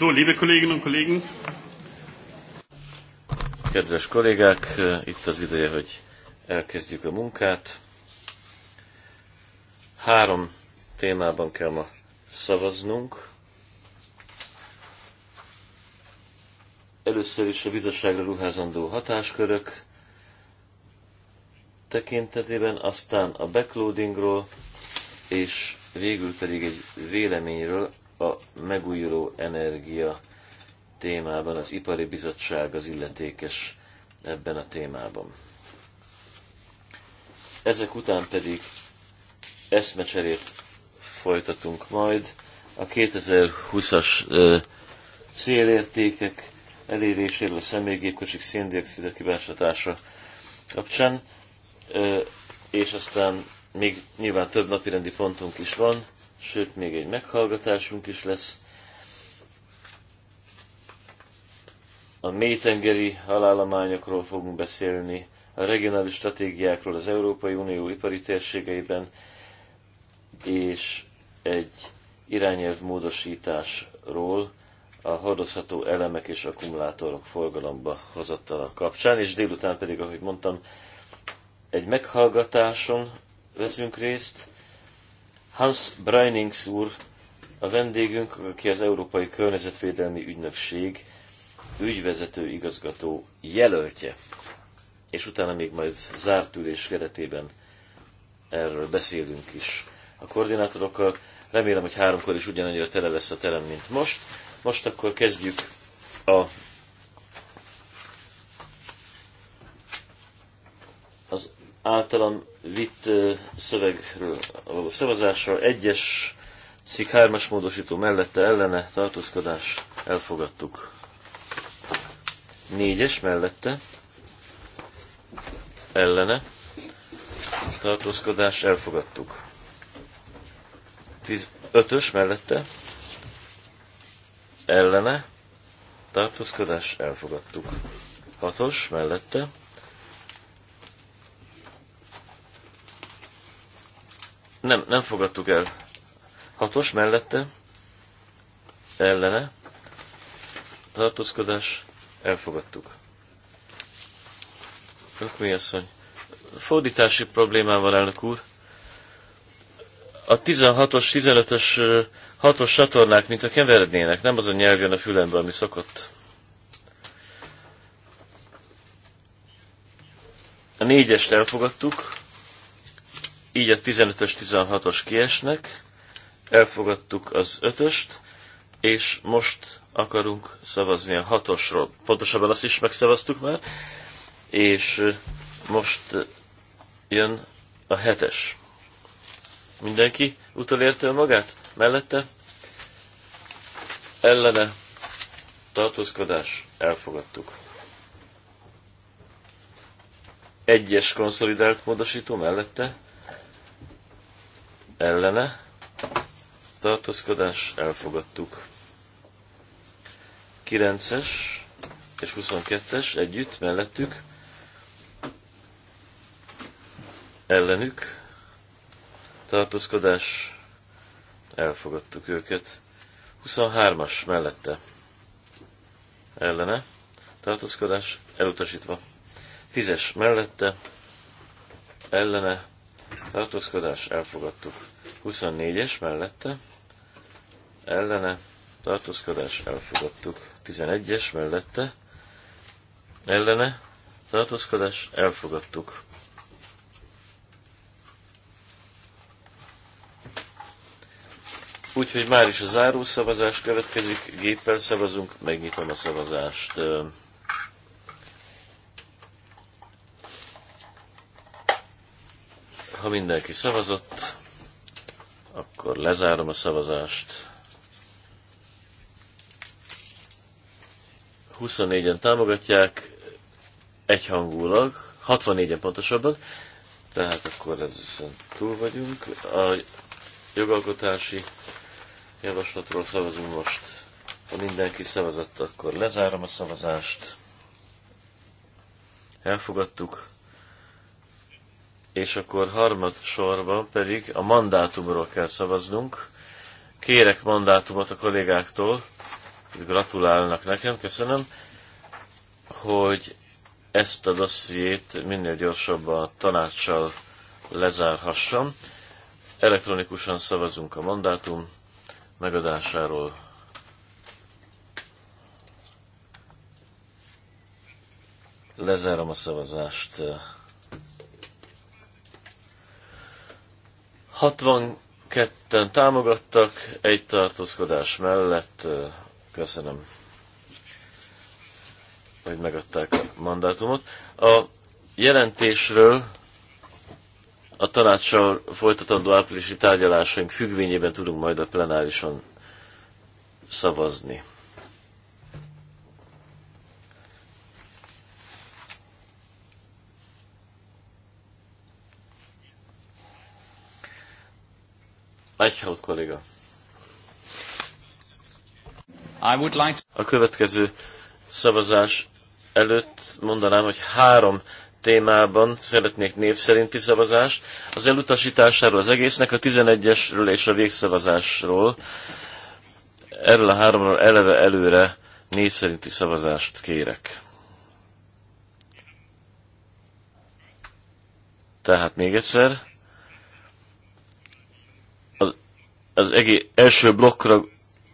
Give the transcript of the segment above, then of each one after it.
So, liebe Kolleginnen und Kollegen. Kedves kollégák, itt az ideje, hogy elkezdjük a munkát. Három témában kell ma szavaznunk. Először is a bizottságra ruházandó hatáskörök tekintetében, aztán a backloadingról, és végül pedig egy véleményről, a megújuló energia témában az Ipari Bizottság az illetékes ebben a témában. Ezek után pedig eszmecserét folytatunk majd a 2020-as célértékek eléréséről a személygépkocsik széndiokszida kibásatása kapcsán, és aztán még nyilván több napirendi pontunk is van, sőt még egy meghallgatásunk is lesz. A mélytengeri halállományokról fogunk beszélni, a regionális stratégiákról az Európai Unió ipari térségeiben, és egy irányelv módosításról a hordozható elemek és akkumulátorok forgalomba a kapcsán, és délután pedig, ahogy mondtam, egy meghallgatáson veszünk részt, Hans Breinings úr a vendégünk, aki az Európai Környezetvédelmi Ügynökség ügyvezető igazgató jelöltje. És utána még majd zárt ülés keretében erről beszélünk is a koordinátorokkal. Remélem, hogy háromkor is ugyanannyira tele lesz a terem, mint most. Most akkor kezdjük a általam vitt szövegről való szavazásra egyes cikk hármas módosító mellette ellene tartózkodás elfogadtuk. Négyes mellette ellene tartózkodás elfogadtuk. Tíz, ötös mellette ellene tartózkodás elfogadtuk. hatos mellette Nem, nem fogadtuk el. Hatos mellette, ellene, tartózkodás, elfogadtuk. Ökmi asszony. Fordítási problémám van, elnök úr. A 16-os, 15-ös, 6-os csatornák, mint a keverednének, nem az a nyelv jön a fülembe, ami szokott. A négyest elfogadtuk, így a 15-ös, 16-os kiesnek, elfogadtuk az 5-öst, és most akarunk szavazni a 6-osról. Pontosabban azt is megszavaztuk már, és most jön a 7-es. Mindenki utolérte magát? Mellette? Ellene tartózkodás, elfogadtuk. Egyes konszolidált módosító mellette, ellene tartózkodás elfogadtuk. 9-es és 22-es együtt mellettük ellenük tartózkodás elfogadtuk őket. 23-as mellette ellene tartózkodás elutasítva. 10-es mellette ellene tartózkodás elfogadtuk. 24-es mellette ellene tartózkodás elfogadtuk. 11-es mellette ellene tartózkodás elfogadtuk. Úgyhogy már is a záró szavazás következik, géppel szavazunk, megnyitom a szavazást. Ha mindenki szavazott, akkor lezárom a szavazást. 24-en támogatják, egyhangulag, 64-en pontosabban, tehát akkor ezen túl vagyunk. A jogalkotási javaslatról szavazunk most. Ha mindenki szavazott, akkor lezárom a szavazást. Elfogadtuk és akkor harmad sorban pedig a mandátumról kell szavaznunk. Kérek mandátumot a kollégáktól, gratulálnak nekem, köszönöm, hogy ezt a dossziét minél gyorsabban a tanácssal lezárhassam. Elektronikusan szavazunk a mandátum megadásáról. Lezárom a szavazást. 62-en támogattak, egy tartózkodás mellett. Köszönöm, hogy megadták a mandátumot. A jelentésről a tanácssal folytatandó áprilisi tárgyalásaink függvényében tudunk majd a plenárison szavazni. Eichhout kolléga. A következő szavazás előtt mondanám, hogy három témában szeretnék név szerinti szavazást. Az elutasításáról az egésznek, a 11-esről és a végszavazásról. Erről a háromról eleve előre név szerinti szavazást kérek. Tehát még egyszer. az egész első blokkra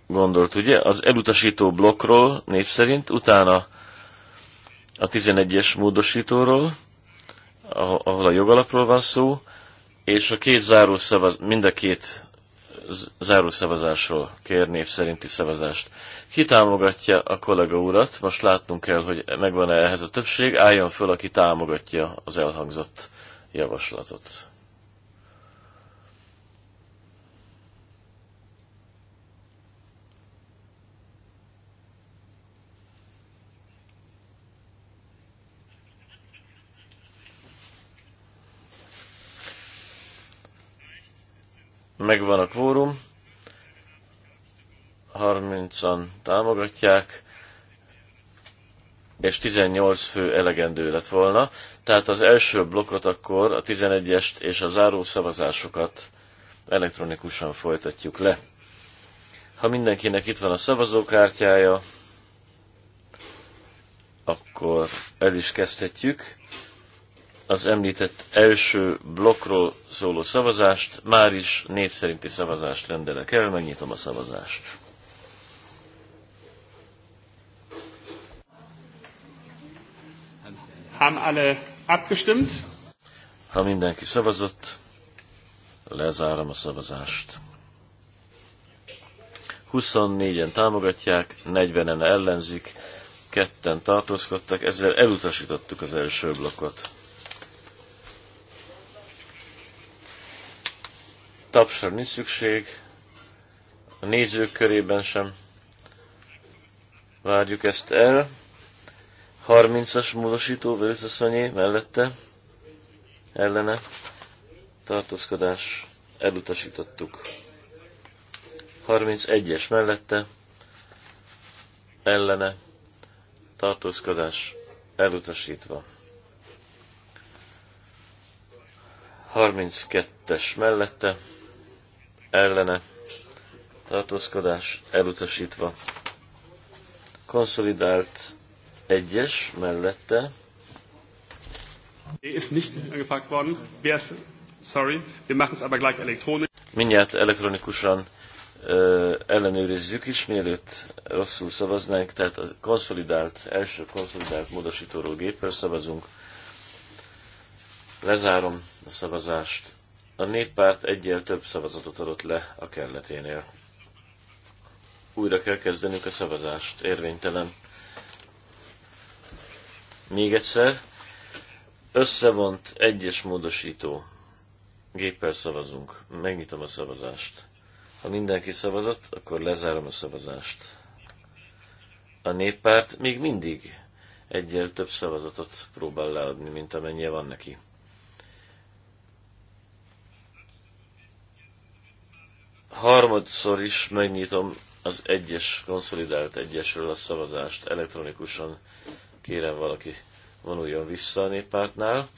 gondolt, ugye? Az elutasító blokkról név szerint, utána a 11-es módosítóról, ahol a jogalapról van szó, és a két zárószavaz, mind a két zárószavazásról kér név szerinti szavazást. Ki támogatja a kollega urat? Most látnunk kell, hogy megvan-e ehhez a többség. Álljon föl, aki támogatja az elhangzott javaslatot. Megvan a kvórum, 30-an támogatják, és 18 fő elegendő lett volna. Tehát az első blokkot akkor, a 11-est és a záró szavazásokat elektronikusan folytatjuk le. Ha mindenkinek itt van a szavazókártyája, akkor el is kezdhetjük az említett első blokkról szóló szavazást, már is név szerinti szavazást rendelek el, megnyitom a szavazást. Haben alle abgestimmt? Ha mindenki szavazott, lezárom a szavazást. 24-en támogatják, 40-en ellenzik, ketten tartózkodtak, ezzel elutasítottuk az első blokkot. Tapsra nincs szükség, a nézők körében sem. Várjuk ezt el. 30-as módosító Vőszaszonyé mellette, ellene, tartózkodás, elutasítottuk. 31-es mellette, ellene, tartózkodás, elutasítva. 32-es mellette, ellene tartózkodás elutasítva. Konszolidált egyes mellette. Er ist nicht angefragt worden. Sorry. Wir machen es aber gleich elektronisch. Mindjárt elektronikusan ö, ellenőrizzük is, mielőtt rosszul szavaznánk, tehát a konszolidált, első konszolidált módosítóról gépről szavazunk. Lezárom a szavazást. A néppárt egyel több szavazatot adott le a kelleténél. Újra kell kezdenünk a szavazást. Érvénytelen. Még egyszer. Összevont egyes módosító. Géppel szavazunk. Megnyitom a szavazást. Ha mindenki szavazott, akkor lezárom a szavazást. A néppárt még mindig egyel több szavazatot próbál leadni, mint amennyi van neki. harmadszor is megnyitom az egyes, konszolidált egyesről a szavazást elektronikusan. Kérem valaki vonuljon vissza a néppártnál.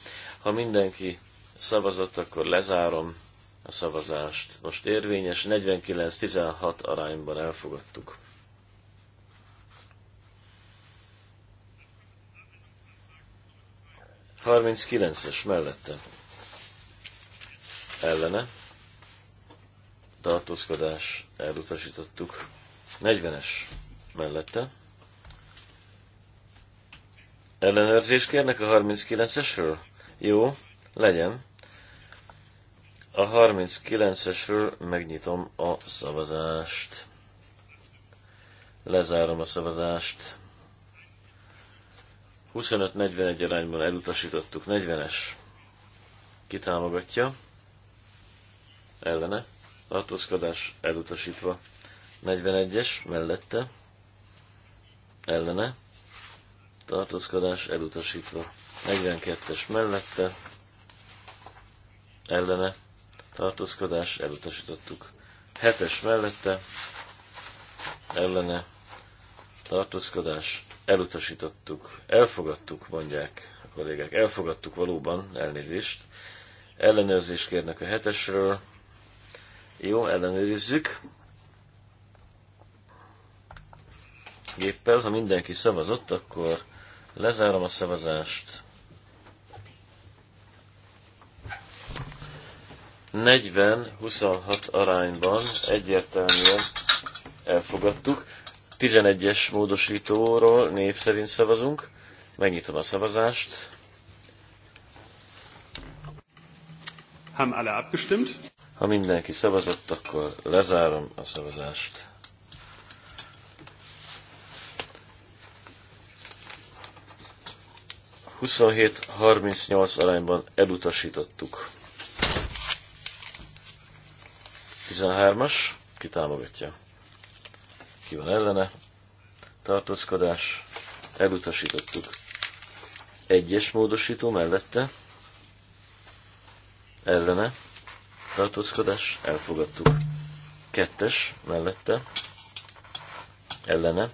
Ha mindenki szavazott, akkor lezárom a szavazást. Most érvényes, 49-16 arányban elfogadtuk. Harminckilences mellette. Ellene tartózkodás elutasítottuk. 40-es mellette. Ellenőrzést kérnek a 39-esről? Jó, legyen. A 39-esről megnyitom a szavazást. Lezárom a szavazást. 25-41 arányban elutasítottuk. 40-es. Kitámogatja. Ellene tartózkodás elutasítva. 41-es mellette, ellene, tartózkodás elutasítva. 42-es mellette, ellene, tartózkodás elutasítottuk. 7-es mellette, ellene, tartózkodás elutasítottuk, elfogadtuk, mondják a kollégák, elfogadtuk valóban, elnézést. Ellenőrzést kérnek a hetesről, jó, ellenőrizzük. Géppel, ha mindenki szavazott, akkor lezárom a szavazást. 40-26 arányban egyértelműen elfogadtuk. 11-es módosítóról név szerint szavazunk. Megnyitom a szavazást. Haben alle abgestimmt? Ha mindenki szavazott, akkor lezárom a szavazást. Huszonhét 38 arányban elutasítottuk. 13-as, ki támogatja? Ki van ellene? Tartózkodás, elutasítottuk. Egyes módosító mellette, ellene, tartózkodás, elfogadtuk. Kettes mellette, ellene,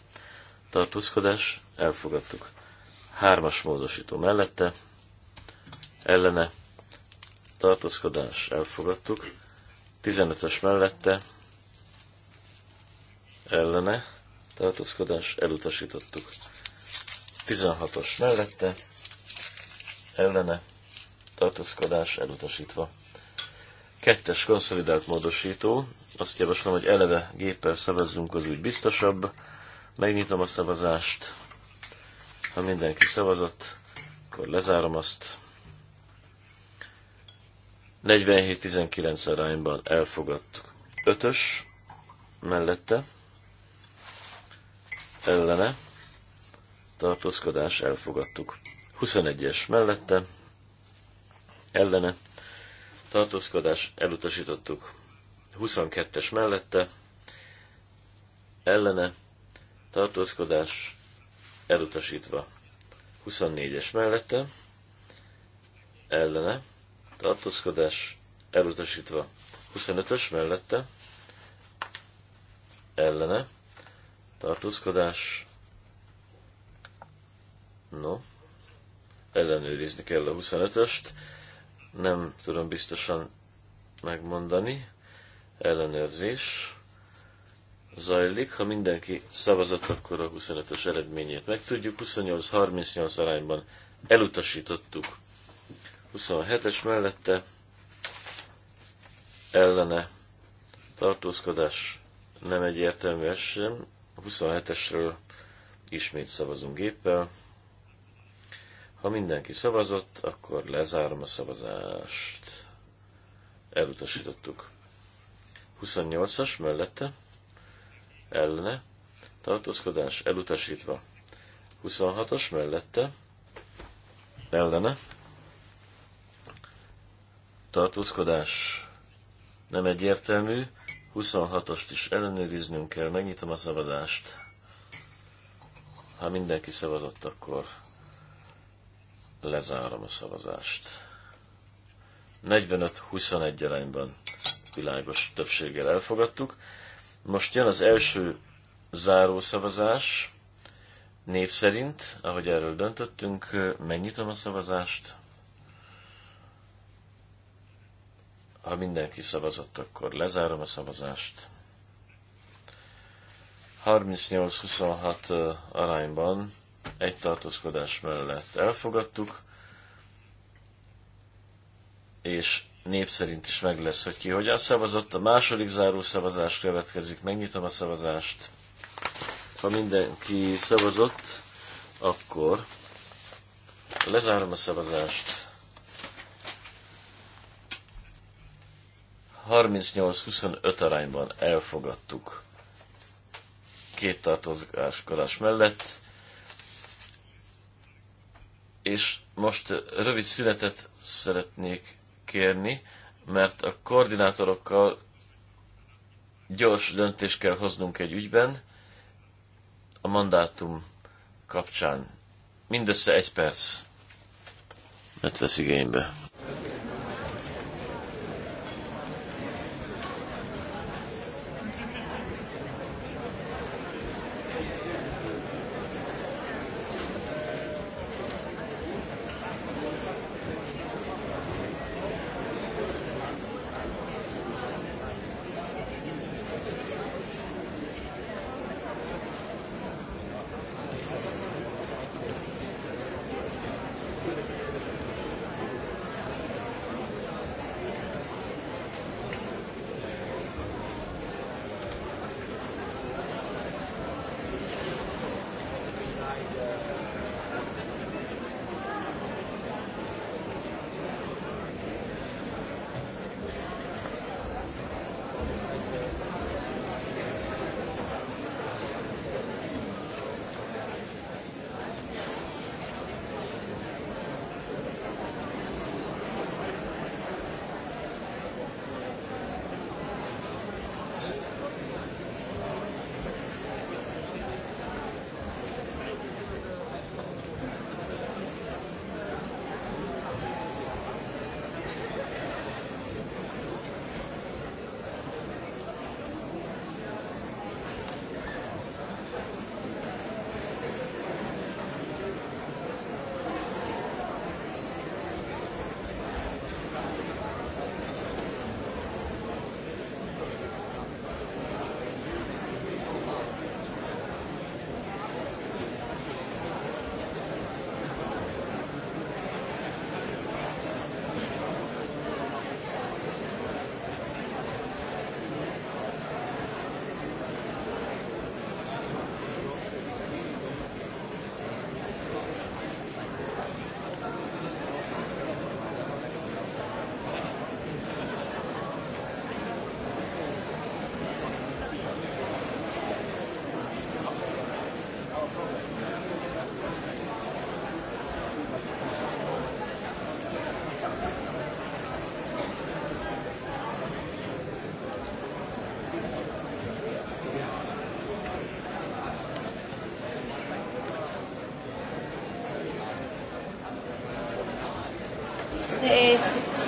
tartózkodás, elfogadtuk. Hármas módosító mellette, ellene, tartózkodás, elfogadtuk. tizenötös mellette, ellene, tartózkodás, elutasítottuk. tizenhatos mellette, ellene, tartózkodás, elutasítva. Kettes konszolidált módosító. Azt javaslom, hogy eleve géppel szavazzunk, az úgy biztosabb. Megnyitom a szavazást. Ha mindenki szavazott, akkor lezárom azt. 47-19 arányban elfogadtuk. Ötös mellette ellene tartózkodás elfogadtuk. 21-es mellette ellene tartózkodás elutasítottuk. 22-es mellette ellene tartózkodás elutasítva. 24-es mellette ellene tartózkodás elutasítva. 25-ös mellette ellene tartózkodás no ellenőrizni kell a 25-öst nem tudom biztosan megmondani. Ellenőrzés zajlik. Ha mindenki szavazott, akkor a 25-ös eredményét megtudjuk. 28-38 arányban elutasítottuk. 27-es mellette ellene tartózkodás nem egyértelmű sem. 27-esről ismét szavazunk géppel. Ha mindenki szavazott, akkor lezárom a szavazást. Elutasítottuk. 28-as mellette, ellene, tartózkodás elutasítva. 26 as mellette, ellene, tartózkodás nem egyértelmű, 26-ost is ellenőriznünk kell, megnyitom a szavazást. Ha mindenki szavazott, akkor Lezárom a szavazást. 45-21 arányban világos többséggel elfogadtuk. Most jön az első záró szavazás. Név szerint, ahogy erről döntöttünk, megnyitom a szavazást. Ha mindenki szavazott, akkor lezárom a szavazást. 38-26 arányban egy tartózkodás mellett elfogadtuk, és nép szerint is meg lesz, hogy ki hogyan szavazott. A második záró szavazás következik, megnyitom a szavazást. Ha mindenki szavazott, akkor lezárom a szavazást. 38-25 arányban elfogadtuk két tartózkodás mellett és most rövid szünetet szeretnék kérni, mert a koordinátorokkal gyors döntést kell hoznunk egy ügyben, a mandátum kapcsán. Mindössze egy perc. Mert vesz igénybe.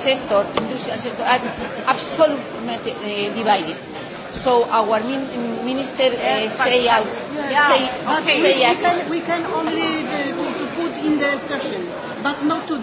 sector, industrial sector, are absolutely uh, eh, divided. So our min minister uh, yes, say us. Yes. say, okay. say we, we, can, we can only do, eh, to, to put in the session, but not to.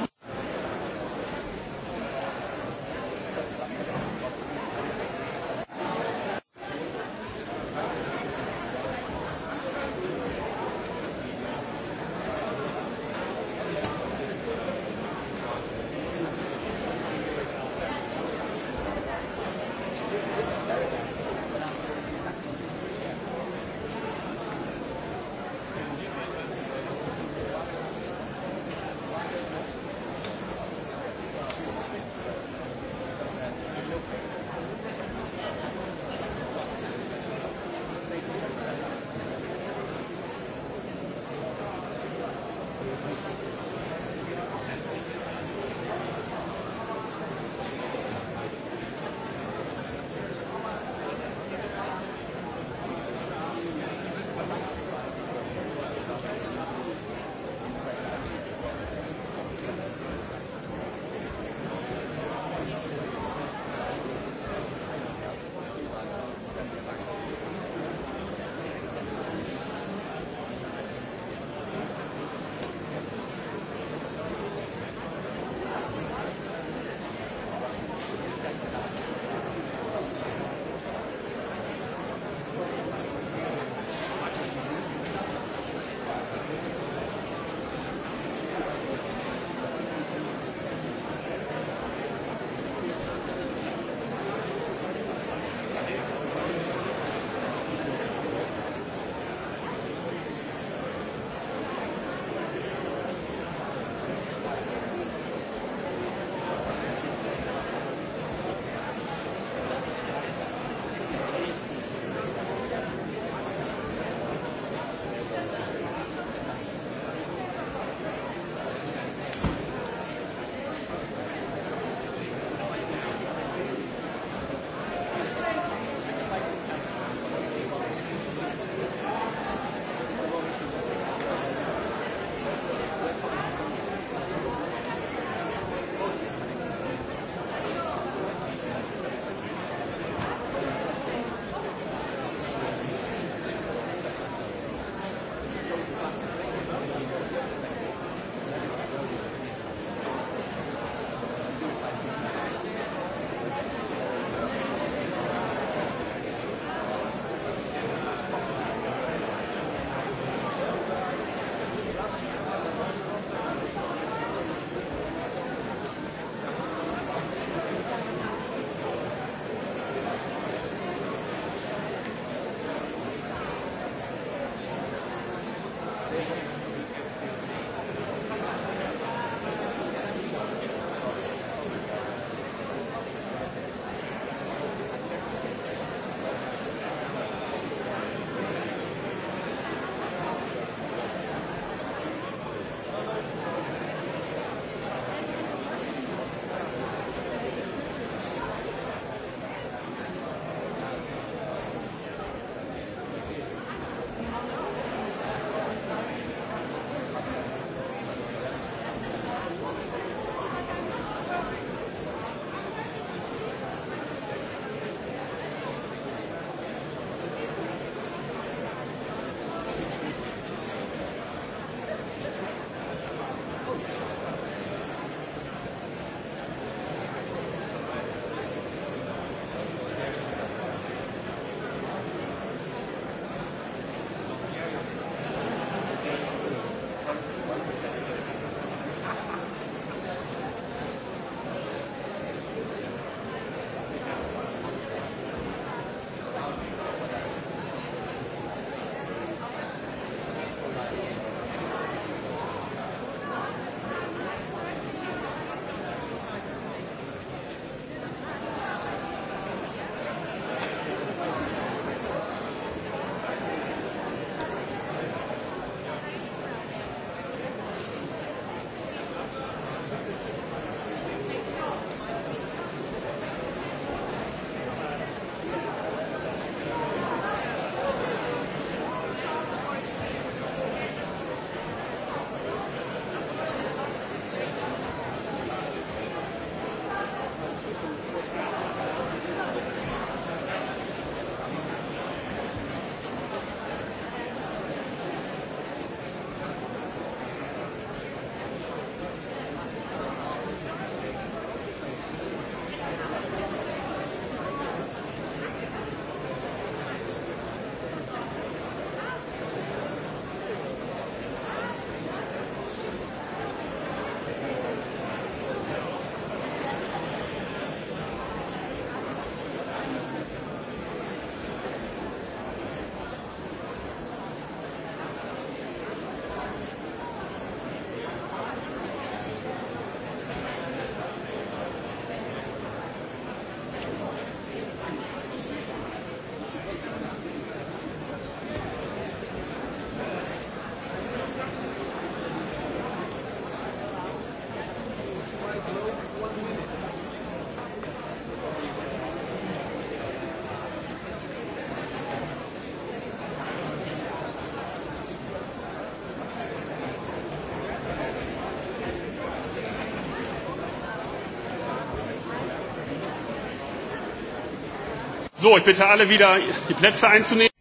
So, ich bitte alle wieder die Plätze einzunehmen.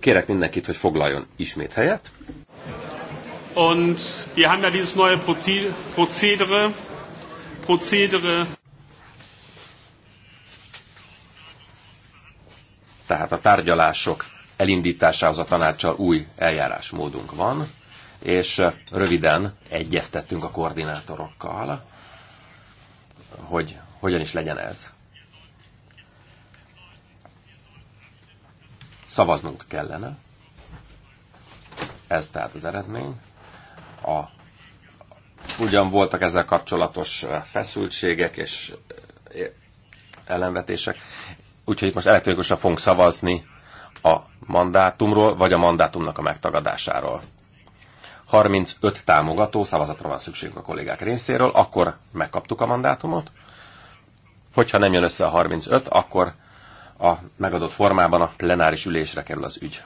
Kérek mindenkit, hogy foglaljon ismét helyet. Und wir haben ja dieses neue Prozedere. Prozedere. Tehát a tárgyalások elindításához a tanácssal új eljárásmódunk van, és röviden egyeztettünk a koordinátorokkal, hogy hogyan is legyen ez. Szavaznunk kellene. Ez tehát az eredmény. A, ugyan voltak ezzel kapcsolatos feszültségek és ellenvetések, úgyhogy itt most elektronikusan fogunk szavazni a mandátumról, vagy a mandátumnak a megtagadásáról. 35 támogató szavazatra van szükségünk a kollégák részéről, akkor megkaptuk a mandátumot. Hogyha nem jön össze a 35, akkor a megadott formában a plenáris ülésre kerül az ügy.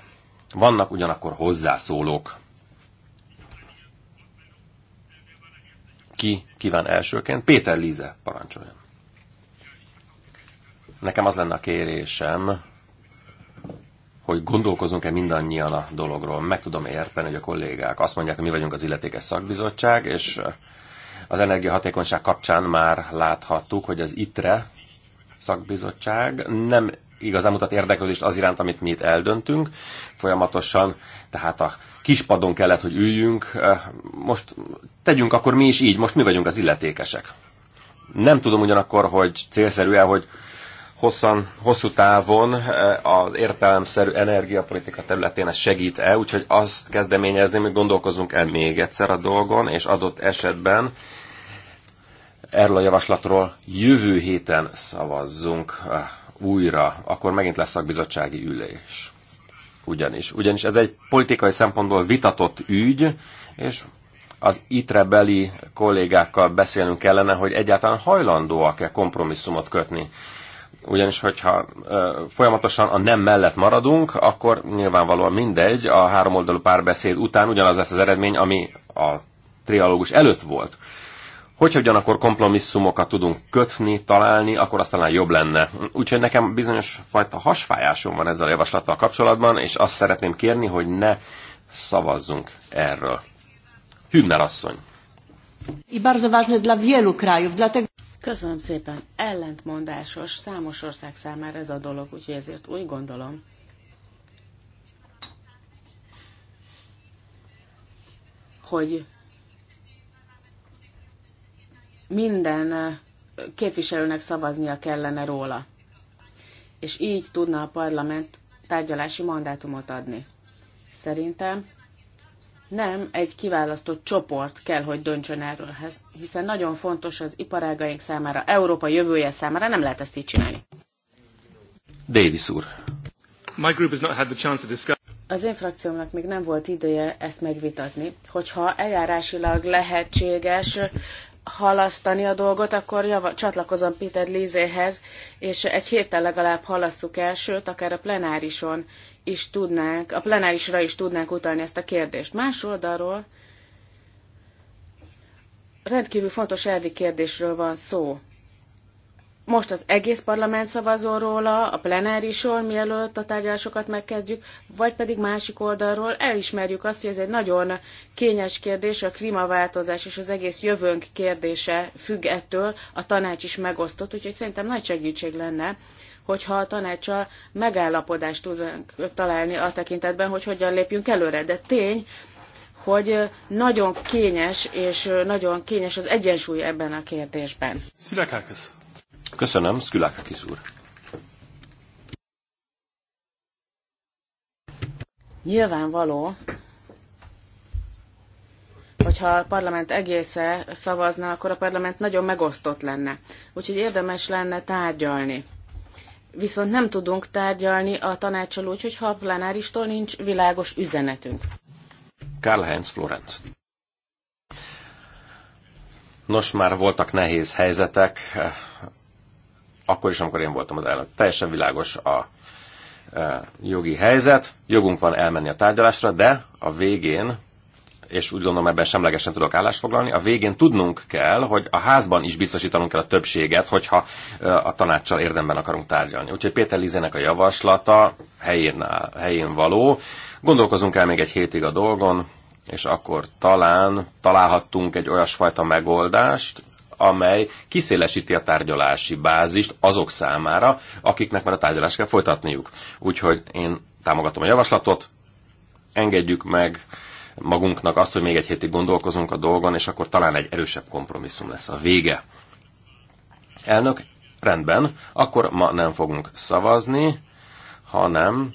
Vannak ugyanakkor hozzászólók. Ki kíván elsőként? Péter Líze, parancsoljon. Nekem az lenne a kérésem, hogy gondolkozunk-e mindannyian a dologról. Meg tudom érteni, hogy a kollégák azt mondják, hogy mi vagyunk az illetékes szakbizottság, és az energiahatékonyság kapcsán már láthattuk, hogy az ITRE szakbizottság nem igazán mutat érdeklődést az iránt, amit mi itt eldöntünk. Folyamatosan, tehát a kispadon kellett, hogy üljünk. Eh, most tegyünk akkor mi is így, most mi vagyunk az illetékesek. Nem tudom ugyanakkor, hogy célszerű-e, hogy hosszan, hosszú távon eh, az értelemszerű energiapolitika területén ez segít-e, úgyhogy azt kezdeményezném, hogy gondolkozunk el még egyszer a dolgon, és adott esetben erről a javaslatról jövő héten szavazzunk eh, újra, akkor megint lesz szakbizottsági ülés. Ugyanis. Ugyanis ez egy politikai szempontból vitatott ügy, és az itrebeli kollégákkal beszélnünk kellene, hogy egyáltalán hajlandóak-e kompromisszumot kötni. Ugyanis, hogyha ö, eh, folyamatosan a nem mellett maradunk, akkor nyilvánvalóan mindegy, a háromoldalú párbeszéd után ugyanaz lesz az eredmény, ami a trialógus előtt volt. Hogyha ugyanakkor kompromisszumokat tudunk kötni, találni, akkor azt talán jobb lenne. Úgyhogy nekem bizonyos fajta hasfájásom van ezzel a javaslattal kapcsolatban, és azt szeretném kérni, hogy ne szavazzunk erről. Hübner asszony. I Köszönöm szépen. Ellentmondásos számos ország számára ez a dolog, úgyhogy ezért úgy gondolom, hogy minden eh, képviselőnek szavaznia kellene róla. És így tudna a parlament tárgyalási mandátumot adni. Szerintem nem egy kiválasztott csoport kell, hogy döntsön erről, hiszen nagyon fontos az iparágaink számára, Európa jövője számára, nem lehet ezt így csinálni. Davis úr. My group has not had the chance to discuss... Az én frakciómnak még nem volt ideje ezt megvitatni, hogyha eljárásilag lehetséges, halasztani a dolgot, akkor java, csatlakozom Peter Lizéhez, és egy héttel legalább halasszuk el, sőt, akár a plenárison is tudnánk, a plenárisra is tudnánk utalni ezt a kérdést. Más oldalról rendkívül fontos elvi kérdésről van szó most az egész parlament szavazol róla, a plenárisról, mielőtt a tárgyalásokat megkezdjük, vagy pedig másik oldalról elismerjük azt, hogy ez egy nagyon kényes kérdés, a klímaváltozás és az egész jövőnk kérdése függ ettől, a tanács is megosztott, úgyhogy szerintem nagy segítség lenne, hogyha a tanácssal megállapodást tudunk találni a tekintetben, hogy hogyan lépjünk előre. De tény, hogy nagyon kényes és nagyon kényes az egyensúly ebben a kérdésben. Szilekálkasz. Köszönöm, Szkülákakis úr. Nyilvánvaló, hogyha a parlament egésze szavazna, akkor a parlament nagyon megosztott lenne. Úgyhogy érdemes lenne tárgyalni. Viszont nem tudunk tárgyalni a tanácsal úgy, hogyha a plenáristól nincs világos üzenetünk. Karl Heinz Florenz. Nos, már voltak nehéz helyzetek akkor is, amikor én voltam az elnök. Teljesen világos a e, jogi helyzet. Jogunk van elmenni a tárgyalásra, de a végén, és úgy gondolom ebben semlegesen tudok állást foglalni, a végén tudnunk kell, hogy a házban is biztosítanunk kell a többséget, hogyha e, a tanácssal érdemben akarunk tárgyalni. Úgyhogy Péter Lizének a javaslata helyén, helyén való. Gondolkozunk el még egy hétig a dolgon, és akkor talán találhattunk egy olyasfajta megoldást, amely kiszélesíti a tárgyalási bázist azok számára, akiknek már a tárgyalást kell folytatniuk. Úgyhogy én támogatom a javaslatot, engedjük meg magunknak azt, hogy még egy hétig gondolkozunk a dolgon, és akkor talán egy erősebb kompromisszum lesz a vége. Elnök, rendben, akkor ma nem fogunk szavazni, hanem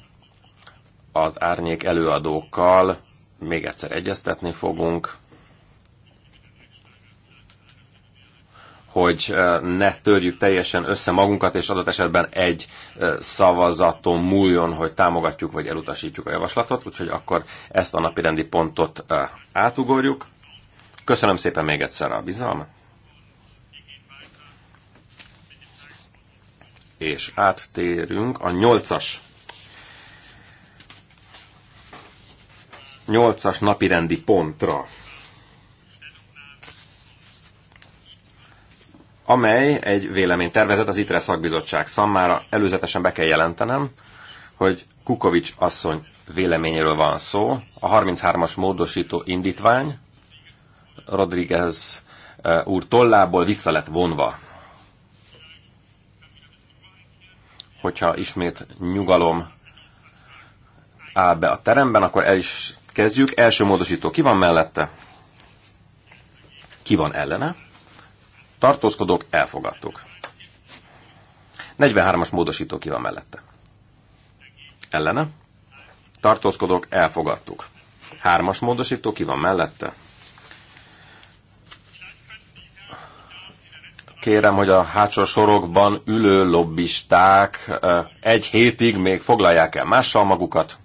az árnyék előadókkal még egyszer egyeztetni fogunk, hogy ne törjük teljesen össze magunkat, és adott esetben egy szavazaton múljon, hogy támogatjuk vagy elutasítjuk a javaslatot, úgyhogy akkor ezt a napirendi pontot átugorjuk. Köszönöm szépen még egyszer a bizalmat. És áttérünk a nyolcas nyolcas napirendi pontra. amely egy véleménytervezet az ITRE szakbizottság számára. Előzetesen be kell jelentenem, hogy Kukovics asszony véleményéről van szó. A 33-as módosító indítvány Rodriguez eh, úr tollából vissza lett vonva. Hogyha ismét nyugalom áll be a teremben, akkor el is kezdjük. Első módosító ki van mellette? Ki van ellene? tartózkodók, elfogadtuk. 43-as módosító ki van mellette. Ellene. Tartózkodók, elfogadtuk. Hármas módosító ki van mellette. Kérem, hogy a hátsó sorokban ülő lobbisták egy hétig még foglalják el mással magukat.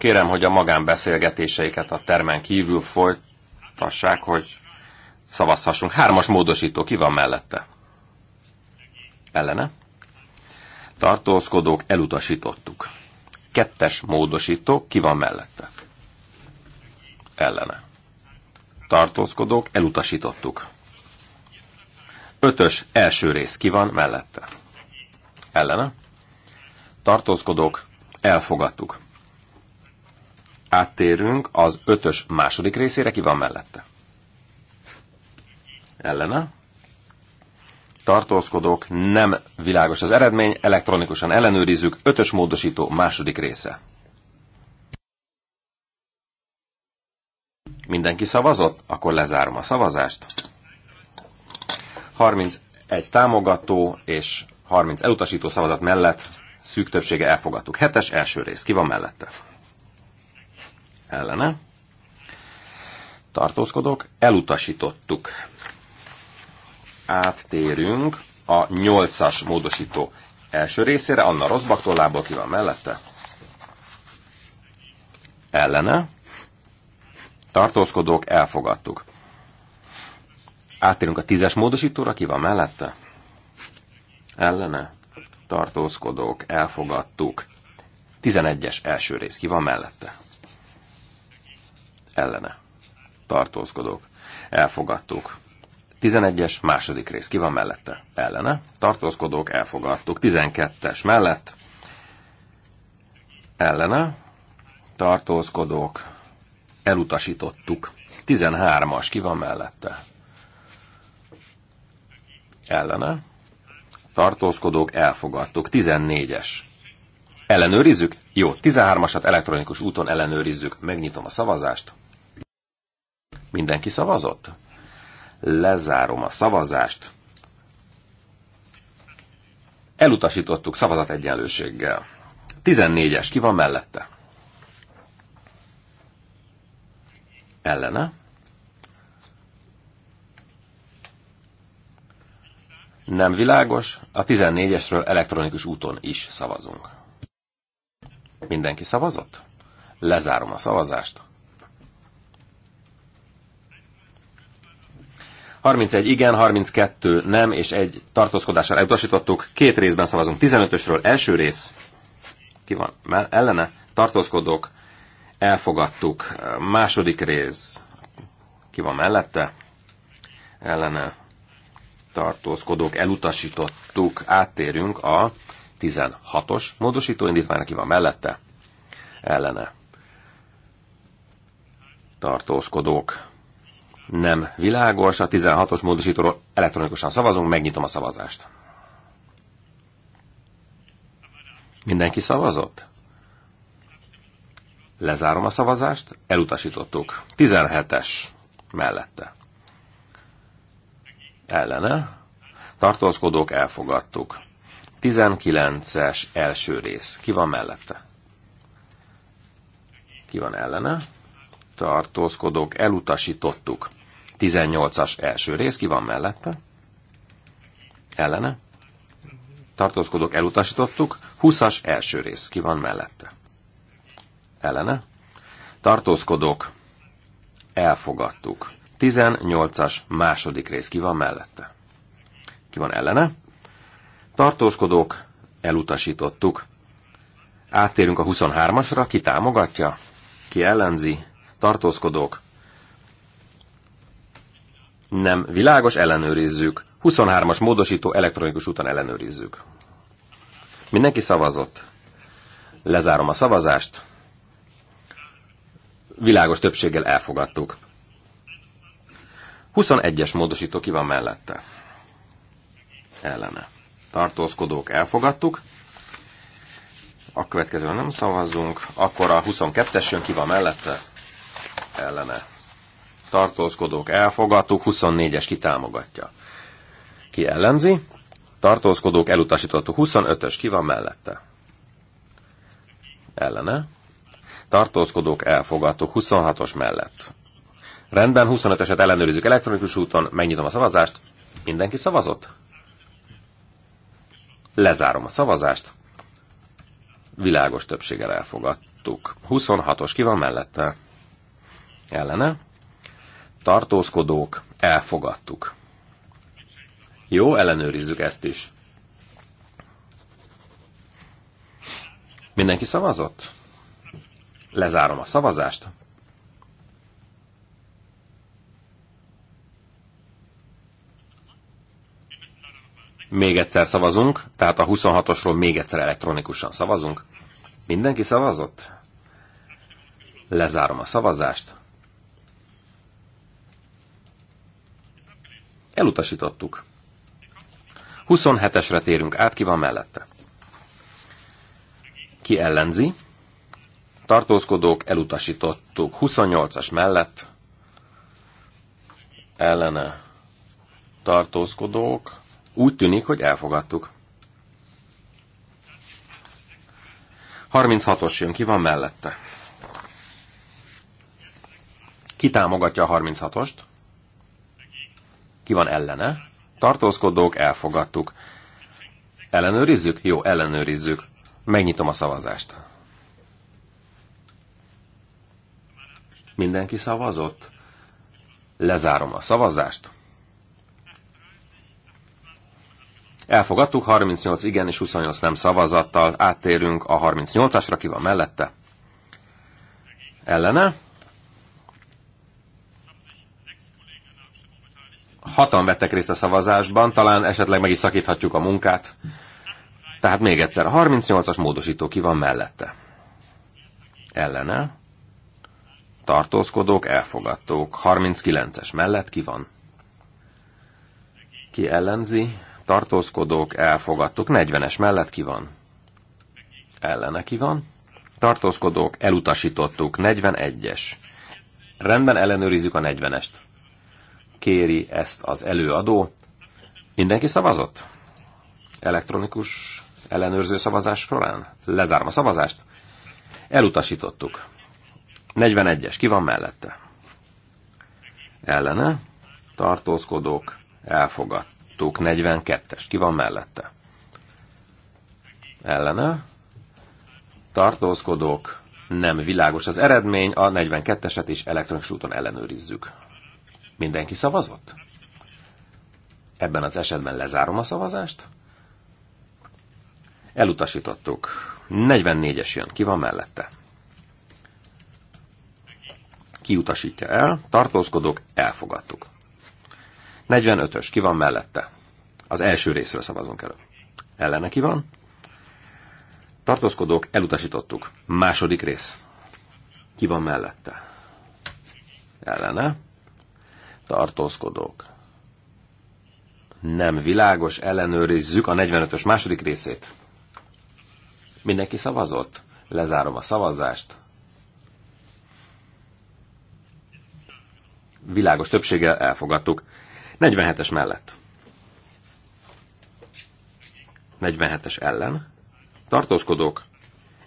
Kérem, hogy a magánbeszélgetéseiket a termen kívül folytassák, hogy szavazhassunk. Hármas módosító, ki van mellette? Ellene? Tartózkodók, elutasítottuk. Kettes módosító, ki van mellette? Ellene. Tartózkodók, elutasítottuk. Ötös első rész ki van mellette? Ellene. Tartózkodók, elfogadtuk áttérünk az ötös második részére, ki van mellette? Ellene. Tartózkodók, nem világos az eredmény, elektronikusan ellenőrizzük, ötös módosító második része. Mindenki szavazott? Akkor lezárom a szavazást. 31 támogató és 30 elutasító szavazat mellett szűk többsége elfogadtuk. Hetes első rész. Ki van mellette? ellene, tartózkodok, elutasítottuk. Áttérünk a 8-as módosító első részére, Anna Rosbach tollából ki van mellette, ellene, tartózkodók, elfogadtuk. Áttérünk a 10-es módosítóra, ki van mellette, ellene, tartózkodók, elfogadtuk. 11-es első rész, ki van mellette? ellene tartózkodók elfogadtuk. 11-es második rész ki van mellette? Ellene tartózkodók elfogadtuk. 12-es mellett ellene tartózkodók elutasítottuk. 13-as ki van mellette? Ellene tartózkodók elfogadtuk. 14-es Ellenőrizzük? Jó, 13-asat elektronikus úton ellenőrizzük. Megnyitom a szavazást. Mindenki szavazott? Lezárom a szavazást. Elutasítottuk szavazat egyenlőséggel. 14-es, ki van mellette? Ellene? Nem világos, a 14-esről elektronikus úton is szavazunk. Mindenki szavazott? Lezárom a szavazást. 31 igen, 32 nem, és egy tartózkodással elutasítottuk. Két részben szavazunk. 15-ösről első rész. Ki van? Mell ellene? Tartózkodók. Elfogadtuk. Második rész. Ki van mellette? Ellene. Tartózkodók. Elutasítottuk. Áttérünk a 16-os módosító indítványra. Ki van mellette? Ellene. Tartózkodók nem világos. A 16-os módosítóról elektronikusan szavazunk, megnyitom a szavazást. Mindenki szavazott? Lezárom a szavazást, elutasítottuk. 17-es mellette. Ellene. Tartózkodók elfogadtuk. 19-es első rész. Ki van mellette? Ki van ellene? Tartózkodók elutasítottuk. 18-as első rész, ki van mellette? Ellene? Tartózkodók elutasítottuk. 20-as első rész, ki van mellette? Ellene? Tartózkodók elfogadtuk. 18-as második rész, ki van mellette? Ki van ellene? Tartózkodók elutasítottuk. Áttérünk a 23-asra, ki támogatja? Ki ellenzi? Tartózkodók nem világos, ellenőrizzük. 23-as módosító elektronikus úton ellenőrizzük. Mindenki szavazott. Lezárom a szavazást. Világos többséggel elfogadtuk. 21-es módosító ki van mellette? Ellene. Tartózkodók elfogadtuk. A következőre nem szavazzunk. Akkor a 22-es jön ki van mellette? Ellene tartózkodók elfogadtuk, 24-es kitámogatja. Ki ellenzi, tartózkodók elutasítottuk, 25-ös ki van mellette. Ellene, tartózkodók elfogadtuk, 26-os mellett. Rendben, 25-eset ellenőrizzük elektronikus úton, megnyitom a szavazást. Mindenki szavazott? Lezárom a szavazást. Világos többséggel elfogadtuk. 26-os ki van mellette? Ellene? tartózkodók, elfogadtuk. Jó, ellenőrizzük ezt is. Mindenki szavazott? Lezárom a szavazást. Még egyszer szavazunk, tehát a 26-osról még egyszer elektronikusan szavazunk. Mindenki szavazott? Lezárom a szavazást. Elutasítottuk. 27-esre térünk át, ki van mellette. Ki ellenzi? Tartózkodók elutasítottuk. 28-as mellett ellene tartózkodók. Úgy tűnik, hogy elfogadtuk. 36-os jön, ki van mellette? Ki támogatja a 36-ost? Ki van ellene? Tartózkodók, elfogadtuk. Ellenőrizzük? Jó, ellenőrizzük. Megnyitom a szavazást. Mindenki szavazott? Lezárom a szavazást. Elfogadtuk 38 igen és 28 nem szavazattal. Áttérünk a 38-asra, ki van mellette. Ellene? hatan vettek részt a szavazásban, talán esetleg meg is szakíthatjuk a munkát. Tehát még egyszer, a 38-as módosító ki van mellette? Ellene? Tartózkodók, elfogadtók. 39-es mellett ki van? Ki ellenzi? Tartózkodók, elfogadtók. 40-es mellett ki van? Ellene ki van? Tartózkodók, elutasítottuk. 41-es. Rendben ellenőrizzük a 40-est kéri ezt az előadó. Mindenki szavazott? Elektronikus ellenőrző szavazás során? Lezárom a szavazást. Elutasítottuk. 41-es, ki van mellette? Ellene, tartózkodók, elfogadtuk. 42-es, ki van mellette? Ellene, tartózkodók, nem világos az eredmény, a 42-eset is elektronikus úton ellenőrizzük. Mindenki szavazott? Ebben az esetben lezárom a szavazást. Elutasítottuk. 44-es jön. Ki van mellette? Kiutasítja el. Tartózkodók. Elfogadtuk. 45-ös. Ki van mellette? Az első részről szavazunk elő. Ellene ki van? Tartózkodók. Elutasítottuk. Második rész. Ki van mellette? Ellene tartózkodók. Nem világos, ellenőrizzük a 45-ös második részét. Mindenki szavazott? Lezárom a szavazást. Világos többséggel elfogadtuk. 47-es mellett. 47-es ellen. Tartózkodók.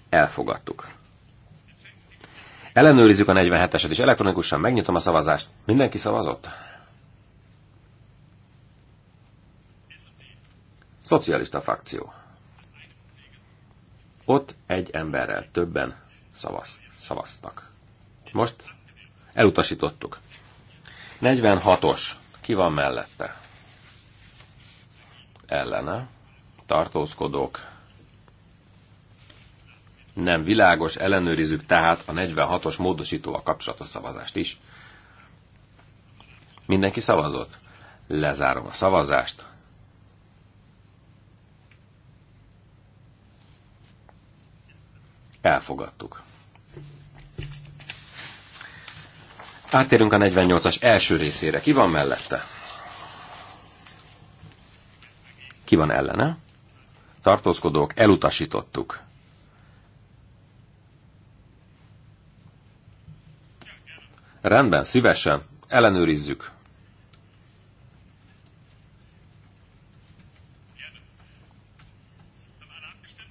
Elfogadtuk. Ellenőrizzük a 47-eset, és elektronikusan megnyitom a szavazást. Mindenki szavazott? Szocialista frakció. Ott egy emberrel többen szavaz, szavaztak. Most elutasítottuk. 46-os. Ki van mellette? Ellene. Tartózkodók nem világos, ellenőrizzük tehát a 46-os módosítóval kapcsolatos szavazást is. Mindenki szavazott? Lezárom a szavazást. Elfogadtuk. Áttérünk a 48-as első részére. Ki van mellette? Ki van ellene? Tartózkodók, elutasítottuk. Rendben, szívesen. Ellenőrizzük.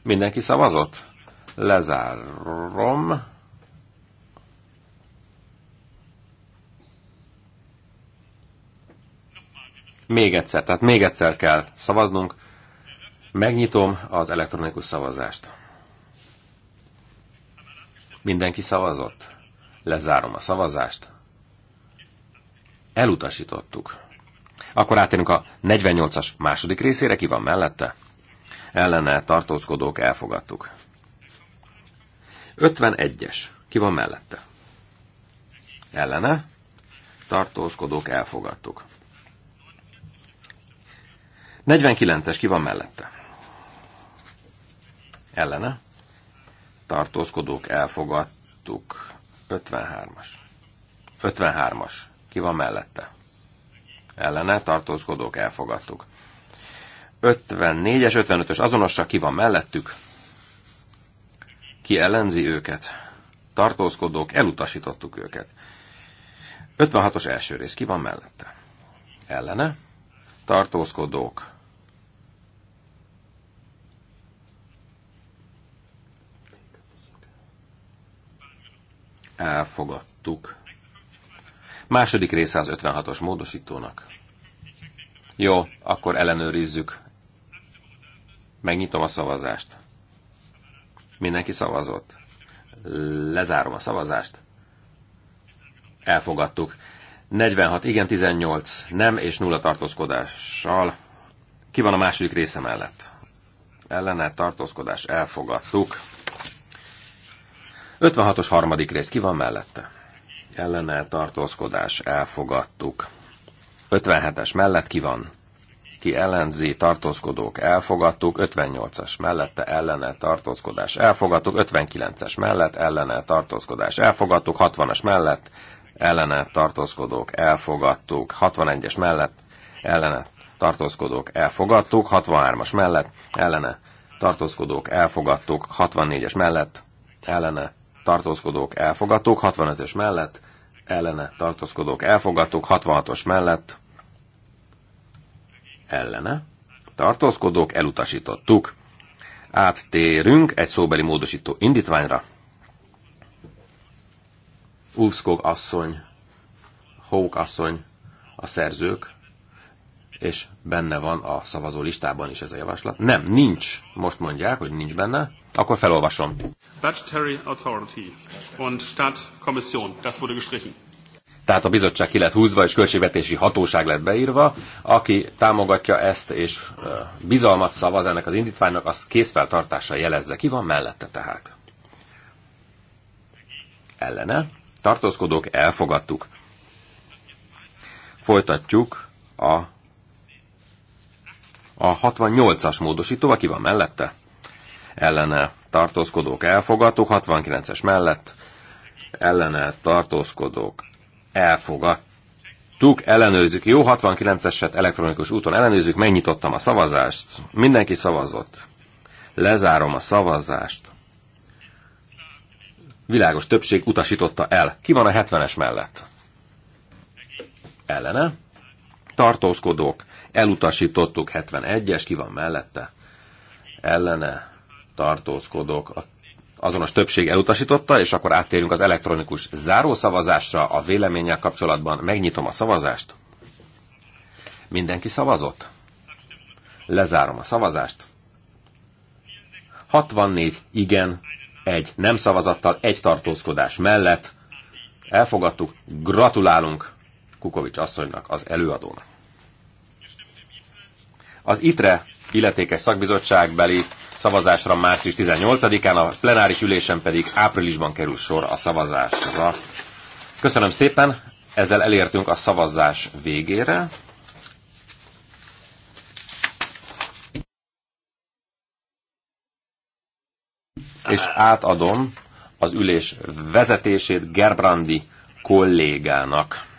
Mindenki szavazott? Lezárom. Még egyszer, tehát még egyszer kell szavaznunk. Megnyitom az elektronikus szavazást. Mindenki szavazott? Lezárom a szavazást. Elutasítottuk. Akkor átérünk a 48-as második részére, ki van mellette? Ellene tartózkodók elfogadtuk. 51-es, ki van mellette? Ellene tartózkodók elfogadtuk. 49-es, ki van mellette? Ellene tartózkodók elfogadtuk. 53-as. 53-as. Ki van mellette? Ellene tartózkodók elfogadtuk. 54-es, 55-ös azonosra, ki van mellettük? Ki ellenzi őket? Tartózkodók, elutasítottuk őket. 56-os első rész ki van mellette? Ellene? Tartózkodók, elfogadtuk. Második része az 56-os módosítónak. Jó, akkor ellenőrizzük. Megnyitom a szavazást. Mindenki szavazott. Lezárom a szavazást. Elfogadtuk. 46, igen, 18, nem és nulla tartózkodással. Ki van a második része mellett? Ellene tartózkodás elfogadtuk. 56-os harmadik rész, ki van mellette? Ellene tartózkodás, elfogadtuk. 57-es mellett ki van? Ki ellenzi, tartózkodók, elfogadtuk. 58-as mellette, ellene tartózkodás, elfogadtuk. 59-es mellett, ellene tartózkodás, elfogadtuk. 60-as mellett, ellene tartózkodók, elfogadtuk. 61-es mellett, ellene tartózkodók, elfogadtuk. 63-as mellett, ellene tartózkodók, elfogadtuk. 64-es mellett, ellene tartózkodók elfogadók, 65-ös mellett, ellene tartózkodók elfogadók, 66-os mellett, ellene tartózkodók elutasítottuk. Áttérünk egy szóbeli módosító indítványra. Ulfskog asszony, Hók asszony, a szerzők és benne van a szavazó listában is ez a javaslat. Nem, nincs. Most mondják, hogy nincs benne. Akkor felolvasom. Budgetary Authority und Stadtkommission. Das wurde gestrichen. Tehát a bizottság ki lett húzva, és költségvetési hatóság lett beírva. Aki támogatja ezt, és bizalmat szavaz ennek az indítványnak, az készfeltartással jelezze. Ki van mellette tehát? Ellene. Tartózkodók, elfogadtuk. Folytatjuk a a 68-as módosító, aki van mellette? Ellene tartózkodók elfogadtuk, 69-es mellett ellene tartózkodók elfogadtuk, ellenőrzük. Jó, 69-eset elektronikus úton ellenőrzük, megnyitottam a szavazást, mindenki szavazott. Lezárom a szavazást. Világos többség utasította el. Ki van a 70-es mellett? Ellene. Tartózkodók elutasítottuk 71-es, ki van mellette, ellene tartózkodok, a azonos többség elutasította, és akkor áttérünk az elektronikus zárószavazásra a véleménnyel kapcsolatban. Megnyitom a szavazást. Mindenki szavazott? Lezárom a szavazást. 64 igen, egy nem szavazattal, egy tartózkodás mellett elfogadtuk. Gratulálunk Kukovics asszonynak, az előadónak. Az ITRE illetékes szakbizottságbeli szavazásra március 18-án, a plenáris ülésen pedig áprilisban kerül sor a szavazásra. Köszönöm szépen, ezzel elértünk a szavazás végére. És átadom az ülés vezetését Gerbrandi kollégának.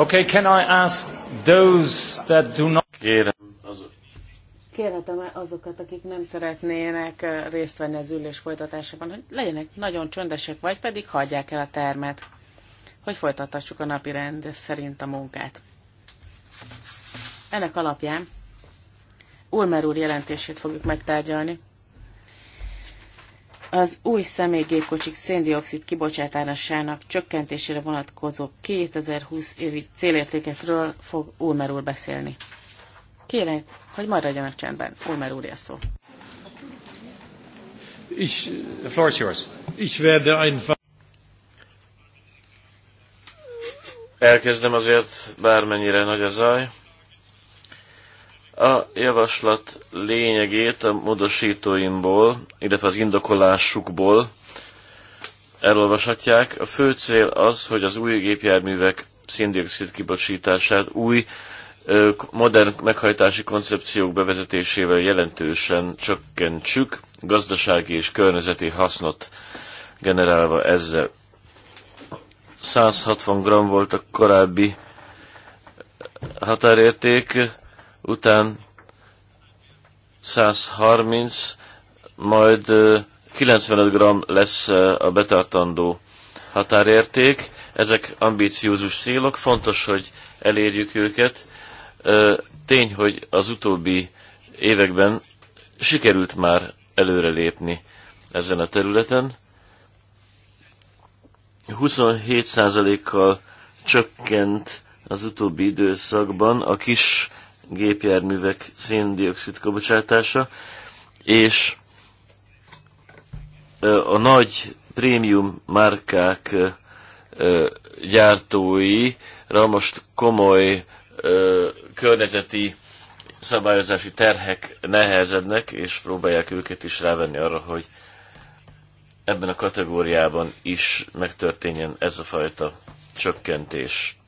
Okay, can I ask those that do not... Kérhetem azokat, akik nem szeretnének részt venni az ülés folytatásában, hogy legyenek nagyon csöndesek, vagy pedig hagyják el a termet, hogy folytathassuk a napi rend szerint a munkát. Ennek alapján Ulmer úr jelentését fogjuk megtárgyalni az új személygépkocsik széndiokszid kibocsátásának csökkentésére vonatkozó 2020 évi célértékekről fog Ulmer úr beszélni. Kérek, hogy maradjanak csendben. Ulmer úr a szó. Ich, the floor is yours. Ich werde Elkezdem azért, bármennyire nagy a zaj. A javaslat lényegét a módosítóimból, illetve az indokolásukból elolvashatják. A fő cél az, hogy az új gépjárművek széndiokszid kibocsítását új modern meghajtási koncepciók bevezetésével jelentősen csökkentsük, gazdasági és környezeti hasznot generálva ezzel. 160 gram volt a korábbi határérték, után 130, majd 95 g lesz a betartandó határérték. Ezek ambíciózus célok, fontos, hogy elérjük őket. Tény, hogy az utóbbi években sikerült már előrelépni ezen a területen. 27%-kal csökkent az utóbbi időszakban a kis gépjárművek széndiokszid kibocsátása, és a nagy prémium márkák gyártói most komoly környezeti szabályozási terhek nehezednek, és próbálják őket is rávenni arra, hogy ebben a kategóriában is megtörténjen ez a fajta csökkentés.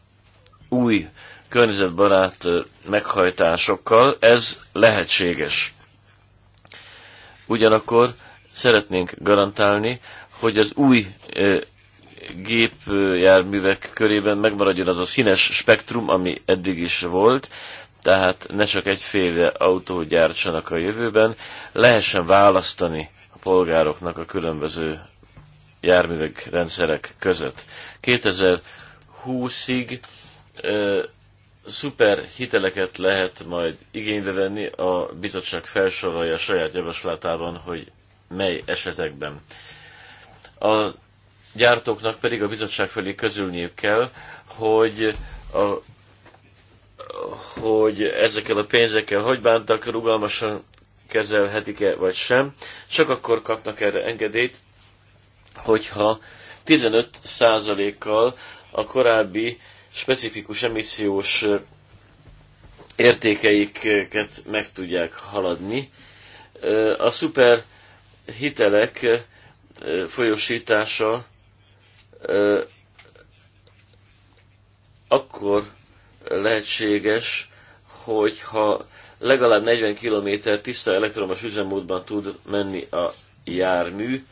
Új környezetbarát meghajtásokkal, ez lehetséges. Ugyanakkor szeretnénk garantálni, hogy az új gépjárművek körében megmaradjon az a színes spektrum, ami eddig is volt, tehát ne csak egyféle autó gyártsanak a jövőben, lehessen választani a polgároknak a különböző járművek rendszerek között. 2020-ig szuper hiteleket lehet majd igénybe venni, a bizottság felsorolja a saját javaslatában, hogy mely esetekben. A gyártóknak pedig a bizottság felé közülniük kell, hogy, a, hogy ezekkel a pénzekkel hogy bántak, rugalmasan kezelhetik-e vagy sem. Csak akkor kapnak erre engedélyt, hogyha 15%-kal a korábbi specifikus emissziós értékeiket meg tudják haladni. A szuper hitelek folyosítása akkor lehetséges, hogyha legalább 40 km tiszta elektromos üzemmódban tud menni a jármű,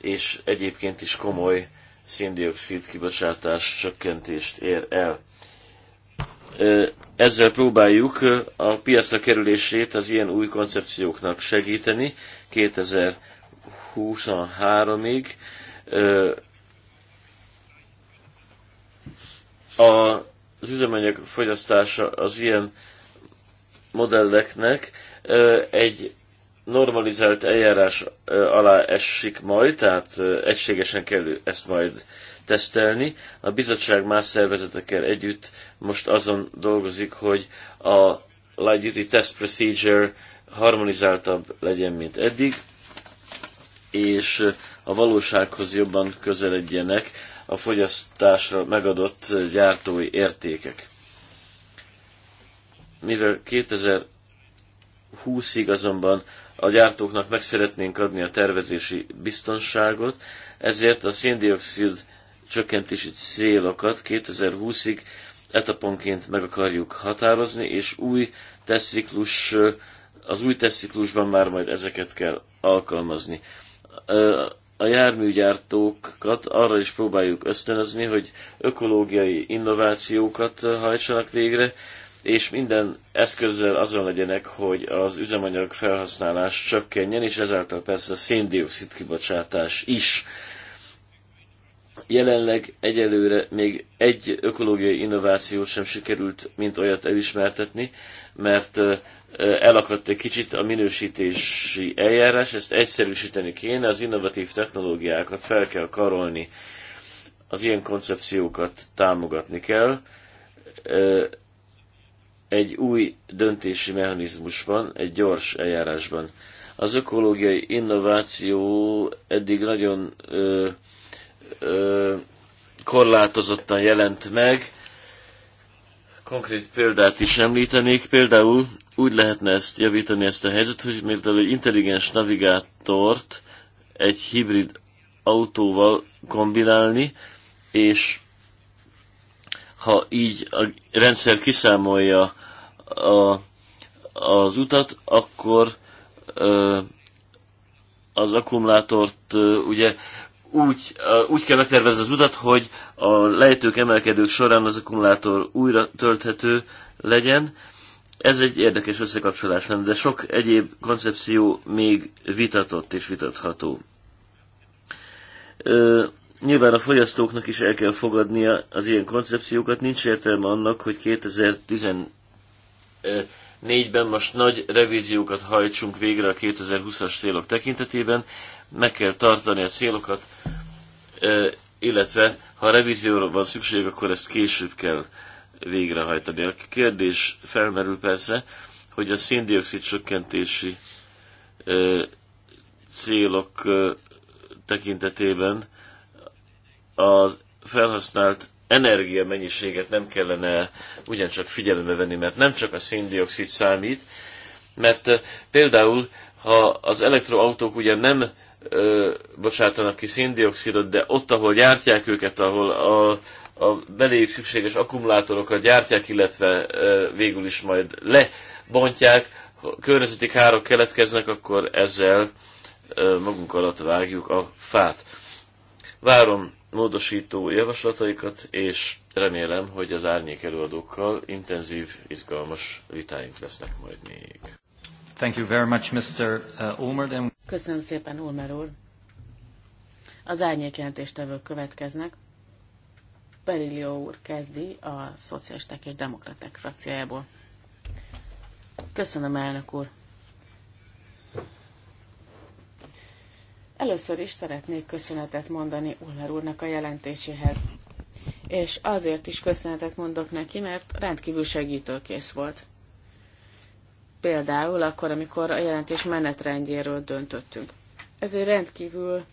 és egyébként is komoly széndiokszid kibocsátás csökkentést ér el. Ezzel próbáljuk a piacra kerülését az ilyen új koncepcióknak segíteni 2023-ig. Az üzemanyag fogyasztása az ilyen modelleknek egy normalizált eljárás alá esik majd, tehát egységesen kell ezt majd tesztelni. A bizottság más szervezetekkel együtt most azon dolgozik, hogy a Light Duty Test Procedure harmonizáltabb legyen, mint eddig, és a valósághoz jobban közeledjenek a fogyasztásra megadott gyártói értékek. Mivel 2020-ig azonban a gyártóknak meg szeretnénk adni a tervezési biztonságot, ezért a széndiokszid csökkentési célokat 2020-ig etaponként meg akarjuk határozni, és új tesziklus az új tesziklusban már majd ezeket kell alkalmazni. A járműgyártókat arra is próbáljuk ösztönözni, hogy ökológiai innovációkat hajtsanak végre, és minden eszközzel azon legyenek, hogy az üzemanyag felhasználás csökkenjen, és ezáltal persze a széndiokszid kibocsátás is. Jelenleg egyelőre még egy ökológiai innovációt sem sikerült, mint olyat elismertetni, mert elakadt egy kicsit a minősítési eljárás, ezt egyszerűsíteni kéne, az innovatív technológiákat fel kell karolni, az ilyen koncepciókat támogatni kell, egy új döntési mechanizmusban, egy gyors eljárásban. Az ökológiai innováció eddig nagyon ö, ö, korlátozottan jelent meg. Konkrét példát is említenék. Például úgy lehetne ezt javítani, ezt a helyzet, hogy például egy intelligens navigátort egy hibrid autóval kombinálni, és ha így a rendszer kiszámolja a, az utat, akkor ö, az akkumulátort ö, ugye úgy, ö, úgy kell megtervezni az utat, hogy a lejtők, emelkedők során az akkumulátor újra tölthető legyen. Ez egy érdekes összekapcsolás lenne, de sok egyéb koncepció még vitatott és vitatható. Ö, Nyilván a fogyasztóknak is el kell fogadnia az ilyen koncepciókat, nincs értelme annak, hogy 2014-ben most nagy revíziókat hajtsunk végre a 2020-as célok tekintetében, meg kell tartani a célokat, illetve ha a revízióra van szükség, akkor ezt később kell végrehajtani. A kérdés felmerül persze, hogy a széndiokszid csökkentési célok tekintetében az felhasznált energia mennyiséget nem kellene ugyancsak figyelembe venni, mert nem csak a széndiokszid számít, mert például, ha az elektroautók ugye nem ö, bocsátanak ki széndiokszidot, de ott, ahol gyártják őket, ahol a, a beléjük szükséges akkumulátorokat gyártják, illetve ö, végül is majd lebontják, ha környezeti károk keletkeznek, akkor ezzel ö, magunk alatt vágjuk a fát. Várom módosító javaslataikat, és remélem, hogy az árnyék előadókkal intenzív, izgalmas vitáink lesznek majd még. Thank you very much, Mr. Uh, Ulmer. Köszönöm szépen, Ulmer úr. Az árnyék jelentéstevők következnek. Perillió úr kezdi a Szocialisták és Demokraták frakciájából. Köszönöm, elnök úr. Először is szeretnék köszönetet mondani Ulmer úrnak a jelentéséhez. És azért is köszönetet mondok neki, mert rendkívül segítőkész volt. Például akkor, amikor a jelentés menetrendjéről döntöttünk. Ez egy rendkívül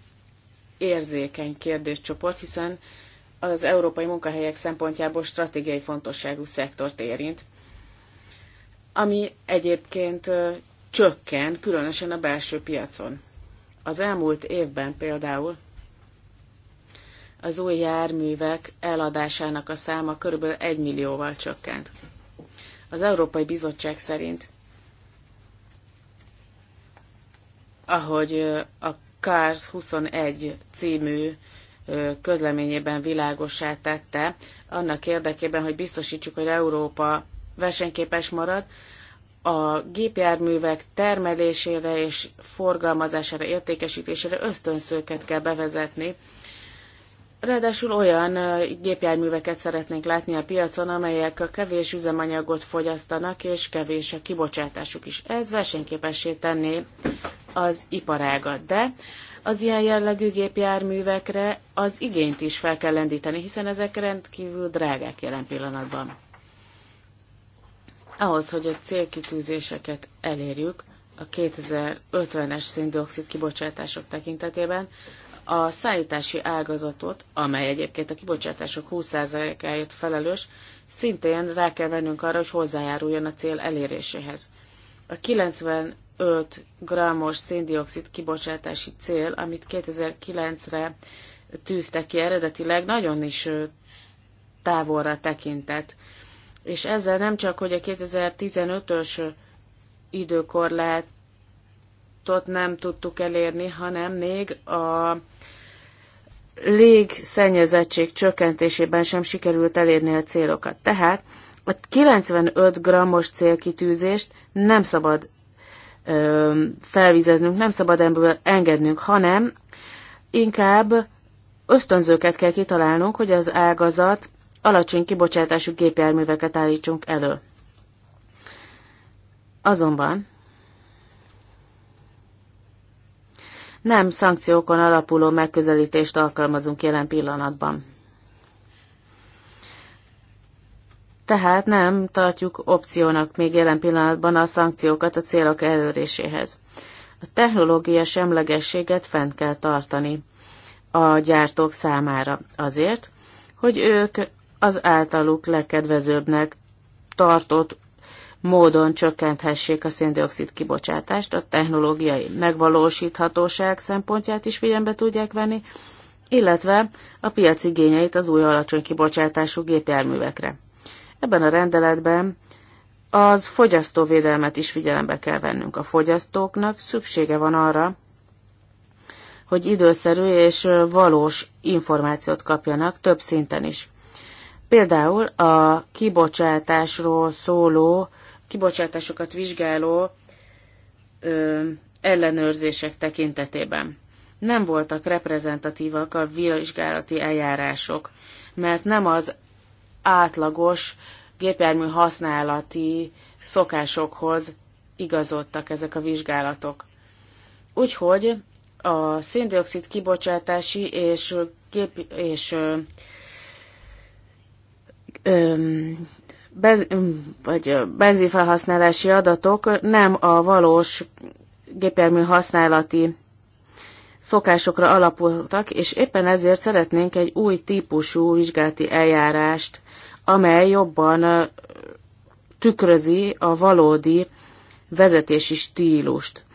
érzékeny kérdéscsoport, hiszen az európai munkahelyek szempontjából stratégiai fontosságú szektort érint, ami egyébként csökken, különösen a belső piacon. Az elmúlt évben például az új járművek eladásának a száma kb. 1 millióval csökkent. Az Európai Bizottság szerint, ahogy a CARS 21 című közleményében világosá tette, annak érdekében, hogy biztosítsuk, hogy Európa versenyképes marad, a gépjárművek termelésére és forgalmazására, értékesítésére ösztönszőket kell bevezetni. Ráadásul olyan gépjárműveket szeretnénk látni a piacon, amelyek a kevés üzemanyagot fogyasztanak, és kevés a kibocsátásuk is. Ez versenyképessé tenné az iparágat, de az ilyen jellegű gépjárművekre az igényt is fel kell lendíteni, hiszen ezek rendkívül drágák jelen pillanatban. Ahhoz, hogy a célkitűzéseket elérjük a 2050-es széndiokszid kibocsátások tekintetében, a szállítási ágazatot, amely egyébként a kibocsátások 20%-áért felelős, szintén rá kell vennünk arra, hogy hozzájáruljon a cél eléréséhez. A 95 g-os széndiokszid kibocsátási cél, amit 2009-re tűzte ki eredetileg, nagyon is távolra tekintett és ezzel nem csak, hogy a 2015-ös időkorlátot nem tudtuk elérni, hanem még a légszennyezettség csökkentésében sem sikerült elérni a célokat. Tehát a 95 grammos célkitűzést nem szabad ö, felvizeznünk, nem szabad ebből engednünk, hanem inkább ösztönzőket kell kitalálnunk, hogy az ágazat alacsony kibocsátású gépjárműveket állítsunk elő. Azonban nem szankciókon alapuló megközelítést alkalmazunk jelen pillanatban. Tehát nem tartjuk opciónak még jelen pillanatban a szankciókat a célok eléréséhez. A technológia semlegességet fent kell tartani a gyártók számára azért, hogy ők az általuk legkedvezőbbnek tartott módon csökkenthessék a széndiokszid kibocsátást, a technológiai megvalósíthatóság szempontját is figyelembe tudják venni, illetve a piac igényeit az új alacsony kibocsátású gépjárművekre. Ebben a rendeletben az fogyasztóvédelmet is figyelembe kell vennünk. A fogyasztóknak szüksége van arra, hogy időszerű és valós információt kapjanak több szinten is. Például a kibocsátásról szóló, kibocsátásokat vizsgáló ö, ellenőrzések tekintetében. Nem voltak reprezentatívak a vizsgálati eljárások, mert nem az átlagos gépjármű használati szokásokhoz igazodtak ezek a vizsgálatok. Úgyhogy a széndiokszid kibocsátási és, gép és öm, benz, vagy benzinfelhasználási adatok nem a valós gépjármű használati szokásokra alapultak, és éppen ezért szeretnénk egy új típusú vizsgálati eljárást, amely jobban tükrözi a valódi vezetési stílust.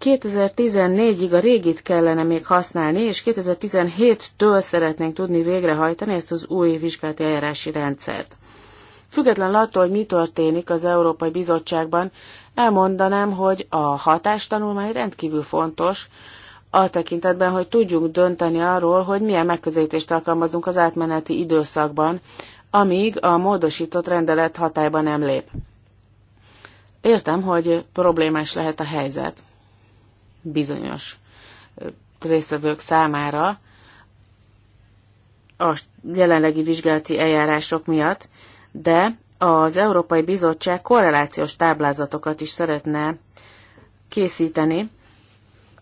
2014-ig a régit kellene még használni, és 2017-től szeretnénk tudni végrehajtani ezt az új vizsgálati eljárási rendszert. Függetlenül attól, hogy mi történik az Európai Bizottságban, elmondanám, hogy a hatástanulmány rendkívül fontos, a tekintetben, hogy tudjunk dönteni arról, hogy milyen megközelítést alkalmazunk az átmeneti időszakban, amíg a módosított rendelet hatályba nem lép. Értem, hogy problémás lehet a helyzet bizonyos részvevők számára a jelenlegi vizsgálati eljárások miatt, de az Európai Bizottság korrelációs táblázatokat is szeretne készíteni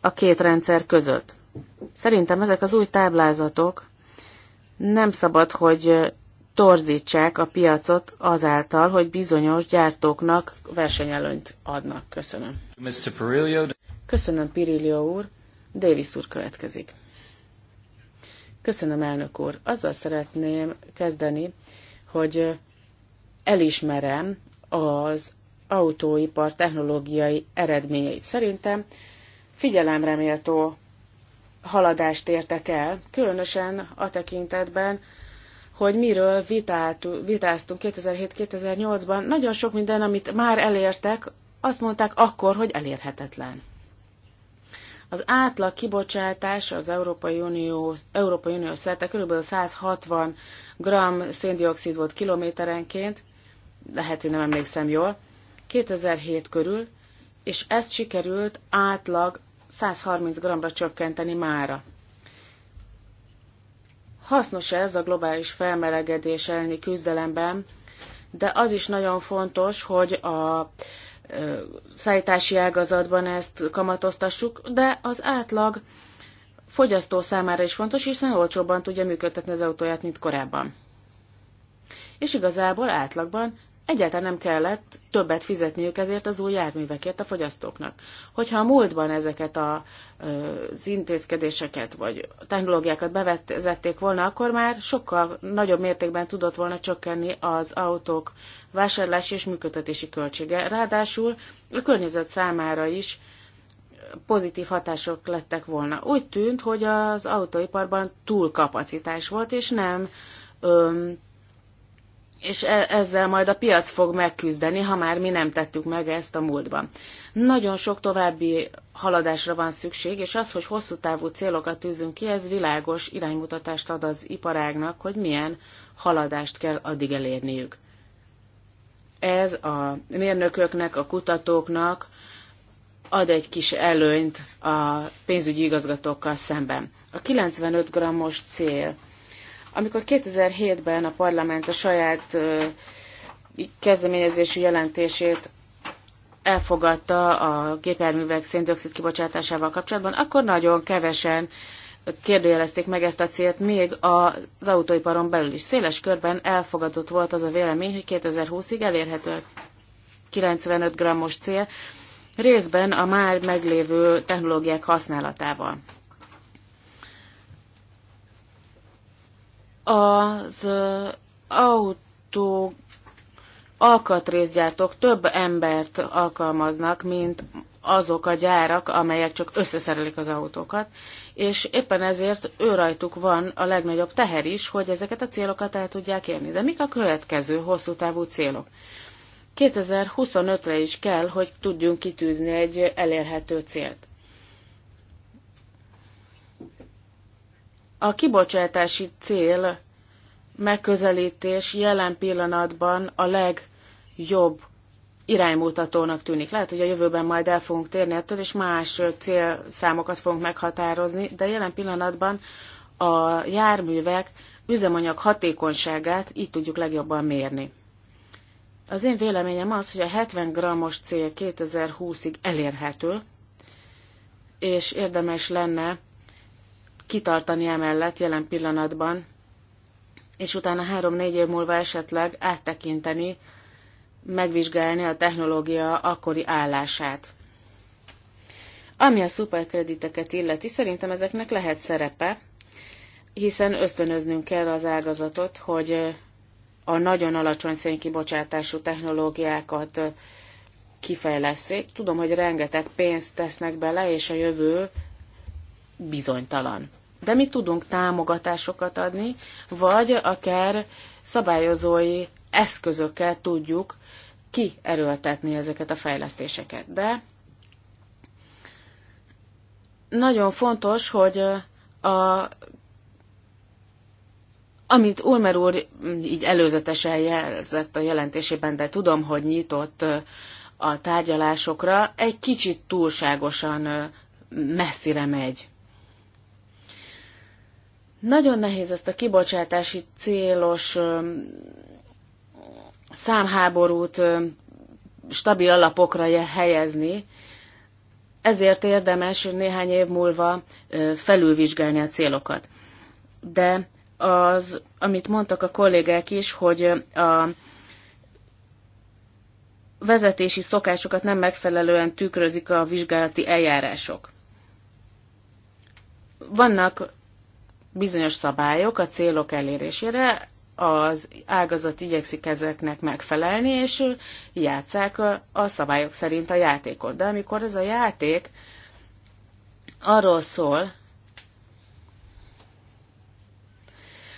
a két rendszer között. Szerintem ezek az új táblázatok nem szabad, hogy torzítsák a piacot azáltal, hogy bizonyos gyártóknak versenyelőnyt adnak. Köszönöm. Mr. Perillo. Köszönöm, Pirilio úr. Davis úr következik. Köszönöm, elnök úr. Azzal szeretném kezdeni, hogy elismerem az autóipar technológiai eredményeit. Szerintem figyelemre méltó haladást értek el, különösen a tekintetben, hogy miről vitált, vitáztunk 2007-2008-ban. Nagyon sok minden, amit már elértek, azt mondták akkor, hogy elérhetetlen. Az átlag kibocsátás az Európai Unió, Európai Unió szerte kb. 160 g széndiokszid volt kilométerenként, lehet, hogy nem emlékszem jól, 2007 körül, és ezt sikerült átlag 130 g-ra csökkenteni mára. Hasznos ez a globális felmelegedés elleni küzdelemben, de az is nagyon fontos, hogy a szállítási ágazatban ezt kamatoztassuk, de az átlag fogyasztó számára is fontos, hiszen olcsóbban tudja működtetni az autóját, mint korábban. És igazából átlagban egyáltalán nem kellett többet fizetniük ezért az új járművekért a fogyasztóknak. Hogyha a múltban ezeket a, az intézkedéseket vagy technológiákat bevezették volna, akkor már sokkal nagyobb mértékben tudott volna csökkenni az autók vásárlási és működtetési költsége. Ráadásul a környezet számára is pozitív hatások lettek volna. Úgy tűnt, hogy az autóiparban túlkapacitás volt, és nem öm, és e- ezzel majd a piac fog megküzdeni, ha már mi nem tettük meg ezt a múltban. Nagyon sok további haladásra van szükség, és az, hogy hosszú távú célokat tűzünk ki, ez világos iránymutatást ad az iparágnak, hogy milyen haladást kell addig elérniük. Ez a mérnököknek, a kutatóknak ad egy kis előnyt a pénzügyi igazgatókkal szemben. A 95 grammos cél. Amikor 2007-ben a parlament a saját kezdeményezésű jelentését elfogadta a gépjárművek széndiokszid kibocsátásával kapcsolatban, akkor nagyon kevesen kérdőjelezték meg ezt a célt még az autóiparon belül is. Széles körben elfogadott volt az a vélemény, hogy 2020-ig elérhető 95 grammos cél, részben a már meglévő technológiák használatával. Az autó alkatrészgyártók több embert alkalmaznak, mint azok a gyárak, amelyek csak összeszerelik az autókat, és éppen ezért ő rajtuk van a legnagyobb teher is, hogy ezeket a célokat el tudják érni. De mik a következő hosszú távú célok? 2025-re is kell, hogy tudjunk kitűzni egy elérhető célt. A kibocsátási cél megközelítés jelen pillanatban a legjobb iránymutatónak tűnik. Lehet, hogy a jövőben majd el fogunk térni ettől, és más célszámokat fogunk meghatározni, de jelen pillanatban a járművek üzemanyag hatékonyságát így tudjuk legjobban mérni. Az én véleményem az, hogy a 70 g-os cél 2020-ig elérhető, és érdemes lenne kitartani emellett jelen pillanatban, és utána 3-4 év múlva esetleg áttekinteni megvizsgálni a technológia akkori állását. Ami a szuperkrediteket illeti, szerintem ezeknek lehet szerepe, hiszen ösztönöznünk kell az ágazatot, hogy a nagyon alacsony szénkibocsátású technológiákat kifejleszik. Tudom, hogy rengeteg pénzt tesznek bele, és a jövő bizonytalan. De mi tudunk támogatásokat adni, vagy akár szabályozói eszközökkel tudjuk ki erőltetni ezeket a fejlesztéseket. De nagyon fontos, hogy a, amit Ulmer úr így előzetesen jelzett a jelentésében, de tudom, hogy nyitott a tárgyalásokra, egy kicsit túlságosan messzire megy. Nagyon nehéz ezt a kibocsátási célos számháborút stabil alapokra helyezni, ezért érdemes néhány év múlva felülvizsgálni a célokat. De az, amit mondtak a kollégák is, hogy a vezetési szokásokat nem megfelelően tükrözik a vizsgálati eljárások. Vannak bizonyos szabályok a célok elérésére, az ágazat igyekszik ezeknek megfelelni, és játszák a szabályok szerint a játékot. De amikor ez a játék arról szól,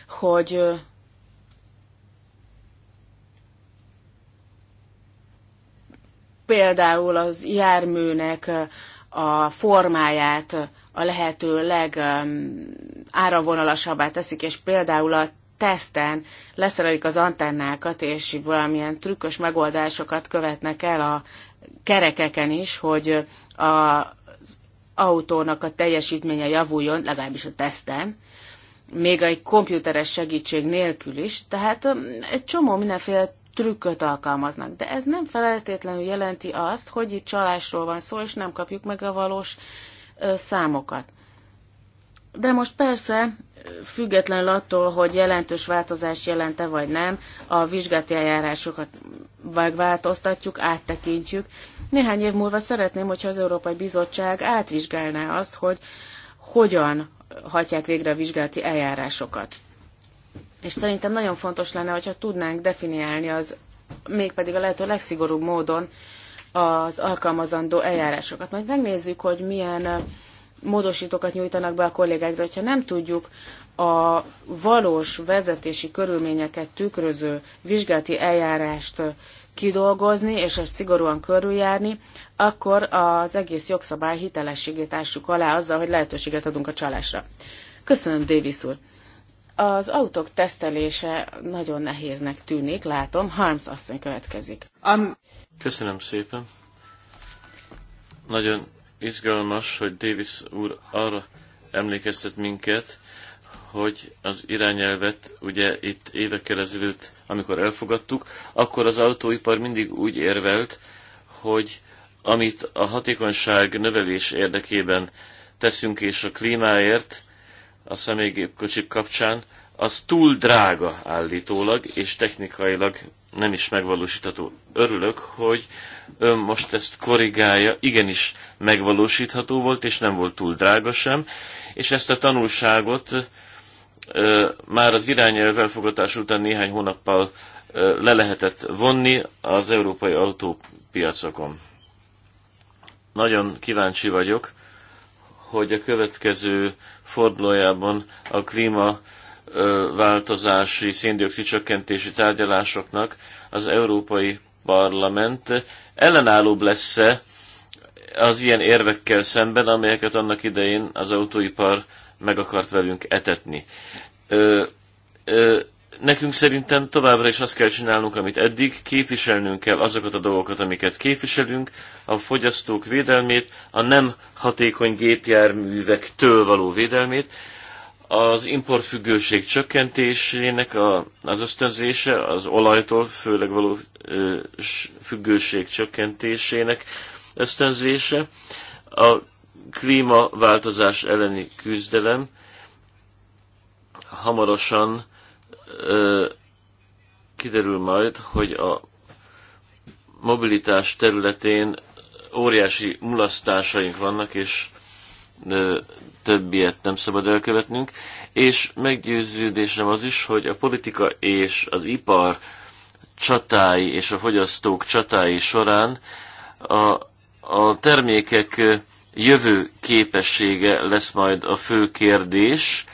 hogy például az járműnek a formáját a lehető legáravonalasabbá teszik, és például a teszten leszerelik az antennákat, és valamilyen trükkös megoldásokat követnek el a kerekeken is, hogy az autónak a teljesítménye javuljon, legalábbis a teszten, még egy komputeres segítség nélkül is, tehát um, egy csomó mindenféle trükköt alkalmaznak. De ez nem feltétlenül jelenti azt, hogy itt csalásról van szó, és nem kapjuk meg a valós számokat. De most persze függetlenül attól, hogy jelentős változás jelente vagy nem, a vizsgálati eljárásokat változtatjuk, áttekintjük. Néhány év múlva szeretném, hogyha az Európai Bizottság átvizsgálná azt, hogy hogyan hajtják végre a vizsgálati eljárásokat. És szerintem nagyon fontos lenne, hogyha tudnánk definiálni az, mégpedig a lehető legszigorúbb módon az alkalmazandó eljárásokat. Majd megnézzük, hogy milyen módosítókat nyújtanak be a de hogyha nem tudjuk a valós vezetési körülményeket tükröző vizsgálati eljárást kidolgozni, és ezt szigorúan körüljárni, akkor az egész jogszabály hitelességét ássuk alá azzal, hogy lehetőséget adunk a csalásra. Köszönöm, Davis úr. Az autók tesztelése nagyon nehéznek tűnik, látom. Harms asszony következik. Um... Köszönöm szépen. Nagyon izgalmas, hogy Davis úr arra emlékeztet minket, hogy az irányelvet ugye itt évekkel ezelőtt, amikor elfogadtuk, akkor az autóipar mindig úgy érvelt, hogy amit a hatékonyság növelés érdekében teszünk és a klímáért, a személygépkocsik kapcsán, az túl drága állítólag, és technikailag nem is megvalósítható. Örülök, hogy ön most ezt korrigálja, igenis megvalósítható volt, és nem volt túl drága sem, és ezt a tanulságot ö, már az irányelv elfogadás után néhány hónappal ö, le lehetett vonni az európai autópiacokon. Nagyon kíváncsi vagyok, hogy a következő fordulójában a klíma változási széndiokszid csökkentési tárgyalásoknak az európai parlament ellenállóbb lesz-e az ilyen érvekkel szemben, amelyeket annak idején az autóipar meg akart velünk etetni. Ö, ö, nekünk szerintem továbbra is azt kell csinálnunk, amit eddig, képviselnünk kell azokat a dolgokat, amiket képviselünk, a fogyasztók védelmét, a nem hatékony gépjárművektől való védelmét, az importfüggőség csökkentésének a, az ösztönzése, az olajtól főleg való ö, függőség csökkentésének ösztönzése, a klímaváltozás elleni küzdelem hamarosan ö, kiderül majd, hogy a mobilitás területén óriási mulasztásaink vannak, és többiet nem szabad elkövetnünk, és meggyőződésem az is, hogy a politika és az ipar csatái és a fogyasztók csatái során a, a termékek jövő képessége lesz majd a fő kérdés,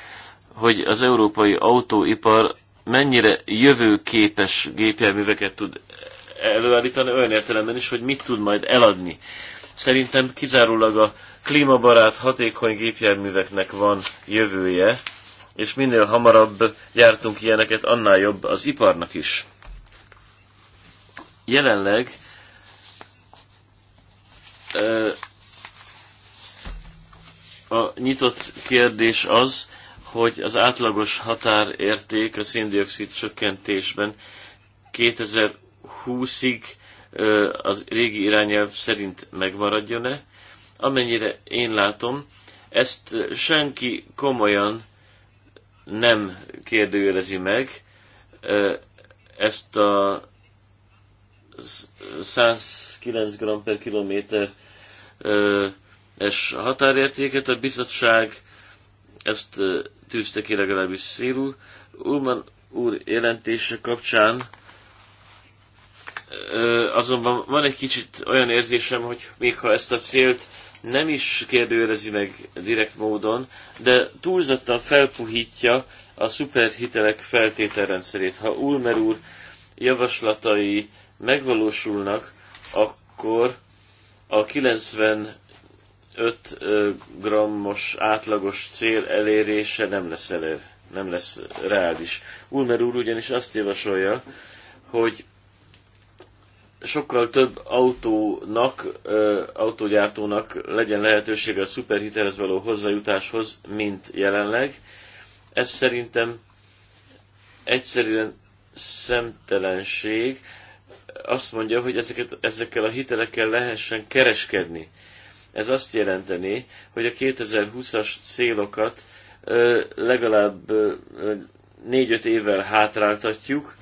hogy az európai autóipar mennyire jövőképes gépjárműveket tud előállítani, olyan értelemben is, hogy mit tud majd eladni Szerintem kizárólag a klímabarát hatékony gépjárműveknek van jövője, és minél hamarabb jártunk ilyeneket, annál jobb az iparnak is. Jelenleg a nyitott kérdés az, hogy az átlagos határérték a széndiokszid csökkentésben 2020-ig az régi irányelv szerint megmaradjon-e. Amennyire én látom, ezt senki komolyan nem kérdőjelezi meg, ezt a 109 g per kilométer es határértéket a bizottság ezt tűzte ki legalábbis szélú. Ulman úr jelentése kapcsán azonban van egy kicsit olyan érzésem, hogy még ha ezt a célt nem is kérdőjelezi meg direkt módon, de túlzottan felpuhítja a szuperhitelek feltételrendszerét. Ha Ulmer úr javaslatai megvalósulnak, akkor a 95 grammos átlagos cél elérése nem lesz elev, nem lesz reális. Ulmer úr ugyanis azt javasolja, hogy sokkal több autónak, autógyártónak legyen lehetősége a szuperhitelhez való hozzájutáshoz, mint jelenleg. Ez szerintem egyszerűen szemtelenség. Azt mondja, hogy ezeket, ezekkel a hitelekkel lehessen kereskedni. Ez azt jelenteni, hogy a 2020-as célokat legalább 4-5 évvel hátráltatjuk,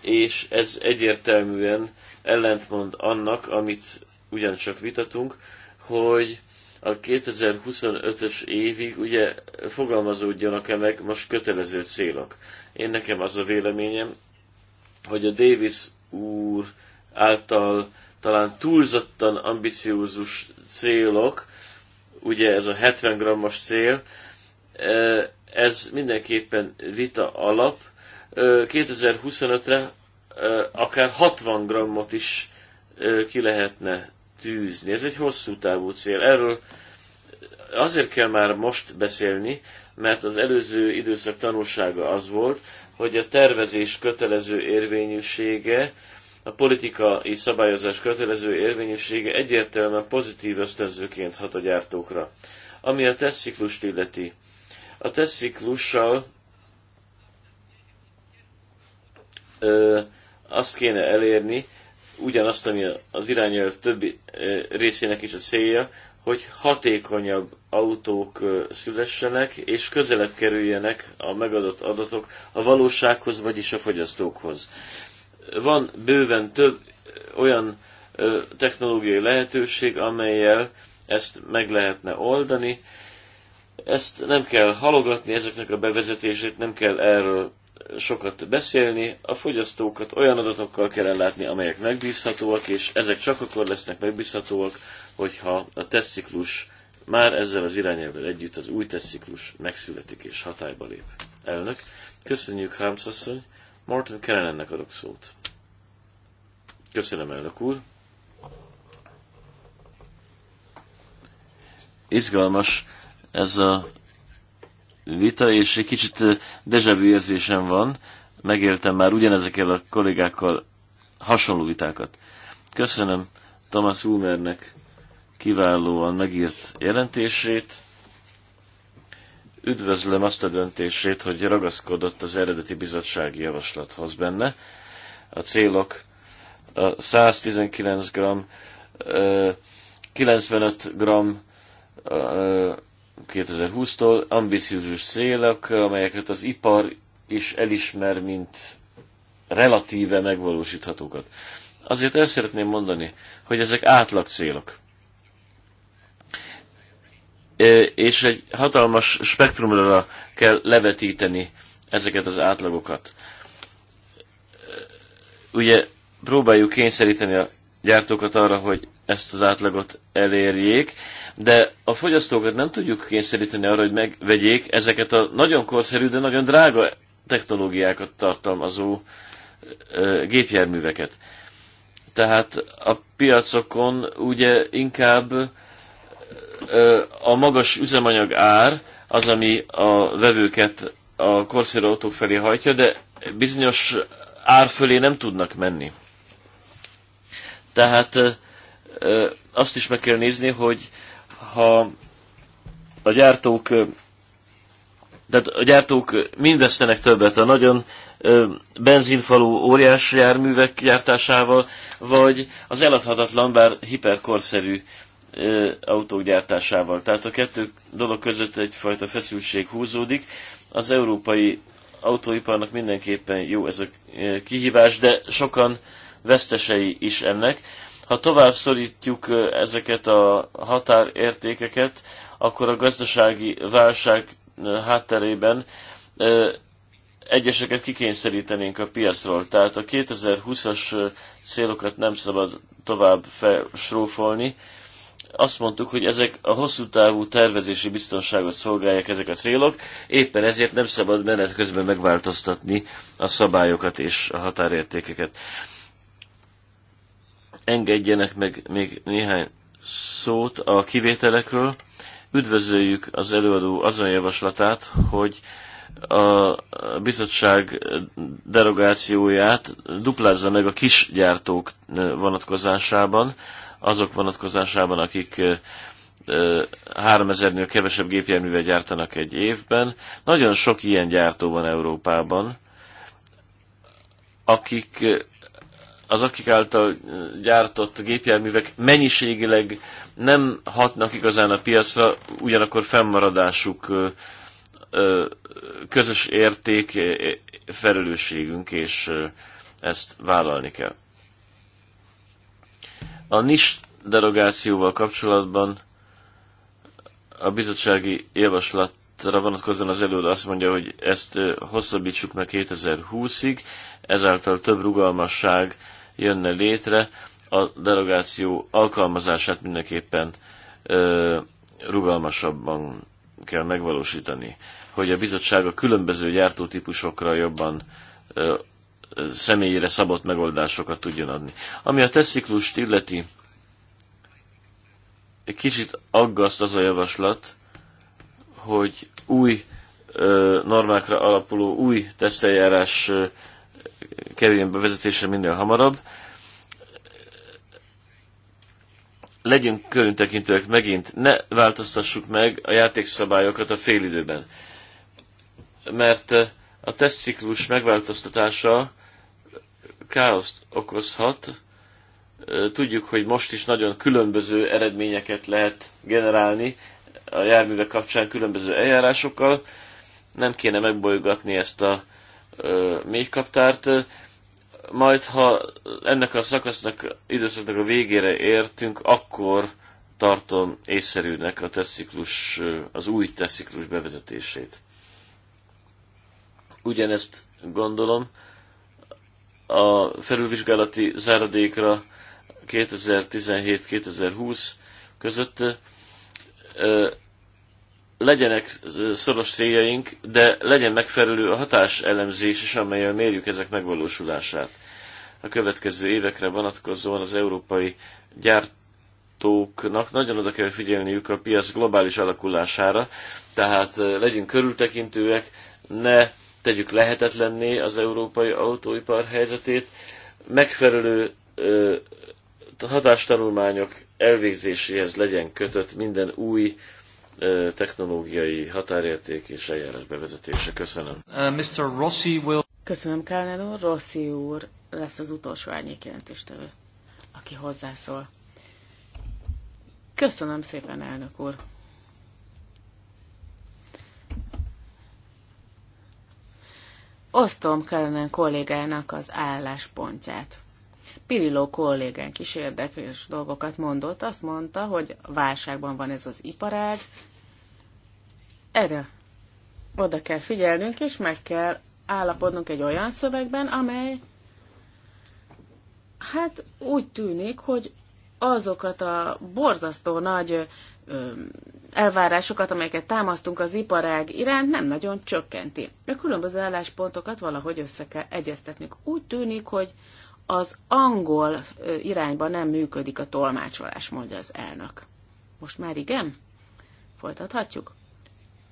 és ez egyértelműen ellentmond annak, amit ugyancsak vitatunk, hogy a 2025-ös évig ugye fogalmazódjanak-e meg most kötelező célok. Én nekem az a véleményem, hogy a Davis úr által talán túlzottan ambiciózus célok, ugye ez a 70 grammos cél, eh, ez mindenképpen vita alap. 2025-re eh, akár 60 grammot is ki lehetne tűzni. Ez egy hosszú távú cél. Erről azért kell már most beszélni, mert az előző időszak tanulsága az volt, hogy a tervezés kötelező érvényűsége, a politikai szabályozás kötelező érvényűsége egyértelműen pozitív ösztönzőként hat a gyártókra. Ami a tesztciklust illeti. A tesztciklussal ö, azt kéne elérni, ugyanazt, ami az irányelv többi részének is a célja, hogy hatékonyabb autók szülessenek, és közelebb kerüljenek a megadott adatok a valósághoz, vagyis a fogyasztókhoz. Van bőven több olyan technológiai lehetőség, amelyel ezt meg lehetne oldani. Ezt nem kell halogatni, ezeknek a bevezetését nem kell erről sokat beszélni, a fogyasztókat olyan adatokkal kell ellátni, amelyek megbízhatóak, és ezek csak akkor lesznek megbízhatóak, hogyha a tesztciklus már ezzel az irányelvvel együtt az új tesztciklus megszületik és hatályba lép. Elnök, köszönjük Harms asszony, Martin Kerenennek adok szót. Köszönöm, elnök úr. Izgalmas ez a vita, és egy kicsit dejavű érzésem van. Megéltem már ugyanezekkel a kollégákkal hasonló vitákat. Köszönöm Thomas Ulmernek kiválóan megírt jelentését. Üdvözlöm azt a döntését, hogy ragaszkodott az eredeti bizottsági javaslathoz benne. A célok a 119 g, 95 g 2020-tól, ambiciózus célok, amelyeket az ipar is elismer, mint relatíve megvalósíthatókat. Azért el szeretném mondani, hogy ezek átlag célok. E, és egy hatalmas spektrumra kell levetíteni ezeket az átlagokat. E, ugye próbáljuk kényszeríteni a gyártókat arra, hogy ezt az átlagot elérjék, de a fogyasztókat nem tudjuk kényszeríteni arra, hogy megvegyék ezeket a nagyon korszerű, de nagyon drága technológiákat tartalmazó gépjárműveket. Tehát a piacokon ugye inkább a magas üzemanyag ár az, ami a vevőket a korszerű autók felé hajtja, de bizonyos ár fölé nem tudnak menni. Tehát azt is meg kell nézni, hogy ha a gyártók tehát a gyártók mindesztenek többet a nagyon benzinfalú óriás járművek gyártásával, vagy az eladhatatlan, bár hiperkorszerű autók gyártásával. Tehát a kettő dolog között egyfajta feszültség húzódik. Az európai autóiparnak mindenképpen jó ez a kihívás, de sokan vesztesei is ennek. Ha tovább szorítjuk ezeket a határértékeket, akkor a gazdasági válság hátterében egyeseket kikényszerítenénk a piacról. Tehát a 2020-as célokat nem szabad tovább felsrófolni. Azt mondtuk, hogy ezek a hosszú távú tervezési biztonságot szolgálják ezek a célok, éppen ezért nem szabad menet közben megváltoztatni a szabályokat és a határértékeket engedjenek meg még néhány szót a kivételekről. Üdvözöljük az előadó azon javaslatát, hogy a bizottság derogációját duplázza meg a kisgyártók vonatkozásában, azok vonatkozásában, akik 3000-nél kevesebb gépjárművel gyártanak egy évben. Nagyon sok ilyen gyártó van Európában, akik az akik által gyártott gépjárművek mennyiségileg nem hatnak igazán a piacra, ugyanakkor fennmaradásuk közös érték, felelősségünk, és ezt vállalni kell. A NIS derogációval kapcsolatban a bizottsági javaslatra vonatkozóan az előadó azt mondja, hogy ezt hosszabbítsuk meg 2020-ig, ezáltal több rugalmasság jönne létre, a delegáció alkalmazását mindenképpen ö, rugalmasabban kell megvalósítani, hogy a bizottság a különböző gyártótípusokra jobban ö, személyére szabott megoldásokat tudjon adni. Ami a tesziklust illeti, egy kicsit aggaszt az a javaslat, hogy új ö, normákra alapuló új teszteljárás ö, kerüljön bevezetésre minél hamarabb. Legyünk körüntekintőek megint, ne változtassuk meg a játékszabályokat a félidőben. Mert eh, a tesztciklus megváltoztatása káoszt okozhat. Eh, tudjuk, hogy most is nagyon különböző eredményeket lehet generálni a járművek kapcsán különböző eljárásokkal. Nem kéne megbolygatni ezt a mélykaptárt, majd ha ennek a szakasznak, időszaknak a végére értünk, akkor tartom észszerűnek a tesziklus az új tesziklus bevezetését. Ugyanezt gondolom a felülvizsgálati záradékra 2017-2020 között legyenek szoros céljaink, de legyen megfelelő a hatás elemzés is, amelyel mérjük ezek megvalósulását. A következő évekre vonatkozóan az európai gyártóknak nagyon oda kell figyelniük a piac globális alakulására, tehát legyünk körültekintőek, ne tegyük lehetetlenné az európai autóipar helyzetét, megfelelő ö, hatástanulmányok elvégzéséhez legyen kötött minden új technológiai határérték és eljárás bevezetése. Köszönöm. Uh, Mr. Rossi will... Köszönöm, Kálnán úr. Rossi úr lesz az utolsó jelentéstevő, aki hozzászól. Köszönöm szépen, elnök úr. Osztom Kellenen kollégának az álláspontját. Pirilló kollégánk is érdekes dolgokat mondott. Azt mondta, hogy válságban van ez az iparág. Erre oda kell figyelnünk, és meg kell állapodnunk egy olyan szövegben, amely hát úgy tűnik, hogy azokat a borzasztó nagy elvárásokat, amelyeket támasztunk az iparág iránt, nem nagyon csökkenti. A különböző álláspontokat valahogy össze kell egyeztetnünk. Úgy tűnik, hogy az angol irányba nem működik a tolmácsolás, mondja az elnök. Most már igen? Folytathatjuk?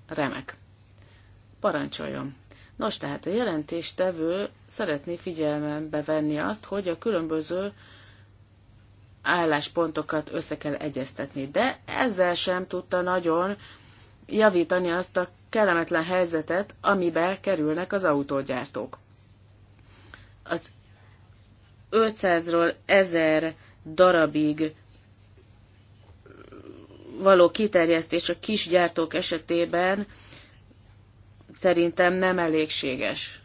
Remek. Parancsoljon. Nos, tehát a jelentéstevő szeretné figyelmembe venni azt, hogy a különböző álláspontokat össze kell egyeztetni, de ezzel sem tudta nagyon javítani azt a kellemetlen helyzetet, amiben kerülnek az autógyártók. Az 500-ról 1000 darabig való kiterjesztés a kisgyártók esetében szerintem nem elégséges.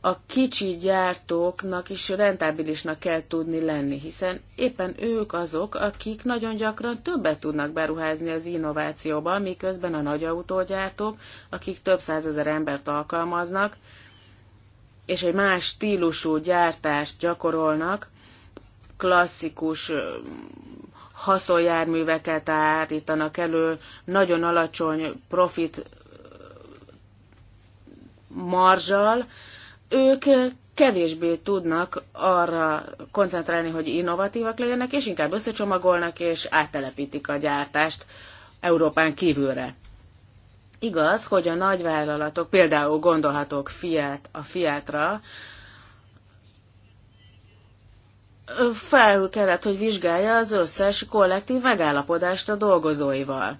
A kicsi gyártóknak is rentábilisnak kell tudni lenni, hiszen éppen ők azok, akik nagyon gyakran többet tudnak beruházni az innovációba, miközben a nagy autógyártók, akik több százezer embert alkalmaznak, és egy más stílusú gyártást gyakorolnak, klasszikus haszonjárműveket állítanak elő, nagyon alacsony profit marzsal, ők kevésbé tudnak arra koncentrálni, hogy innovatívak legyenek, és inkább összecsomagolnak és áttelepítik a gyártást Európán kívülre. Igaz, hogy a nagyvállalatok, például gondolhatok Fiat, a Fiatra, fel kellett, hogy vizsgálja az összes kollektív megállapodást a dolgozóival.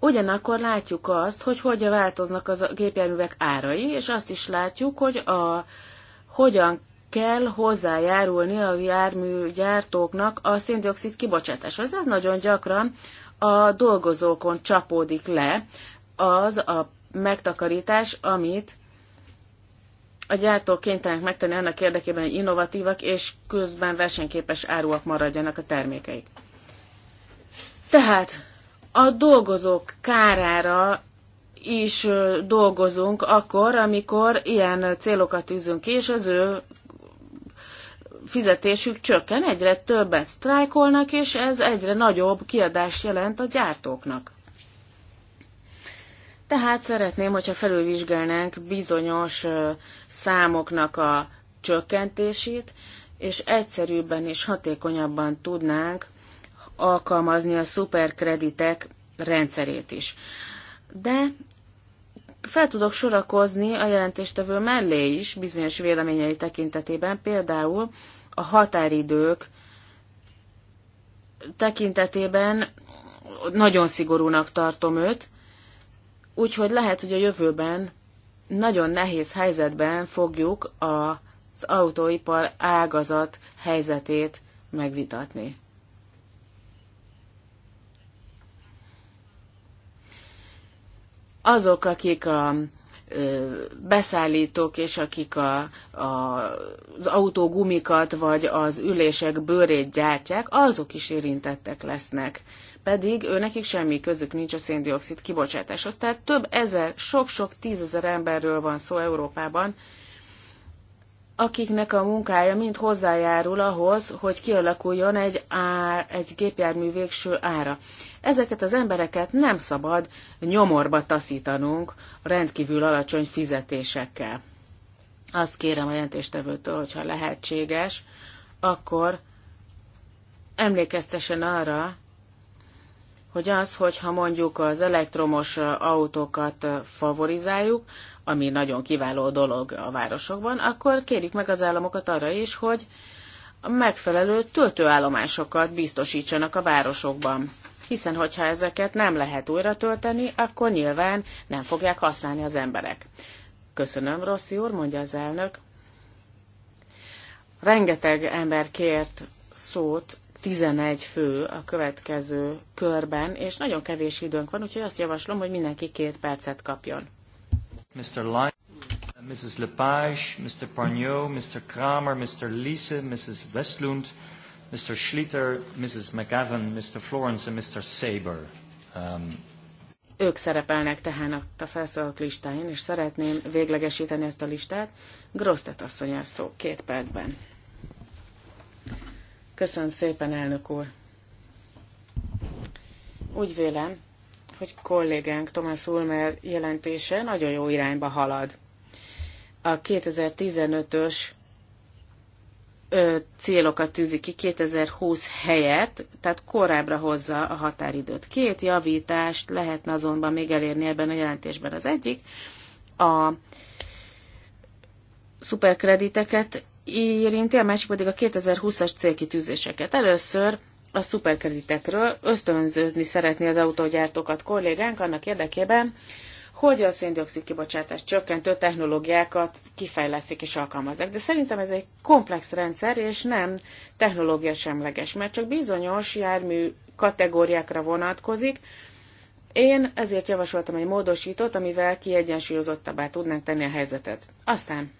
Ugyanakkor látjuk azt, hogy hogyan változnak az a gépjárművek árai, és azt is látjuk, hogy a, hogyan kell hozzájárulni a járműgyártóknak a széndiokszid kibocsátáshoz. Ez nagyon gyakran a dolgozókon csapódik le, az a megtakarítás, amit a gyártók kénytelenek megtenni annak érdekében, hogy innovatívak és közben versenyképes áruak maradjanak a termékeik. Tehát a dolgozók kárára is dolgozunk akkor, amikor ilyen célokat tűzünk ki, és az ő fizetésük csökken, egyre többet sztrájkolnak, és ez egyre nagyobb kiadást jelent a gyártóknak. Tehát szeretném, hogyha felülvizsgálnánk bizonyos számoknak a csökkentését, és egyszerűbben és hatékonyabban tudnánk alkalmazni a szuperkreditek rendszerét is. De fel tudok sorakozni a jelentéstevő mellé is bizonyos véleményei tekintetében, például a határidők tekintetében nagyon szigorúnak tartom őt, Úgyhogy lehet, hogy a jövőben nagyon nehéz helyzetben fogjuk az autóipar ágazat helyzetét megvitatni. Azok, akik a beszállítók és akik a, a, az autó gumikat vagy az ülések bőrét gyártják, azok is érintettek lesznek. Pedig őnekik semmi közük nincs a széndiokszid kibocsátáshoz. Tehát több ezer, sok-sok tízezer emberről van szó Európában, akiknek a munkája mind hozzájárul ahhoz, hogy kialakuljon egy, ár, egy gépjármű végső ára. Ezeket az embereket nem szabad nyomorba taszítanunk rendkívül alacsony fizetésekkel. Azt kérem a jelentéstevőtől, hogyha lehetséges, akkor emlékeztesen arra, hogy az, hogyha mondjuk az elektromos autókat favorizáljuk, ami nagyon kiváló dolog a városokban, akkor kérjük meg az államokat arra is, hogy a megfelelő töltőállomásokat biztosítsanak a városokban. Hiszen, hogyha ezeket nem lehet újra tölteni, akkor nyilván nem fogják használni az emberek. Köszönöm, Rossi úr, mondja az elnök. Rengeteg ember kért szót 11 fő a következő körben, és nagyon kevés időnk van, úgyhogy azt javaslom, hogy mindenki két percet kapjon. Mr. Lyon, Mrs. Lepage, Mr. Parnio, Mr. Kramer, Mr. Lise, Mrs. Westlund, Mr. Schlitter, Mrs. McGavin, Mr. Florence and Mr. Saber. Um, ők szerepelnek tehát a felszólalók listáin, és szeretném véglegesíteni ezt a listát. Grosztet asszony szó két percben. Köszönöm szépen, elnök úr. Úgy vélem, hogy kollégánk Tomás Ulmer jelentése nagyon jó irányba halad. A 2015-ös célokat tűzi ki 2020 helyett, tehát korábbra hozza a határidőt. Két javítást lehetne azonban még elérni ebben a jelentésben. Az egyik a szuperkrediteket érinti, a másik pedig a 2020-as célkitűzéseket. Először a szuperkreditekről ösztönzőzni szeretné az autógyártókat kollégánk annak érdekében, hogy a széndiokszid kibocsátás csökkentő technológiákat kifejleszik és alkalmazzák. De szerintem ez egy komplex rendszer, és nem technológia semleges, mert csak bizonyos jármű kategóriákra vonatkozik. Én ezért javasoltam egy módosítót, amivel kiegyensúlyozottabbá tudnánk tenni a helyzetet. Aztán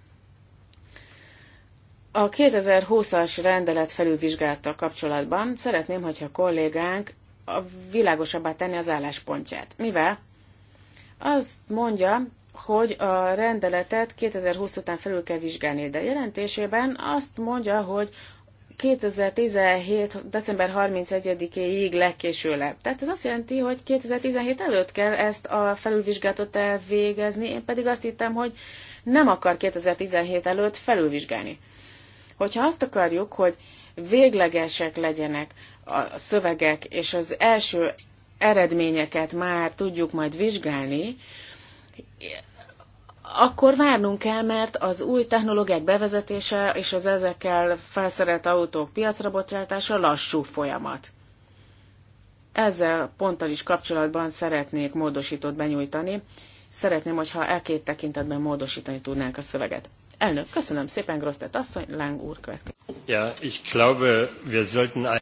a 2020-as rendelet felülvizsgálta kapcsolatban szeretném, hogyha a kollégánk a világosabbá tenni az álláspontját. Mivel? Azt mondja, hogy a rendeletet 2020 után felül kell vizsgálni, de jelentésében azt mondja, hogy 2017. december 31-éig legkésőleg. Tehát ez azt jelenti, hogy 2017 előtt kell ezt a felülvizsgálatot elvégezni, én pedig azt hittem, hogy nem akar 2017 előtt felülvizsgálni. Hogyha azt akarjuk, hogy véglegesek legyenek a szövegek, és az első eredményeket már tudjuk majd vizsgálni, akkor várnunk kell, mert az új technológiák bevezetése és az ezekkel felszerelt autók piacra bocsátása lassú folyamat. Ezzel ponttal is kapcsolatban szeretnék módosítót benyújtani. Szeretném, hogyha e két tekintetben módosítani tudnánk a szöveget. Elnök, köszönöm szépen, Grosztet asszony, Láng úr következik. Ja, ich glaube, wir sollten...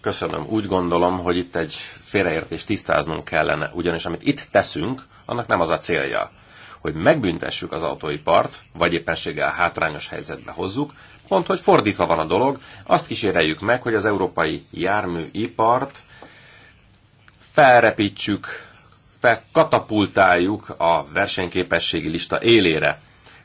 Köszönöm. Úgy gondolom, hogy itt egy félreértést tisztáznunk kellene, ugyanis amit itt teszünk, annak nem az a célja, hogy megbüntessük az autóipart, vagy éppenséggel hátrányos helyzetbe hozzuk, pont hogy fordítva van a dolog, azt kíséreljük meg, hogy az európai járműipart felrepítsük, felkatapultáljuk a versenyképességi lista élére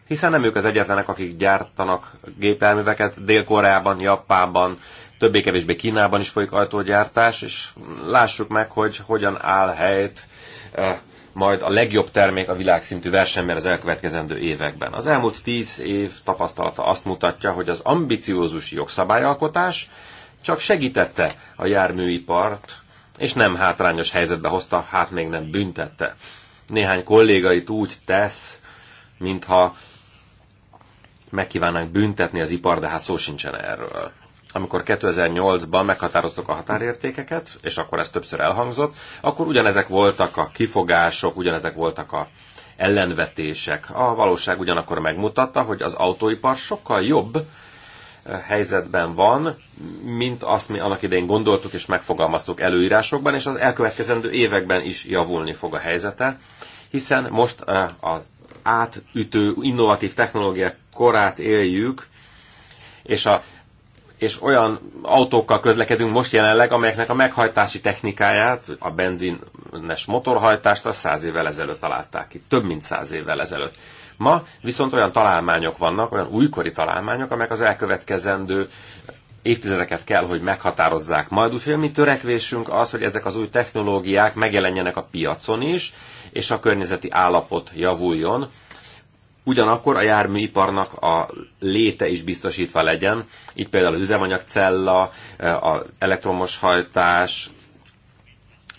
hiszen nem ők az egyetlenek, akik gyártanak gépelműveket Dél-Koreában, Japánban, többé-kevésbé Kínában is folyik ajtógyártás, és lássuk meg, hogy hogyan áll helyt eh, majd a legjobb termék a világszintű versenyben az elkövetkezendő években. Az elmúlt tíz év tapasztalata azt mutatja, hogy az ambiciózus jogszabályalkotás csak segítette a járműipart, és nem hátrányos helyzetbe hozta, hát még nem büntette. Néhány kollégait úgy tesz, mintha megkívánnánk büntetni az ipar, de hát szó sincsen erről. Amikor 2008-ban meghatároztuk a határértékeket, és akkor ez többször elhangzott, akkor ugyanezek voltak a kifogások, ugyanezek voltak a ellenvetések. A valóság ugyanakkor megmutatta, hogy az autóipar sokkal jobb, eh, helyzetben van, mint azt mi annak idején gondoltuk és megfogalmaztuk előírásokban, és az elkövetkezendő években is javulni fog a helyzete, hiszen most eh, az átütő innovatív technológiák korát éljük, és, a, és olyan autókkal közlekedünk most jelenleg, amelyeknek a meghajtási technikáját, a benzines motorhajtást, a száz évvel ezelőtt találták ki, több mint száz évvel ezelőtt. Ma viszont olyan találmányok vannak, olyan újkori találmányok, amelyek az elkövetkezendő évtizedeket kell, hogy meghatározzák majd. Úgyhogy mi törekvésünk az, hogy ezek az új technológiák megjelenjenek a piacon is, és a környezeti állapot javuljon, ugyanakkor a járműiparnak a léte is biztosítva legyen. Itt például az üzemanyagcella, az elektromos hajtás,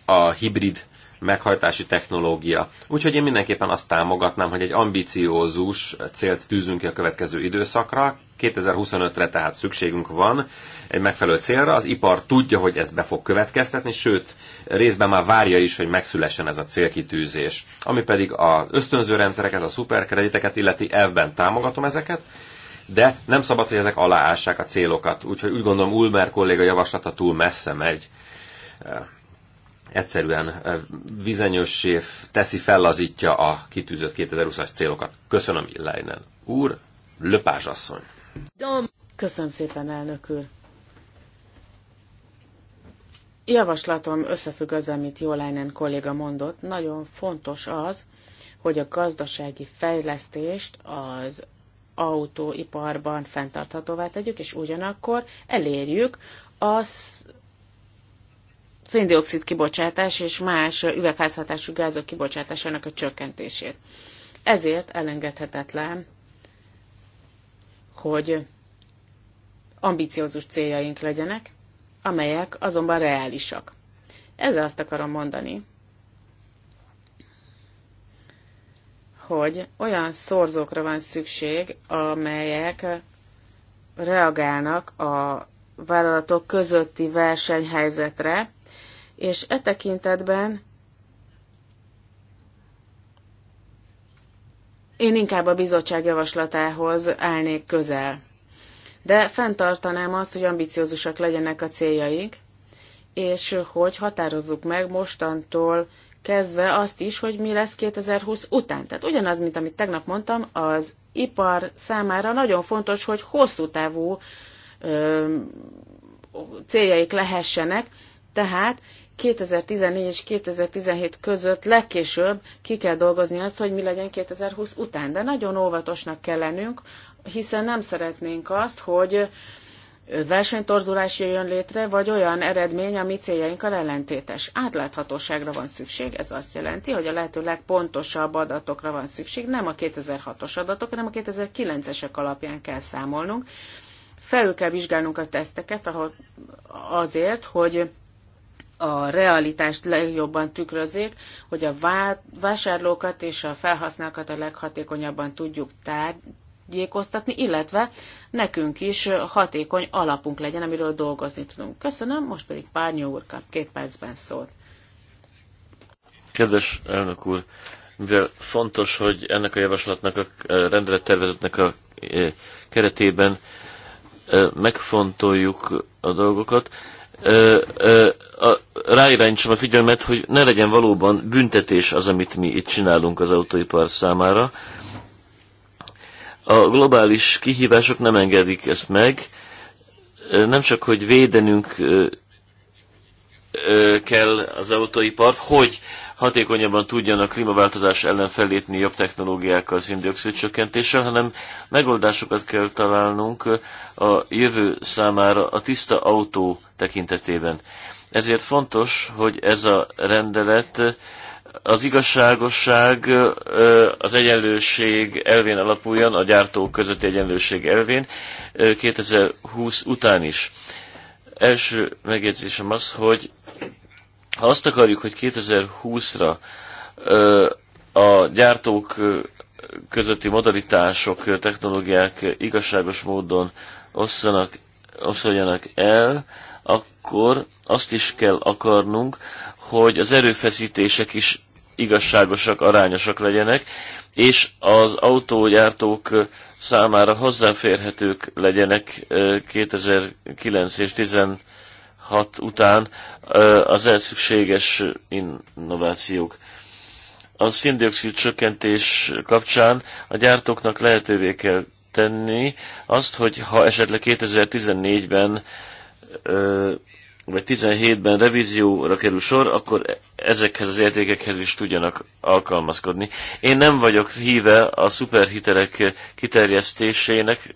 a hibrid meghajtási technológia. Úgyhogy én mindenképpen azt támogatnám, hogy egy ambiciózus célt tűzünk ki a következő időszakra. 2025-re tehát szükségünk van egy megfelelő célra. Az ipar tudja, hogy ez be fog következtetni, sőt, részben már várja is, hogy megszülessen ez a célkitűzés. Ami pedig az ösztönző rendszereket, a szuperkrediteket illeti, elvben támogatom ezeket, de nem szabad, hogy ezek aláássák a célokat. Úgyhogy úgy gondolom, Ulmer kolléga javaslata túl messze megy egyszerűen vizenyössé teszi, fellazítja a kitűzött 2020-as célokat. Köszönöm, Illainen. Úr, Löpás asszony. Köszönöm szépen, elnök úr. Javaslatom összefügg az, amit Jólájnen kolléga mondott. Nagyon fontos az, hogy a gazdasági fejlesztést az autóiparban fenntarthatóvá tegyük, és ugyanakkor elérjük az széndiokszid kibocsátás és más üvegházhatású gázok kibocsátásának a csökkentését. Ezért elengedhetetlen, hogy ambiciózus céljaink legyenek, amelyek azonban reálisak. Ezzel azt akarom mondani, hogy olyan szorzókra van szükség, amelyek reagálnak a vállalatok közötti versenyhelyzetre, és e tekintetben én inkább a bizottság javaslatához állnék közel. De fenntartanám azt, hogy ambiciózusak legyenek a céljaik, és hogy határozzuk meg mostantól kezdve azt is, hogy mi lesz 2020 után. Tehát ugyanaz, mint amit tegnap mondtam, az ipar számára nagyon fontos, hogy hosszú távú ö, céljaik lehessenek, tehát 2014 és 2017 között legkésőbb ki kell dolgozni azt, hogy mi legyen 2020 után. De nagyon óvatosnak kell lennünk, hiszen nem szeretnénk azt, hogy versenytorzulás jöjjön létre, vagy olyan eredmény, ami céljainkkal ellentétes. Átláthatóságra van szükség, ez azt jelenti, hogy a lehető legpontosabb adatokra van szükség, nem a 2006-os adatok, hanem a 2009-esek alapján kell számolnunk. Felül kell vizsgálnunk a teszteket azért, hogy a realitást legjobban tükrözik, hogy a vásárlókat és a felhasználókat a leghatékonyabban tudjuk tárgyékoztatni, illetve nekünk is hatékony alapunk legyen, amiről dolgozni tudunk. Köszönöm, most pedig Párnyó úr kap két percben szólt. Kedves elnök úr, mivel fontos, hogy ennek a javaslatnak, a rendelettervezetnek a e, keretében e, megfontoljuk a dolgokat, ráirányítsam a figyelmet, hogy ne legyen valóban büntetés az, amit mi itt csinálunk az autóipar számára. A globális kihívások nem engedik ezt meg. Nem csak, hogy védenünk kell az autóipart, hogy hatékonyabban a klímaváltozás ellen fellépni jobb technológiákkal, szindioxid csökkentéssel, hanem megoldásokat kell találnunk a jövő számára a tiszta autó tekintetében. Ezért fontos, hogy ez a rendelet az igazságosság, az egyenlőség elvén alapuljon, a gyártók közötti egyenlőség elvén 2020 után is. Első megjegyzésem az, hogy ha azt akarjuk, hogy 2020-ra a gyártók közötti modalitások, technológiák igazságos módon osszanak, oszoljanak el, akkor azt is kell akarnunk, hogy az erőfeszítések is igazságosak, arányosak legyenek, és az autógyártók számára hozzáférhetők legyenek 2009 és 2010 hat után az elszükséges innovációk. A széndiokszid csökkentés kapcsán a gyártóknak lehetővé kell tenni azt, hogy ha esetleg 2014-ben vagy 17-ben revízióra kerül sor, akkor ezekhez az értékekhez is tudjanak alkalmazkodni. Én nem vagyok híve a szuperhitelek kiterjesztésének,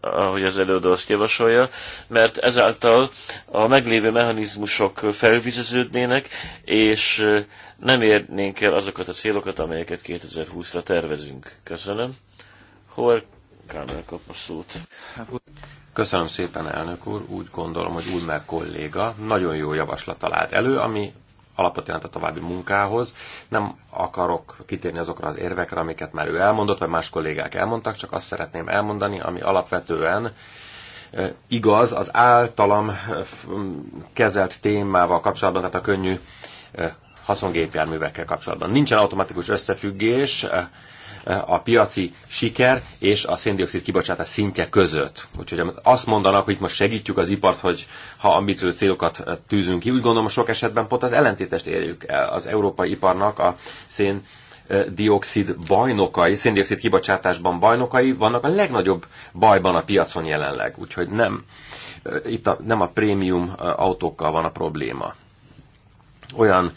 ahogy az előadó azt javasolja, mert ezáltal a meglévő mechanizmusok felvizeződnének, és nem érnénk el azokat a célokat, amelyeket 2020-ra tervezünk. Köszönöm. Hol Kámel kap a szót. Köszönöm szépen, elnök úr. Úgy gondolom, hogy Ulmer kolléga nagyon jó javaslat talált elő, ami alapot jelent a további munkához. Nem akarok kitérni azokra az érvekre, amiket már ő elmondott, vagy más kollégák elmondtak, csak azt szeretném elmondani, ami alapvetően igaz az általam kezelt témával kapcsolatban, tehát a könnyű haszongépjárművekkel kapcsolatban. Nincsen automatikus összefüggés a piaci siker és a széndiokszid kibocsátás szintje között. Úgyhogy azt mondanak, hogy itt most segítjük az ipart, hogy ha ambiciózus célokat eh, tűzünk ki, úgy gondolom sok esetben pont az ellentétest érjük el az európai iparnak a szén eh, dioxid bajnokai, széndiokszid kibocsátásban bajnokai vannak a legnagyobb bajban a piacon jelenleg. Úgyhogy nem, eh, itt a, nem a prémium autókkal van a probléma. Olyan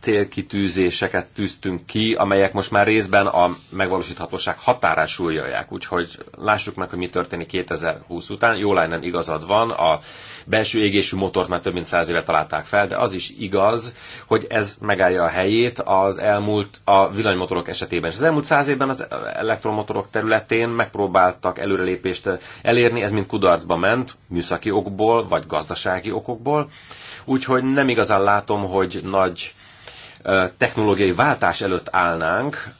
célkitűzéseket tűztünk ki, amelyek most már részben a megvalósíthatóság határán súlyolják. Úgyhogy lássuk meg, hogy mi történik 2020 után. Jó nem igazad van, a belső égésű motort már több mint száz éve találták fel, de az is igaz, hogy ez megállja a helyét az elmúlt, a villanymotorok esetében. És az elmúlt száz évben az elektromotorok területén megpróbáltak előrelépést elérni, ez mind kudarcba ment, műszaki okból, vagy gazdasági okokból. Úgyhogy nem igazán látom, hogy nagy technológiai váltás előtt állnánk,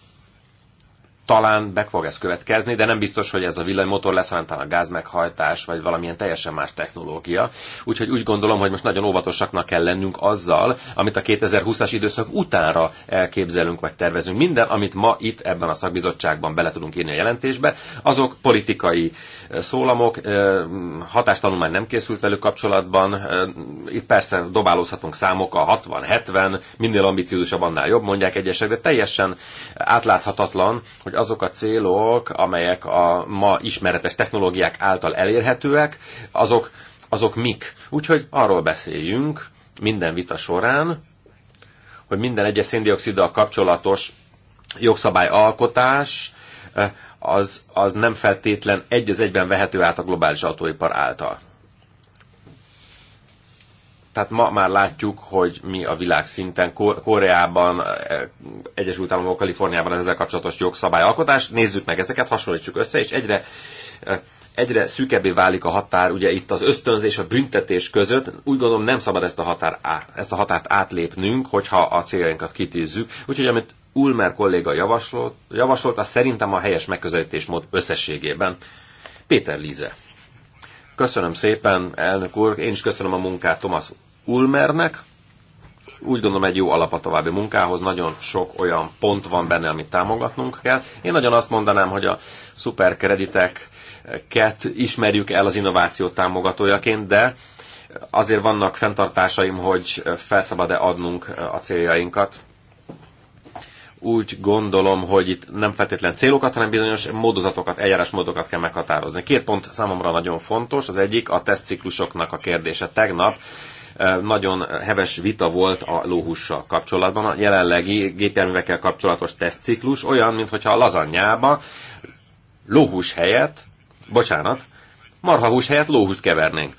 talán be fog ez következni, de nem biztos, hogy ez a villanymotor lesz, hanem talán a gázmeghajtás, vagy valamilyen teljesen más technológia. Úgyhogy úgy gondolom, hogy most nagyon óvatosaknak kell lennünk azzal, amit a 2020-as időszak utánra elképzelünk, vagy tervezünk. Minden, amit ma itt ebben a szakbizottságban bele tudunk írni a jelentésbe, azok politikai szólamok, hatástanulmány nem készült velük kapcsolatban. Itt persze dobálózhatunk számok a 60-70, minél ambiciózusabb, annál jobb, mondják egyesek, de teljesen átláthatatlan, hogy azok a célok, amelyek a ma ismeretes technológiák által elérhetőek, azok, azok mik. Úgyhogy arról beszéljünk minden vita során, hogy minden egyes széndioksziddal kapcsolatos jogszabályalkotás eh, az, az nem feltétlen egy az egyben vehető át a globális autóipar által tehát ma már látjuk, hogy mi a világ szinten, Koreában, e, Egyesült Államok, Kaliforniában az ezzel kapcsolatos jogszabályalkotás. Nézzük meg ezeket, hasonlítsuk össze, és egyre e, egyre szűkebbé válik a határ, ugye itt az ösztönzés, a büntetés között, úgy gondolom nem szabad ezt a, határ át, ezt a határt átlépnünk, hogyha a céljainkat kitűzzük. Úgyhogy amit Ulmer kolléga javasolt, javasolt, az szerintem a helyes megközelítés mód összességében. Péter Líze. Köszönöm szépen, elnök úr, én is köszönöm a munkát Thomas Ulmernek. Úgy gondolom egy jó alap a további munkához, nagyon sok olyan pont van benne, amit támogatnunk kell. Én nagyon azt mondanám, hogy a szuperkrediteket ismerjük el az innováció támogatójaként, de azért vannak fenntartásaim, hogy felszabad-e adnunk a céljainkat úgy gondolom, hogy itt nem feltétlen célokat, hanem bizonyos módozatokat, eljárásmódokat kell meghatározni. Két pont számomra nagyon fontos. Az egyik a tesztciklusoknak a kérdése. Tegnap nagyon heves vita volt a lóhussal kapcsolatban. A jelenlegi gépjárművekkel kapcsolatos tesztciklus olyan, mintha a lazanyába lóhús helyett, bocsánat, marhahús helyett lóhust kevernénk.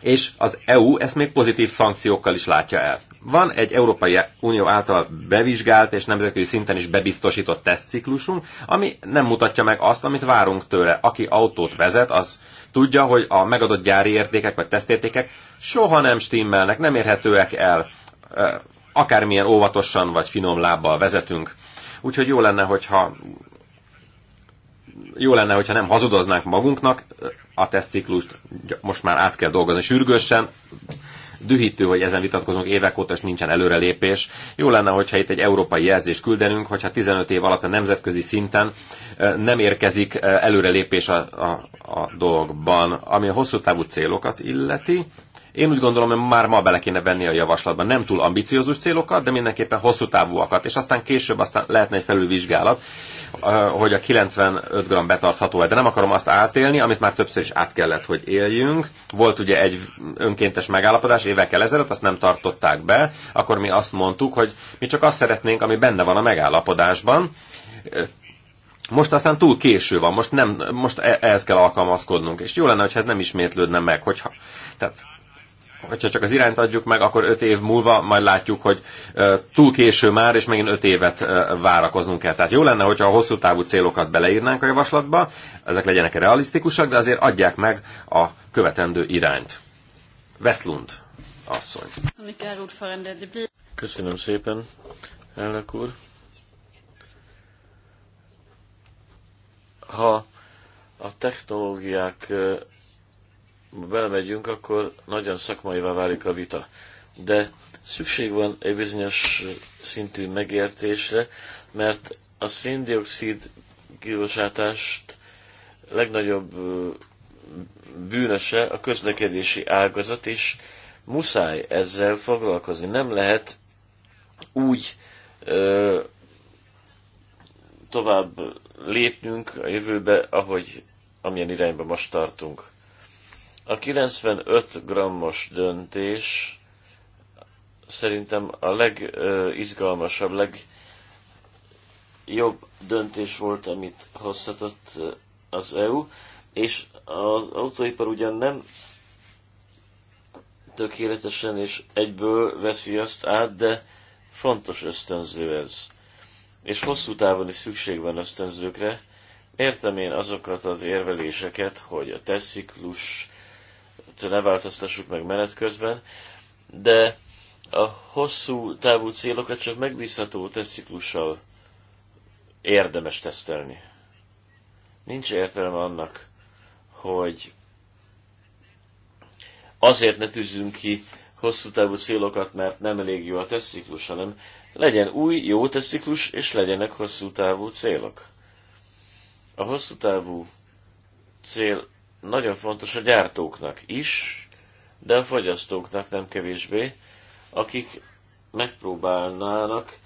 És az EU ezt még pozitív szankciókkal is látja el. Van egy Európai Unió által bevizsgált és nemzetközi szinten is bebiztosított tesztciklusunk, ami nem mutatja meg azt, amit várunk tőle. Aki autót vezet, az tudja, hogy a megadott gyári értékek vagy tesztértékek soha nem stimmelnek, nem érhetőek el, akármilyen óvatosan vagy finom lábbal vezetünk. Úgyhogy jó lenne, hogyha jó lenne, hogyha nem hazudoznánk magunknak, a tesztciklust most már át kell dolgozni sürgősen, dühítő, hogy ezen vitatkozunk évek óta, és nincsen előrelépés. Jó lenne, hogyha itt egy európai jelzést küldenünk, hogyha 15 év alatt a nemzetközi szinten nem érkezik előrelépés a, a, a dolgban, ami a hosszú távú célokat illeti. Én úgy gondolom, hogy már ma bele kéne venni a javaslatba. Nem túl ambiciózus célokat, de mindenképpen hosszú távúakat, és aztán később aztán lehetne egy felülvizsgálat, hogy a 95 g betartható-e, de nem akarom azt átélni, amit már többször is át kellett, hogy éljünk. Volt ugye egy önkéntes megállapodás évekkel ezelőtt, azt nem tartották be, akkor mi azt mondtuk, hogy mi csak azt szeretnénk, ami benne van a megállapodásban, most aztán túl késő van, most, nem, most e-, ehhez kell alkalmazkodnunk, és jó lenne, hogyha ez nem ismétlődne meg, hogyha, tehát hogyha csak az irányt adjuk meg, akkor öt év múlva majd látjuk, hogy túl késő már, és megint öt évet várakoznunk kell. Tehát jó lenne, hogyha a hosszú távú célokat beleírnánk a javaslatba, ezek legyenek realisztikusak, de azért adják meg a követendő irányt. Veszlund asszony. Köszönöm szépen, elnök úr. Ha a technológiák belemegyünk, akkor nagyon szakmaivá válik a vita. De szükség van egy bizonyos szintű megértésre, mert a széndiokszid kibocsátást legnagyobb bűnöse a közlekedési ágazat, és muszáj ezzel foglalkozni. Nem lehet úgy ö, tovább lépnünk a jövőbe, ahogy amilyen irányba most tartunk. A 95 grammos döntés szerintem a legizgalmasabb, legjobb döntés volt, amit hozhatott az EU, és az autóipar ugyan nem tökéletesen és egyből veszi azt át, de fontos ösztönző ez. És hosszú távon is szükség van ösztönzőkre. Értem én azokat az érveléseket, hogy a tesziklus ezeket ne változtassuk meg menet közben, de a hosszú távú célokat csak megbízható tesziklussal érdemes tesztelni. Nincs értelme annak, hogy azért ne tűzünk ki hosszú távú célokat, mert nem elég jó a tesztciklus, hanem legyen új, jó tesztciklus, és legyenek hosszú távú célok. A hosszú távú cél nagyon fontos a gyártóknak is, de a fogyasztóknak nem kevésbé, akik megpróbálnának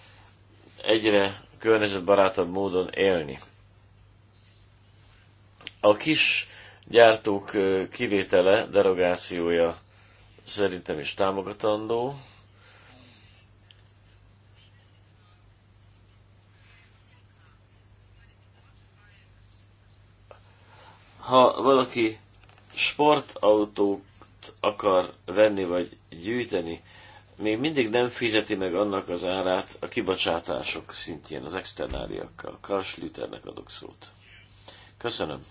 egyre környezetbarátabb módon élni. A kis gyártók kivétele, derogációja szerintem is támogatandó, Ha valaki sportautót akar venni vagy gyűjteni, még mindig nem fizeti meg annak az árát a kibocsátások szintjén, az externáliakkal. Karl Schlüternek adok szót. Köszönöm.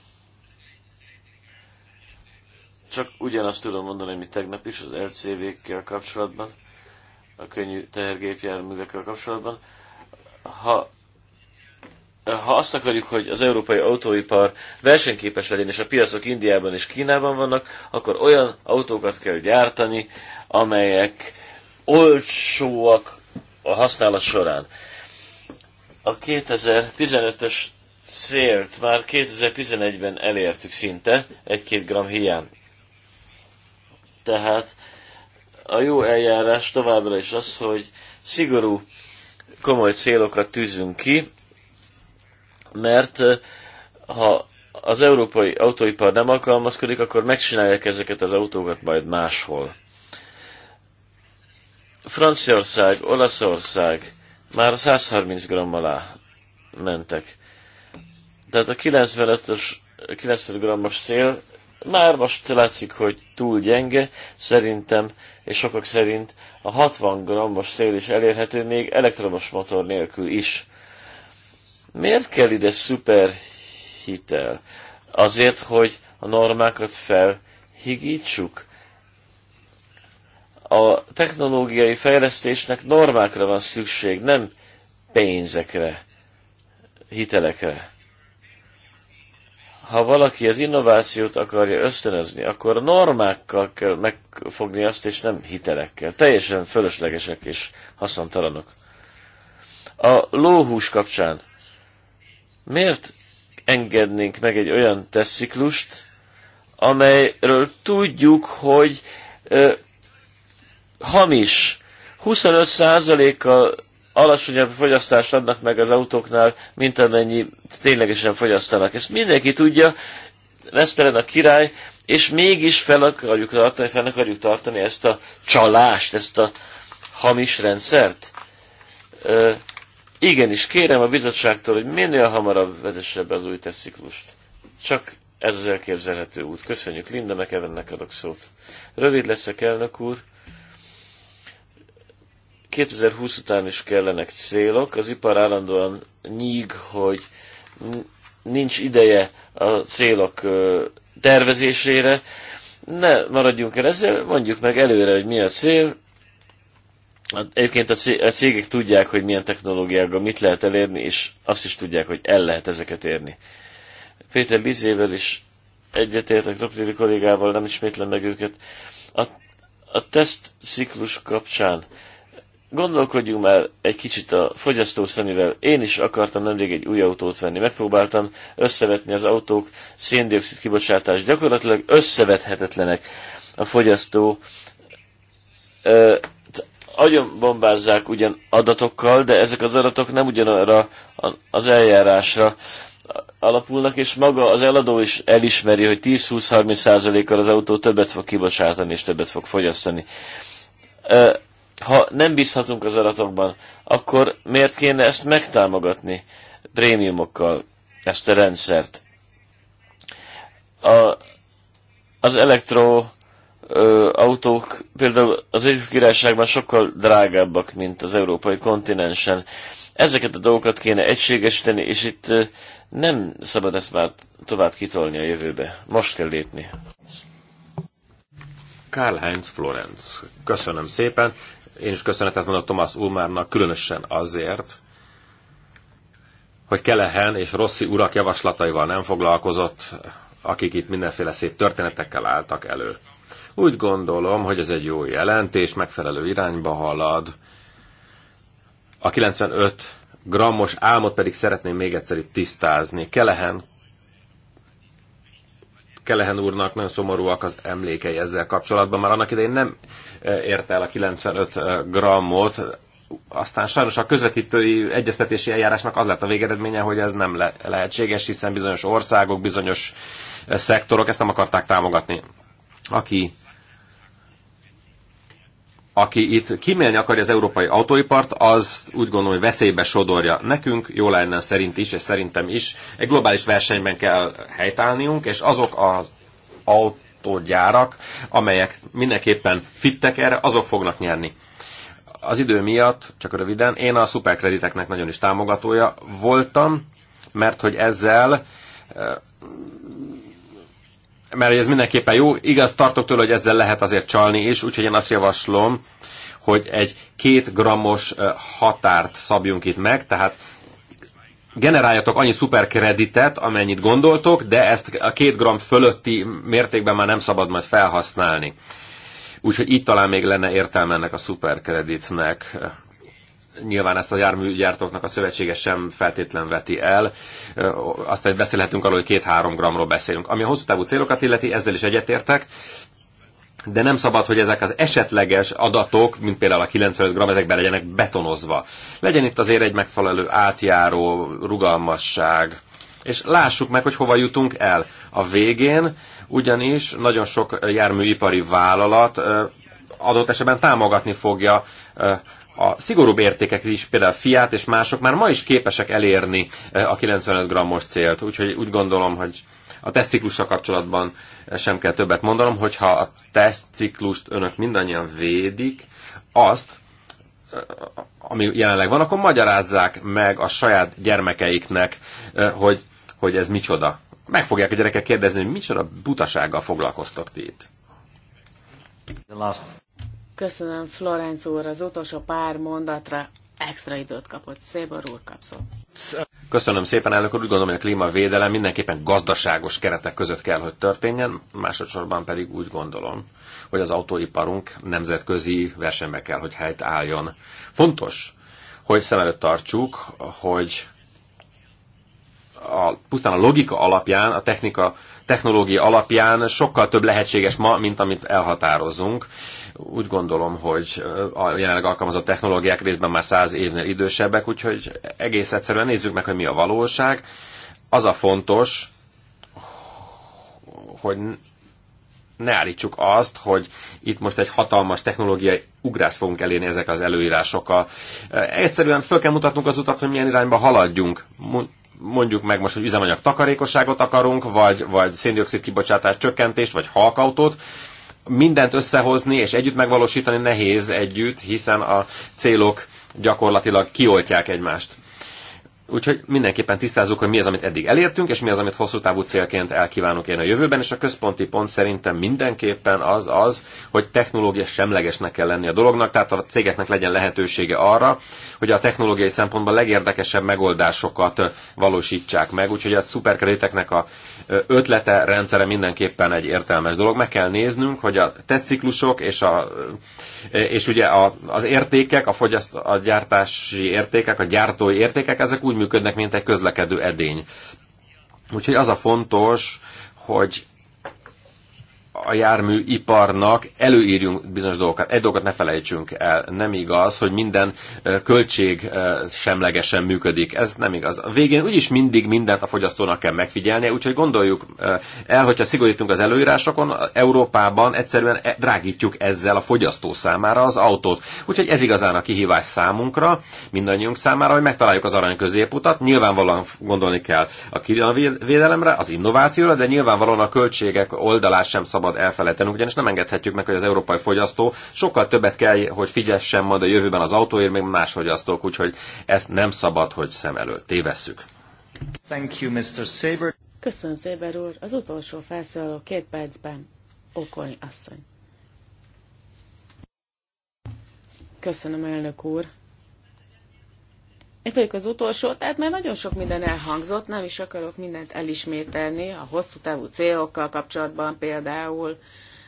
Csak ugyanazt tudom mondani, mint tegnap is az LCV-kkel kapcsolatban, a könnyű tehergépjárművekkel kapcsolatban. Ha ha azt akarjuk, hogy az európai autóipar versenyképes legyen, és a piacok Indiában és Kínában vannak, akkor olyan autókat kell gyártani, amelyek olcsóak a használat során. A 2015-ös célt már 2011-ben elértük szinte, egy-két gram hiány. Tehát a jó eljárás továbbra is az, hogy szigorú, komoly célokat tűzünk ki, mert ha az európai autóipar nem alkalmazkodik, akkor megcsinálják ezeket az autókat majd máshol. Franciaország, Olaszország már 130 g alá mentek. Tehát a 95-ös, 95 g-os szél már most látszik, hogy túl gyenge, szerintem, és sokak szerint a 60 g-os szél is elérhető még elektromos motor nélkül is. Miért kell ide szuperhitel? Azért, hogy a normákat felhigítsuk? A technológiai fejlesztésnek normákra van szükség, nem pénzekre, hitelekre. Ha valaki az innovációt akarja ösztönözni, akkor normákkal kell megfogni azt, és nem hitelekkel. Teljesen fölöslegesek és haszontalanok. A lóhús kapcsán Miért engednénk meg egy olyan tesziklust, amelyről tudjuk, hogy ö, hamis, 25%-kal alacsonyabb fogyasztást adnak meg az autóknál, mint amennyi ténylegesen fogyasztanak. Ezt mindenki tudja, vesztelen a király, és mégis fel akarjuk tartani, fel akarjuk tartani ezt a csalást, ezt a hamis rendszert. Igenis, kérem a bizottságtól, hogy minél hamarabb vezesse be az új tesziklust. Csak ez az elképzelhető út. Köszönjük, Linda Evennek adok szót. Rövid leszek, elnök úr. 2020 után is kellenek célok. Az ipar állandóan nyíg, hogy nincs ideje a célok tervezésére. Ne maradjunk el ezzel, mondjuk meg előre, hogy mi a cél, Hát egyébként a cégek tudják, hogy milyen technológiákkal mit lehet elérni, és azt is tudják, hogy el lehet ezeket érni. Péter Lizével is egyetértek, Dr. kollégával, nem ismétlem meg őket. A, a teszt ciklus kapcsán gondolkodjunk már egy kicsit a fogyasztó szemével. Én is akartam nemrég egy új autót venni. Megpróbáltam összevetni az autók széndiokszid kibocsátás. Gyakorlatilag összevethetetlenek a fogyasztó ö, agyon bombázzák ugyan adatokkal, de ezek az adatok nem ugyanarra az eljárásra alapulnak, és maga az eladó is elismeri, hogy 10-20-30 százalékkal az autó többet fog kibocsátani és többet fog fogyasztani. Ha nem bízhatunk az adatokban, akkor miért kéne ezt megtámogatni prémiumokkal, ezt a rendszert? A, az elektro ö, autók például az Egyesült Királyságban sokkal drágábbak, mint az európai kontinensen. Ezeket a dolgokat kéne egységesíteni, és itt ö, nem szabad ezt már tovább kitolni a jövőbe. Most kell lépni. Karl-Heinz Florenz. Köszönöm szépen. Én is köszönetet mondok Thomas Ulmárnak, különösen azért, hogy Kelehen és Rossi urak javaslataival nem foglalkozott, akik itt mindenféle szép történetekkel álltak elő. Úgy gondolom, hogy ez egy jó jelentés, megfelelő irányba halad. A 95 grammos álmot pedig szeretném még egyszer itt tisztázni. Kelehen Kelehen úrnak nagyon szomorúak az emlékei ezzel kapcsolatban, már annak idején nem e, ért el a 95 e, grammot, aztán sajnos a közvetítői egyeztetési eljárásnak az lett a végeredménye, hogy ez nem le- lehetséges, hiszen bizonyos országok, bizonyos e, szektorok ezt nem akarták támogatni. Aki aki itt kimélni akarja az európai autóipart, az úgy gondolom, hogy veszélybe sodorja nekünk, jó lenne szerint is, és szerintem is. Egy globális versenyben kell helytállniunk, és azok az autógyárak, amelyek mindenképpen fittek erre, azok fognak nyerni. Az idő miatt, csak röviden, én a szuperkrediteknek nagyon is támogatója voltam, mert hogy ezzel mert ez mindenképpen jó. Igaz, tartok tőle, hogy ezzel lehet azért csalni is, úgyhogy én azt javaslom, hogy egy két grammos határt szabjunk itt meg, tehát generáljatok annyi szuperkreditet, amennyit gondoltok, de ezt a két gram fölötti mértékben már nem szabad majd felhasználni. Úgyhogy itt talán még lenne értelme ennek a szuperkreditnek nyilván ezt a járműgyártóknak a szövetsége sem feltétlen veti el. Aztán beszélhetünk arról, hogy két-három gramról beszélünk. Ami a hosszú távú célokat illeti, ezzel is egyetértek, de nem szabad, hogy ezek az esetleges adatok, mint például a 95 gram, ezekben legyenek betonozva. Legyen itt azért egy megfelelő átjáró rugalmasság, és lássuk meg, hogy hova jutunk el. A végén ugyanis nagyon sok járműipari vállalat adott esetben támogatni fogja a szigorúbb értékek is, például fiát és mások már ma is képesek elérni eh, a 95 grammos célt, úgyhogy úgy gondolom, hogy a tesztciklussal kapcsolatban eh, sem kell többet mondanom, hogyha a tesztciklust önök mindannyian védik, azt, eh, ami jelenleg van, akkor magyarázzák meg a saját gyermekeiknek, hogy, hogy ez micsoda. Meg fogják a gyerekek kérdezni, hogy micsoda butasággal foglalkoztak ti itt. Köszönöm, Florenc úr, az utolsó pár mondatra extra időt kapott. Szébor úr kapszol. Köszönöm szépen, elnök úr. Úgy gondolom, hogy a klímavédelem mindenképpen gazdaságos keretek között kell, hogy történjen, másodszorban pedig úgy gondolom, hogy az autóiparunk nemzetközi versenybe kell, hogy helyt álljon. Fontos, hogy szem előtt tartsuk, hogy a, pusztán a logika alapján, a technika, technológia alapján sokkal több lehetséges ma, mint amit elhatározunk úgy gondolom, hogy a jelenleg alkalmazott technológiák részben már száz évnél idősebbek, úgyhogy egész egyszerűen nézzük meg, hogy mi a valóság. Az a fontos, hogy ne állítsuk azt, hogy itt most egy hatalmas technológiai ugrást fogunk elérni ezek az előírásokkal. Egyszerűen föl kell mutatnunk az utat, hogy milyen irányba haladjunk. Mondjuk meg most, hogy üzemanyag takarékosságot akarunk, vagy, vagy széndiokszid kibocsátás csökkentést, vagy halkautót mindent összehozni és együtt megvalósítani nehéz együtt, hiszen a célok gyakorlatilag kioltják egymást. Úgyhogy mindenképpen tisztázzuk, hogy mi az, amit eddig elértünk, és mi az, amit hosszú távú célként elkívánunk én a jövőben, és a központi pont szerintem mindenképpen az az, hogy technológia semlegesnek kell lenni a dolognak, tehát a cégeknek legyen lehetősége arra, hogy a technológiai szempontból legérdekesebb megoldásokat valósítsák meg, úgyhogy a szuperkrediteknek a ötlete, rendszere mindenképpen egy értelmes dolog. Meg kell néznünk, hogy a tesztciklusok és, a, és ugye a, az értékek, a, fogyaszt, a gyártási értékek, a gyártói értékek, ezek úgy működnek, mint egy közlekedő edény. Úgyhogy az a fontos, hogy a járműiparnak előírjunk bizonyos dolgokat. Egy dolgot ne felejtsünk el, nem igaz, hogy minden költség semlegesen működik. Ez nem igaz. A végén úgyis mindig mindent a fogyasztónak kell megfigyelnie, úgyhogy gondoljuk el, hogyha szigorítunk az előírásokon, Európában egyszerűen e, drágítjuk ezzel a fogyasztó számára az autót. Úgyhogy ez igazán a kihívás számunkra, mindannyiunk számára, hogy megtaláljuk az arany középutat. Nyilvánvalóan gondolni kell a védelemre, az innovációra, de nyilvánvalóan a költségek oldalás sem szabad szabad elfelejtenünk, ugyanis nem engedhetjük meg, hogy az európai fogyasztó sokkal többet kell, hogy figyessen majd a jövőben az autóért, még más fogyasztók, úgyhogy ezt nem szabad, hogy szem előtt tévesszük. Thank you, Mr. Saber. Köszönöm, Széber úr. Az utolsó felszólaló két percben Okony asszony. Köszönöm, elnök úr. Én vagyok az utolsó, tehát már nagyon sok minden elhangzott, nem is akarok mindent elismételni, a hosszú távú célokkal kapcsolatban például,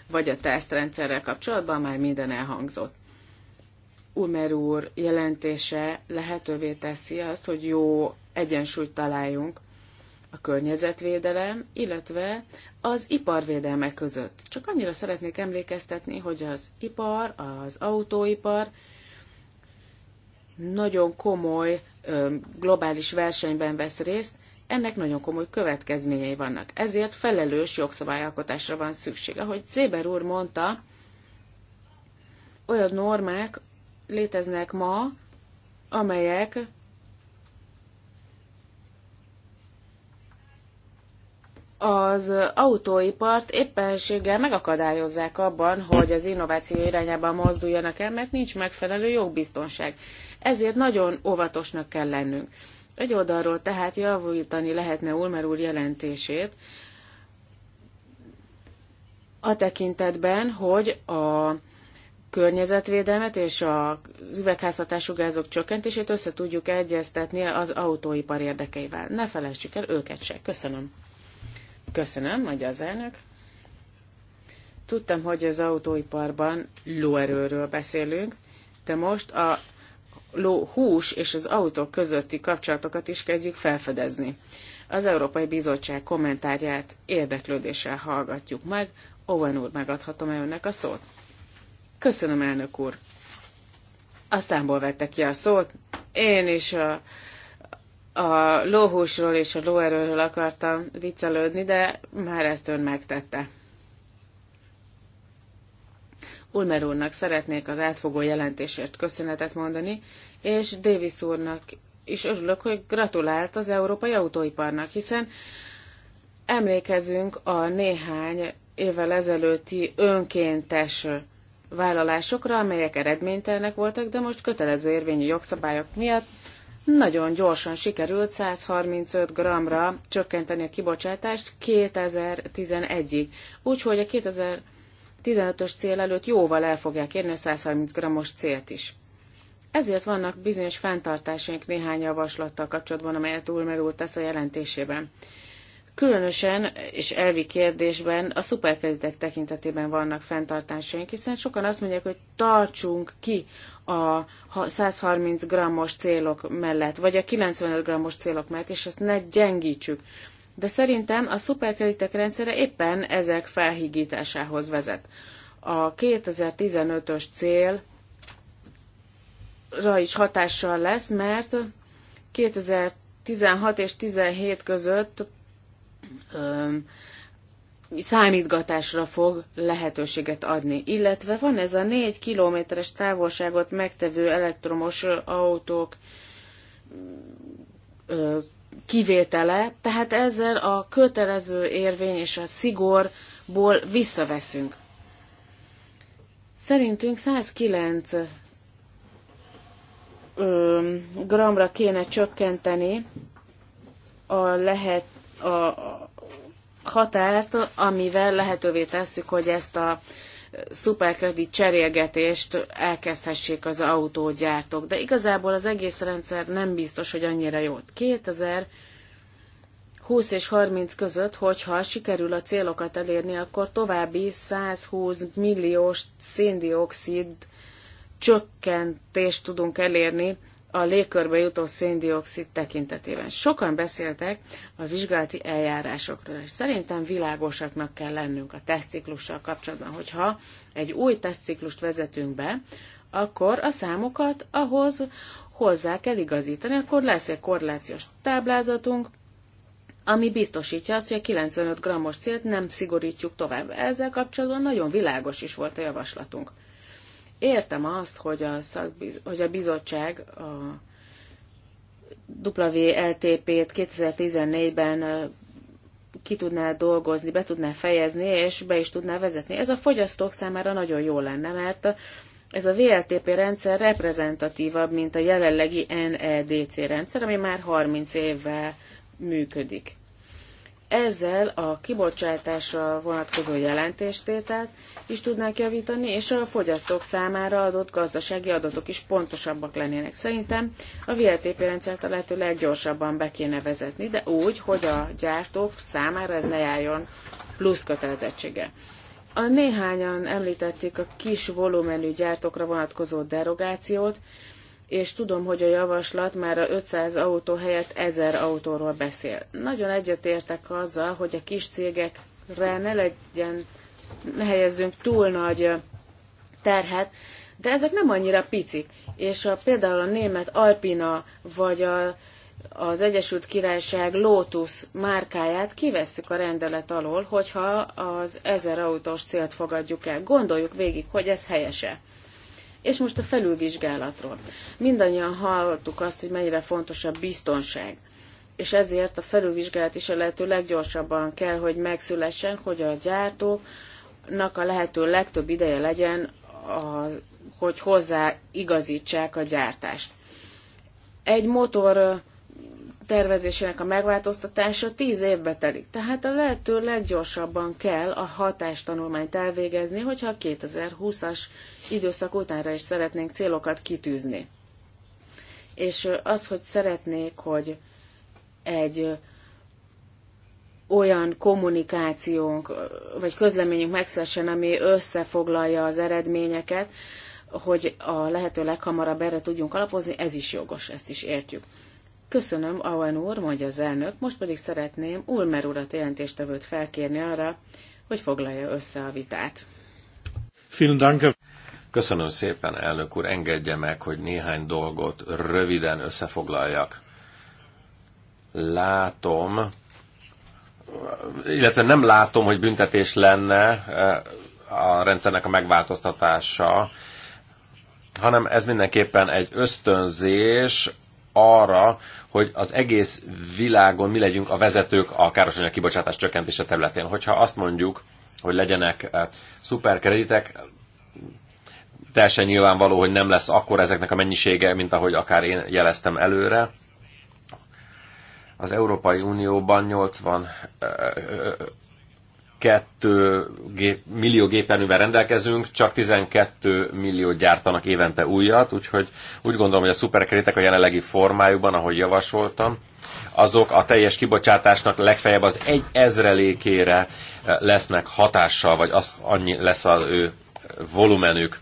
vagy a tesztrendszerrel kapcsolatban már minden elhangzott. Umer úr jelentése lehetővé teszi azt, hogy jó egyensúlyt találjunk a környezetvédelem, illetve az iparvédelme között. Csak annyira szeretnék emlékeztetni, hogy az ipar, az autóipar nagyon komoly globális versenyben vesz részt, ennek nagyon komoly következményei vannak. Ezért felelős jogszabályalkotásra van szükség. Ahogy Zéber úr mondta, olyan normák léteznek ma, amelyek az autóipart éppenséggel megakadályozzák abban, hogy az innováció irányába mozduljanak el, mert nincs megfelelő jogbiztonság. Ezért nagyon óvatosnak kell lennünk. Egy oldalról tehát javítani lehetne Ulmer úr jelentését, a tekintetben, hogy a környezetvédelmet és az üvegházhatású gázok csökkentését össze tudjuk egyeztetni az autóipar érdekeivel. Ne felejtsük el őket se. Köszönöm. Köszönöm, mondja az elnök. Tudtam, hogy az autóiparban lóerőről beszélünk, de most a hús és az autó közötti kapcsolatokat is kezdjük felfedezni. Az Európai Bizottság kommentárját érdeklődéssel hallgatjuk meg. Owen úr, megadhatom-e önnek a szót? Köszönöm, elnök úr. A számból vette ki a szót. Én is a, a lóhúsról és a lóerőről akartam viccelődni, de már ezt ön megtette. Ulmer úrnak szeretnék az átfogó jelentésért köszönetet mondani, és Davis úrnak is örülök, hogy gratulált az európai autóiparnak, hiszen emlékezünk a néhány évvel ezelőtti önkéntes vállalásokra, amelyek eredménytelenek voltak, de most kötelező érvényű jogszabályok miatt nagyon gyorsan sikerült 135 g-ra csökkenteni a kibocsátást 2011-ig. Úgyhogy a 2000 15-ös cél előtt jóval el fogják érni a 130 g-os célt is. Ezért vannak bizonyos fenntartásaink néhány javaslattal kapcsolatban, amelyet Ulmer úr tesz a jelentésében. Különösen és elvi kérdésben a szuperkreditek tekintetében vannak fenntartásaink, hiszen sokan azt mondják, hogy tartsunk ki a 130 g-os célok mellett, vagy a 95 g-os célok mellett, és ezt ne gyengítsük de szerintem a szuperkreditek rendszere éppen ezek felhígításához vezet. A 2015-ös cél ra is hatással lesz, mert 2016 és 2017 között öm, számítgatásra fog lehetőséget adni. Illetve van ez a 4 kilométeres távolságot megtevő elektromos autók ö, kivétele, tehát ezzel a kötelező érvény és a szigorból visszaveszünk. Szerintünk 109 ö, gramra kéne csökkenteni a lehet a határt, amivel lehetővé tesszük, hogy ezt a szuperkredit cserélgetést elkezdhessék az autógyártók. De igazából az egész rendszer nem biztos, hogy annyira jó. 2000 20 és 30 között, hogyha sikerül a célokat elérni, akkor további 120 milliós széndiokszid csökkentést tudunk elérni a légkörbe jutó széndiokszid tekintetében. Sokan beszéltek a vizsgálati eljárásokról, és szerintem világosaknak kell lennünk a tesztciklussal kapcsolatban, hogyha egy új tesztciklust vezetünk be, akkor a számokat ahhoz hozzá kell igazítani, akkor lesz egy korrelációs táblázatunk, ami biztosítja azt, hogy a 95 g-os célt nem szigorítjuk tovább. Ezzel kapcsolatban nagyon világos is volt a javaslatunk értem azt, hogy a, szakbiz, hogy a bizottság a WLTP-t 2014-ben ki tudná dolgozni, be tudná fejezni, és be is tudná vezetni. Ez a fogyasztók számára nagyon jó lenne, mert ez a VLTP rendszer reprezentatívabb, mint a jelenlegi NEDC rendszer, ami már 30 évvel működik ezzel a kibocsátásra vonatkozó jelentéstételt is tudnánk javítani, és a fogyasztók számára adott gazdasági adatok is pontosabbak lennének. Szerintem a VLTP rendszert a lehető leggyorsabban be kéne vezetni, de úgy, hogy a gyártók számára ez ne járjon plusz kötelezettsége. A néhányan említették a kis volumenű gyártókra vonatkozó derogációt és tudom, hogy a javaslat már a 500 autó helyett 1000 autóról beszél. Nagyon egyetértek azzal, hogy a kis cégekre ne legyen, ne helyezzünk túl nagy terhet, de ezek nem annyira picik. És a, például a német Alpina, vagy a, az Egyesült Királyság Lotus márkáját kivesszük a rendelet alól, hogyha az ezer autós célt fogadjuk el. Gondoljuk végig, hogy ez helyese. És most a felülvizsgálatról. Mindannyian hallottuk azt, hogy mennyire fontos a biztonság. És ezért a felülvizsgálat is a lehető leggyorsabban kell, hogy megszülessen, hogy a gyártóknak a lehető legtöbb ideje legyen, a, hogy hozzá igazítsák a gyártást. Egy motor tervezésének a megváltoztatása tíz évbe telik. Tehát a lehető leggyorsabban kell a hatástanulmányt elvégezni, hogyha a 2020-as időszak utánra is szeretnénk célokat kitűzni. És az, hogy szeretnék, hogy egy olyan kommunikációnk, vagy közleményünk megszülessen, ami összefoglalja az eredményeket, hogy a lehető leghamarabb erre tudjunk alapozni, ez is jogos, ezt is értjük. Köszönöm, Awen úr, mondja az elnök, most pedig szeretném Ulmer urat jelentéstevőt felkérni arra, hogy foglalja össze a vitát. Köszönöm szépen, elnök úr, engedje meg, hogy néhány dolgot röviden összefoglaljak. Látom, illetve nem látom, hogy büntetés lenne eh, a rendszernek a megváltoztatása, hanem ez mindenképpen egy ösztönzés arra, hogy az egész világon mi legyünk a vezetők a károsanyag kibocsátás csökkentése területén. Hogyha azt mondjuk, hogy legyenek eh, szuperkreditek, teljesen nyilvánvaló, hogy nem lesz akkor ezeknek a mennyisége, mint ahogy akár én jeleztem előre. Az Európai Unióban 80 12 gép, millió gépjárművel rendelkezünk, csak 12 millió gyártanak évente újat, úgyhogy úgy gondolom, hogy a szuperkrétek a jelenlegi formájukban, ahogy javasoltam, azok a teljes kibocsátásnak legfeljebb az egy ezrelékére eh, lesznek hatással, vagy az annyi lesz az ő volumenük.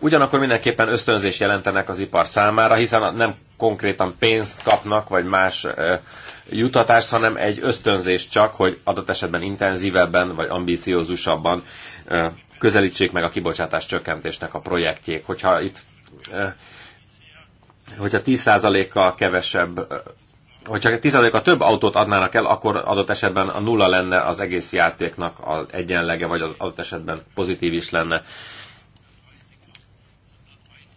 Ugyanakkor mindenképpen ösztönzés jelentenek az ipar számára, hiszen nem konkrétan pénzt kapnak, vagy más eh, jutatást, hanem egy ösztönzést csak, hogy adott esetben intenzívebben vagy ambíciózusabban közelítsék meg a kibocsátás csökkentésnek a projektjék. Hogyha itt hogyha 10%-kal kevesebb hogyha 10%-a több autót adnának el, akkor adott esetben a nulla lenne az egész játéknak az egyenlege, vagy az adott esetben pozitív is lenne.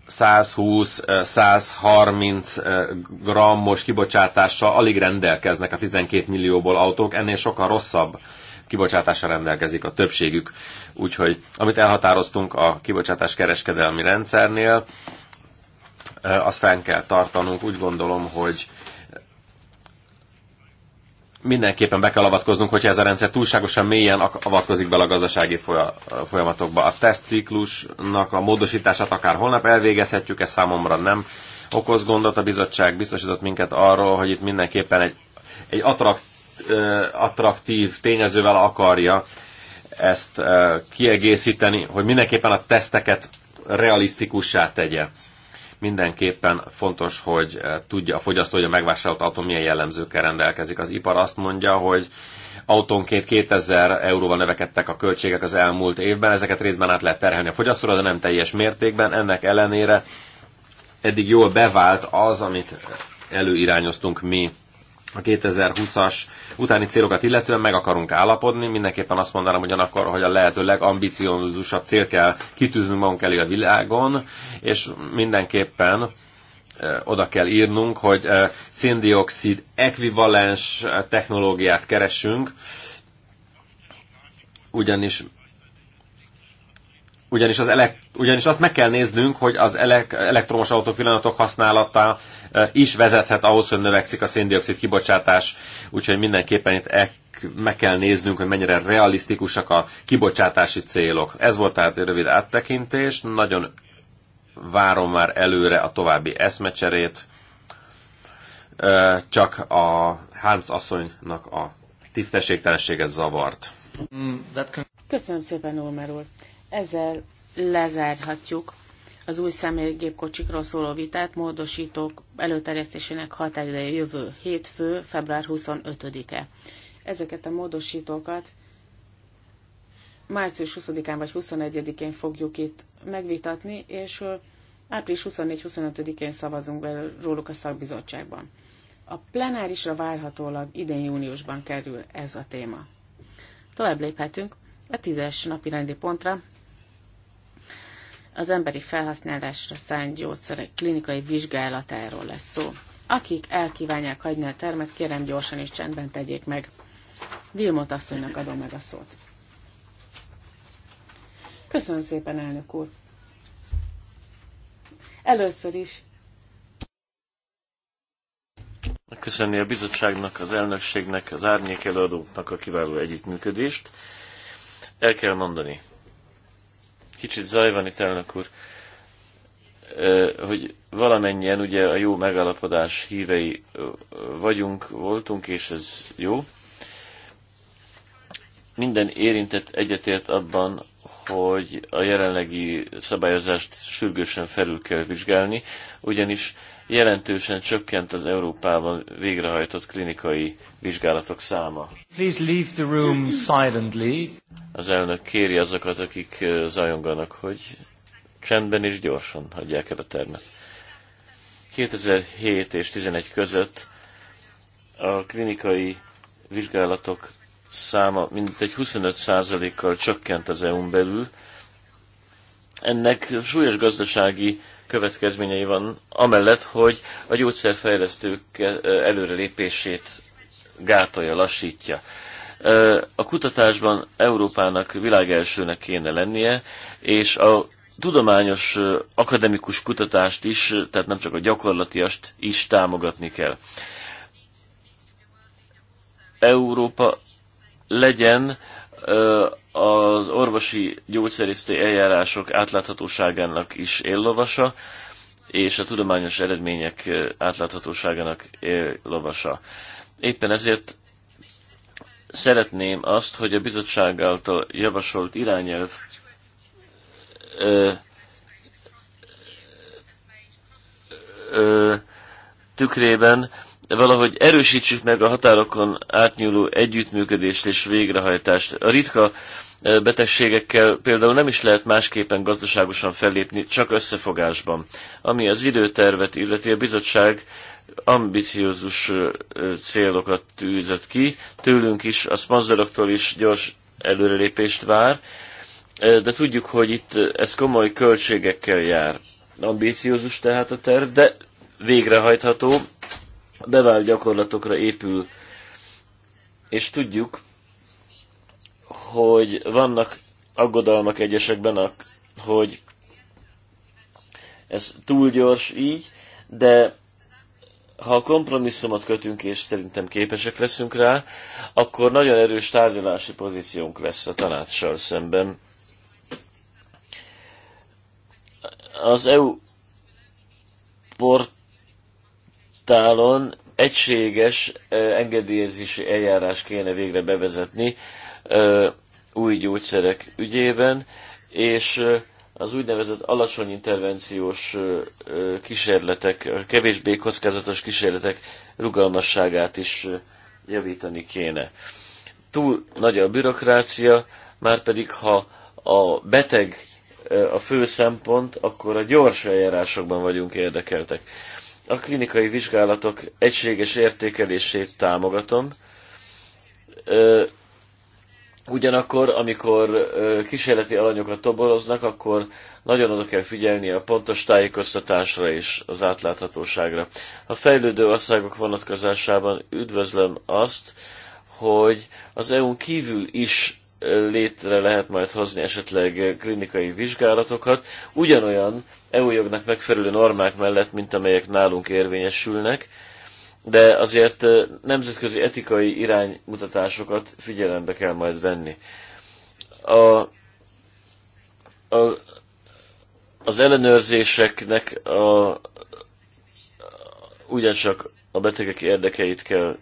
120-130 grammos kibocsátással alig rendelkeznek a 12 millióból autók, ennél sokkal rosszabb kibocsátással rendelkezik a többségük. Úgyhogy amit elhatároztunk a kibocsátás kereskedelmi rendszernél, azt fenn kell tartanunk. Úgy gondolom, hogy mindenképpen be kell avatkoznunk, hogyha ez a rendszer túlságosan mélyen avatkozik bele a gazdasági folyamatokba. A tesztciklusnak a módosítását akár holnap elvégezhetjük, ez számomra nem okoz gondot. A bizottság biztosított minket arról, hogy itt mindenképpen egy, egy attrakt, attraktív tényezővel akarja ezt kiegészíteni, hogy mindenképpen a teszteket realisztikussá tegye. Mindenképpen fontos, hogy eh, tudja a fogyasztó, hogy a megvásárolt autó milyen jellemzőkkel rendelkezik. Az ipar azt mondja, hogy autónként 2000 euróval növekedtek a költségek az elmúlt évben, ezeket részben át lehet terhelni a fogyasztóra, de nem teljes mértékben. Ennek ellenére eddig jól bevált az, amit előirányoztunk mi a 2020-as utáni célokat illetően meg akarunk állapodni. Mindenképpen azt mondanám ugyanakkor, hogy a lehető legambiciózusabb cél kell kitűznünk magunk elő a világon, és mindenképpen oda kell írnunk, hogy széndiokszid ekvivalens technológiát keresünk, ugyanis ugyanis, az elek, ugyanis azt meg kell néznünk, hogy az elek, elektromos autók pillanatok használata Eh, is vezethet ahhoz, hogy növekszik a széndiokszid kibocsátás, úgyhogy mindenképpen itt e meg kell néznünk, hogy mennyire realisztikusak a kibocsátási célok. Ez volt tehát egy rövid áttekintés, nagyon várom már előre a további eszmecserét, eh, csak a Harms asszonynak a tisztességtelensége zavart. Mm, Köszönöm szépen, Ulmer úr. Ezzel lezárhatjuk az új személygépkocsikról szóló vitát módosítók előterjesztésének határideje jövő hétfő, február 25-e. Ezeket a módosítókat március 20-án vagy 21-én fogjuk itt megvitatni, és április 24-25-én szavazunk róluk a szakbizottságban. A plenárisra várhatólag idén júniusban kerül ez a téma. Tovább léphetünk a tízes napi rendi pontra, az emberi felhasználásra szánt gyógyszerek klinikai vizsgálatáról lesz szó. Akik elkívánják hagyni a termet, kérem gyorsan és csendben tegyék meg. Vilmot asszonynak adom meg a szót. Köszönöm szépen, elnök úr! Először is köszönni a bizottságnak, az elnökségnek, az árnyék előadóknak a kiváló együttműködést. El kell mondani, Kicsit zaj van itt, elnök úr, hogy valamennyien ugye a jó megállapodás hívei vagyunk, voltunk, és ez jó. Minden érintett egyetért abban, hogy a jelenlegi szabályozást sürgősen felül kell vizsgálni, ugyanis jelentősen csökkent az Európában végrehajtott klinikai vizsgálatok száma. Please leave the room silently. Az elnök kéri azokat, akik zajonganak, hogy csendben és gyorsan hagyják el a termet. 2007 és 11 között a klinikai vizsgálatok száma mintegy 25%-kal csökkent az EU-n belül. Ennek súlyos gazdasági következményei van, amellett, hogy a gyógyszerfejlesztők eh, előrelépését gátolja, lassítja. Eh, a kutatásban Európának világelsőnek kéne lennie, és a tudományos, eh, akademikus kutatást is, tehát nem csak a gyakorlatiast is támogatni kell. Európa legyen az orvosi gyógyszerészeti eljárások átláthatóságának is éllovasa, és a tudományos eredmények átláthatóságának éllovasa. Éppen ezért szeretném azt, hogy a bizottság által javasolt irányelv ö, ö, tükrében valahogy erősítsük meg a határokon átnyúló együttműködést és végrehajtást. A ritka betegségekkel például nem is lehet másképpen gazdaságosan fellépni, csak összefogásban. Ami az időtervet illeti, a bizottság ambiciózus célokat tűzött ki, tőlünk is, a szponzoroktól is gyors előrelépést vár, de tudjuk, hogy itt ez komoly költségekkel jár. Ambíciózus tehát a terv, de végrehajtható, bevált gyakorlatokra épül, és tudjuk, hogy vannak aggodalmak egyesekben, hogy ez túl gyors így, de ha a kompromisszumot kötünk, és szerintem képesek leszünk rá, akkor nagyon erős tárgyalási pozíciónk lesz a tanácssal szemben. Az EU port tálon egységes engedélyezési eljárás kéne végre bevezetni új gyógyszerek ügyében, és az úgynevezett alacsony intervenciós kísérletek, kevésbé kockázatos kísérletek rugalmasságát is javítani kéne. Túl nagy a bürokrácia, már pedig ha a beteg a fő szempont, akkor a gyors eljárásokban vagyunk érdekeltek a klinikai vizsgálatok egységes értékelését támogatom. Ugyanakkor, amikor kísérleti alanyokat toboroznak, akkor nagyon oda kell figyelni a pontos tájékoztatásra és az átláthatóságra. A fejlődő országok vonatkozásában üdvözlöm azt, hogy az EU-n kívül is létre lehet majd hozni esetleg klinikai vizsgálatokat, ugyanolyan EU jognak megfelelő normák mellett, mint amelyek nálunk érvényesülnek, de azért nemzetközi etikai iránymutatásokat figyelembe kell majd venni. A, a, az ellenőrzéseknek a, ugyancsak a betegek érdekeit kell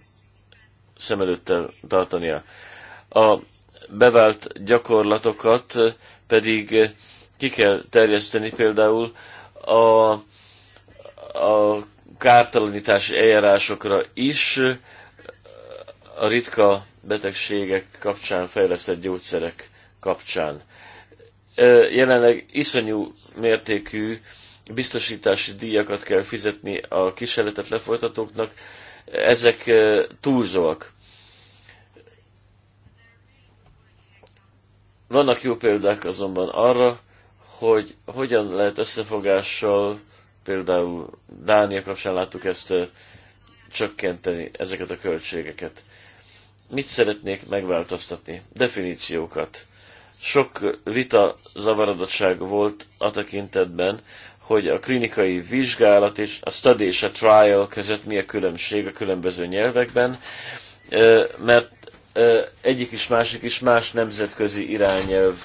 szem előtt tartania. A bevált gyakorlatokat eh, pedig eh, ki kell terjeszteni például a, a kártalanítási eljárásokra is eh, a ritka betegségek kapcsán fejlesztett gyógyszerek kapcsán. Jelenleg iszonyú mértékű biztosítási díjakat kell fizetni a kísérletet lefolytatóknak, ezek túlzóak. Vannak jó példák azonban arra, hogy hogyan lehet összefogással, például Dánia kapcsán láttuk ezt, csökkenteni ezeket a költségeket. Mit szeretnék megváltoztatni? Definíciókat. Sok vita zavarodottság volt a tekintetben, hogy a klinikai vizsgálat és a study és a trial között mi a különbség a különböző nyelvekben, mert egyik is, másik is más nemzetközi irányelv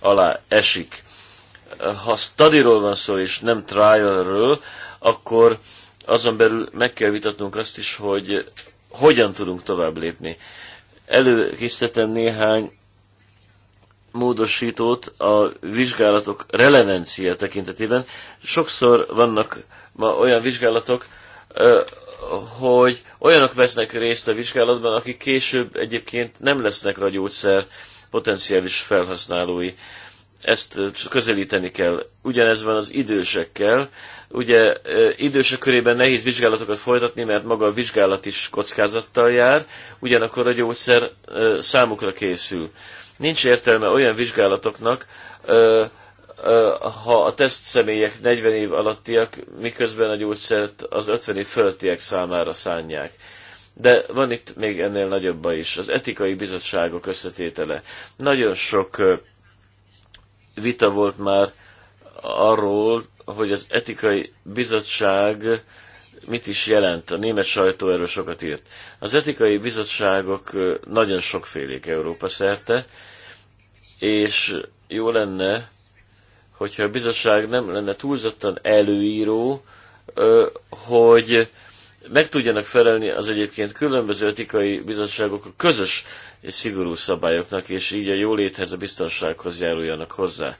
alá esik. Ha stadiról van szó, és nem trialről, akkor azon belül meg kell vitatnunk azt is, hogy hogyan tudunk tovább lépni. Előkészítettem néhány módosítót a vizsgálatok relevancia tekintetében. Sokszor vannak ma olyan vizsgálatok, hogy olyanok vesznek részt a vizsgálatban, akik később egyébként nem lesznek a gyógyszer potenciális felhasználói. Ezt közelíteni kell. Ugyanez van az idősekkel. Ugye idősek körében nehéz vizsgálatokat folytatni, mert maga a vizsgálat is kockázattal jár, ugyanakkor a gyógyszer számukra készül. Nincs értelme olyan vizsgálatoknak, ha a teszt személyek 40 év alattiak, miközben a gyógyszert az 50 év fölöttiek számára szánják. De van itt még ennél nagyobb is, az etikai bizottságok összetétele. Nagyon sok vita volt már arról, hogy az etikai bizottság mit is jelent. A német sajtó erről sokat írt. Az etikai bizottságok nagyon sokfélék Európa szerte, és jó lenne, hogyha a bizottság nem lenne túlzottan előíró, hogy meg tudjanak felelni az egyébként különböző etikai bizottságok a közös és szigorú szabályoknak, és így a jóléthez, a biztonsághoz járuljanak hozzá.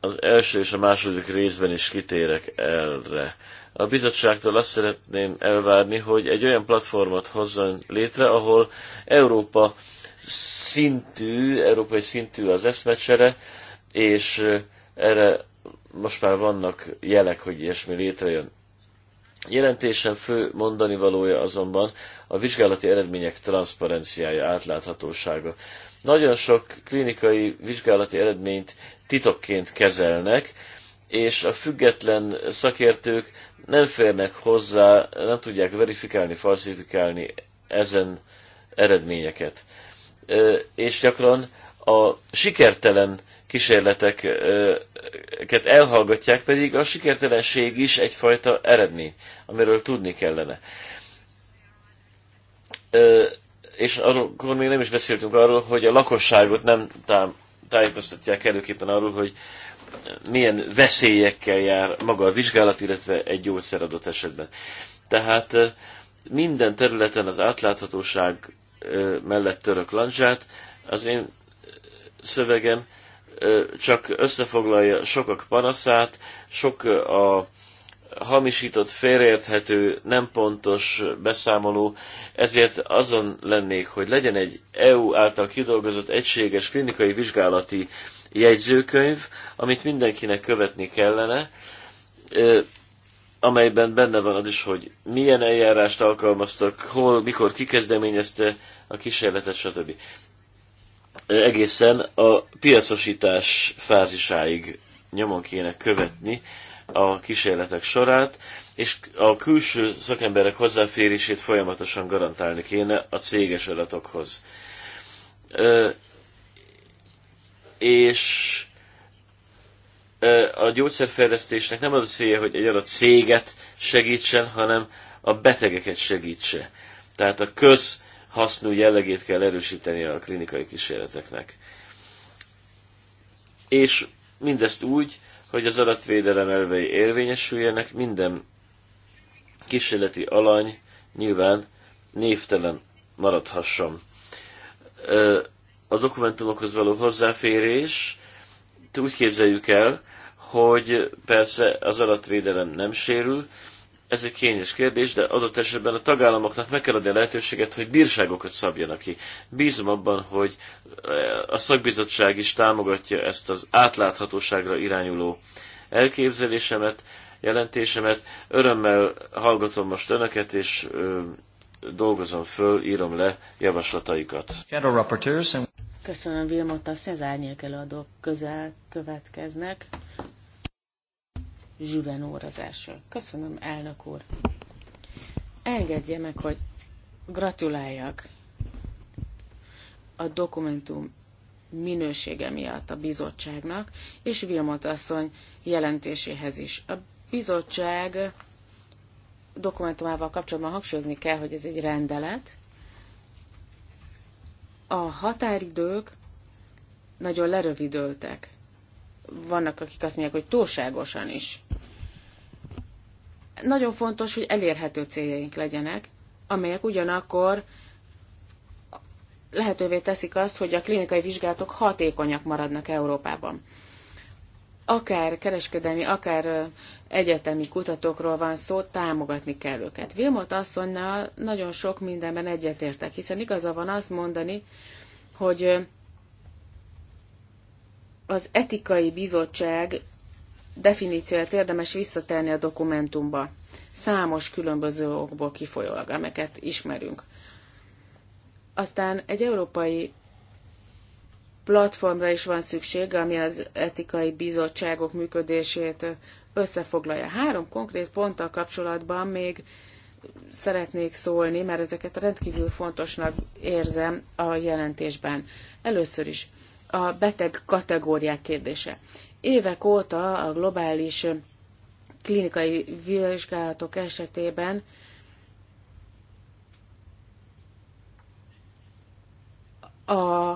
Az első és a második részben is kitérek erre. A bizottságtól azt szeretném elvárni, hogy egy olyan platformot hozzon létre, ahol Európa szintű, európai szintű az eszmecsere, és erre most már vannak jelek, hogy ilyesmi létrejön. Jelentésen fő mondani valója azonban a vizsgálati eredmények transzparenciája, átláthatósága. Nagyon sok klinikai vizsgálati eredményt titokként kezelnek, és a független szakértők nem férnek hozzá, nem tudják verifikálni, falsifikálni ezen eredményeket és gyakran a sikertelen kísérleteket elhallgatják, pedig a sikertelenség is egyfajta eredmény, amiről tudni kellene. És akkor még nem is beszéltünk arról, hogy a lakosságot nem tájékoztatják előképpen arról, hogy milyen veszélyekkel jár maga a vizsgálat, illetve egy gyógyszer adott esetben. Tehát minden területen az átláthatóság mellett török lancsát. Az én szövegem csak összefoglalja sokak panaszát, sok a hamisított, félreérthető, nem pontos beszámoló, ezért azon lennék, hogy legyen egy EU által kidolgozott egységes klinikai vizsgálati jegyzőkönyv, amit mindenkinek követni kellene, amelyben benne van az is, hogy milyen eljárást alkalmaztak, hol, mikor kikezdeményezte a kísérletet, stb. Egészen a piacosítás fázisáig nyomon kéne követni a kísérletek sorát, és a külső szakemberek hozzáférését folyamatosan garantálni kéne a céges adatokhoz. és a gyógyszerfejlesztésnek nem az a célja, hogy egy adott céget segítsen, hanem a betegeket segítse. Tehát a közhasznú jellegét kell erősíteni a klinikai kísérleteknek. És mindezt úgy, hogy az adatvédelem elvei érvényesüljenek, minden kísérleti alany nyilván névtelen maradhasson. A dokumentumokhoz való hozzáférés, úgy képzeljük el, hogy persze az adatvédelem nem sérül, ez egy kényes kérdés, de adott esetben a tagállamoknak meg kell adni a lehetőséget, hogy bírságokat szabjanak ki. Bízom abban, hogy eh, a szakbizottság is támogatja ezt az átláthatóságra irányuló elképzelésemet, jelentésemet. Örömmel hallgatom most önöket, és ö, dolgozom föl, írom le javaslataikat. Köszönöm, Vilmot, a szezárnyék előadók közel következnek. Zsüven úr az első. Köszönöm, elnök úr. Engedje meg, hogy gratuláljak a dokumentum minősége miatt a bizottságnak, és Vilmot asszony jelentéséhez is. A bizottság dokumentumával kapcsolatban hangsúlyozni kell, hogy ez egy rendelet. A határidők nagyon lerövidültek. Vannak, akik azt mondják, hogy túlságosan is nagyon fontos, hogy elérhető céljaink legyenek, amelyek ugyanakkor lehetővé teszik azt, hogy a klinikai vizsgálatok hatékonyak maradnak Európában. Akár kereskedelmi, akár egyetemi kutatókról van szó, támogatni kell őket. Vilmot asszonynal nagyon sok mindenben egyetértek, hiszen igaza van azt mondani, hogy az etikai bizottság definícióját érdemes visszatérni a dokumentumba. Számos különböző okból kifolyólag, amiket ismerünk. Aztán egy európai platformra is van szükség, ami az etikai bizottságok működését összefoglalja. Három konkrét ponttal kapcsolatban még szeretnék szólni, mert ezeket rendkívül fontosnak érzem a jelentésben. Először is a beteg kategóriák kérdése. Évek óta a globális klinikai vizsgálatok esetében a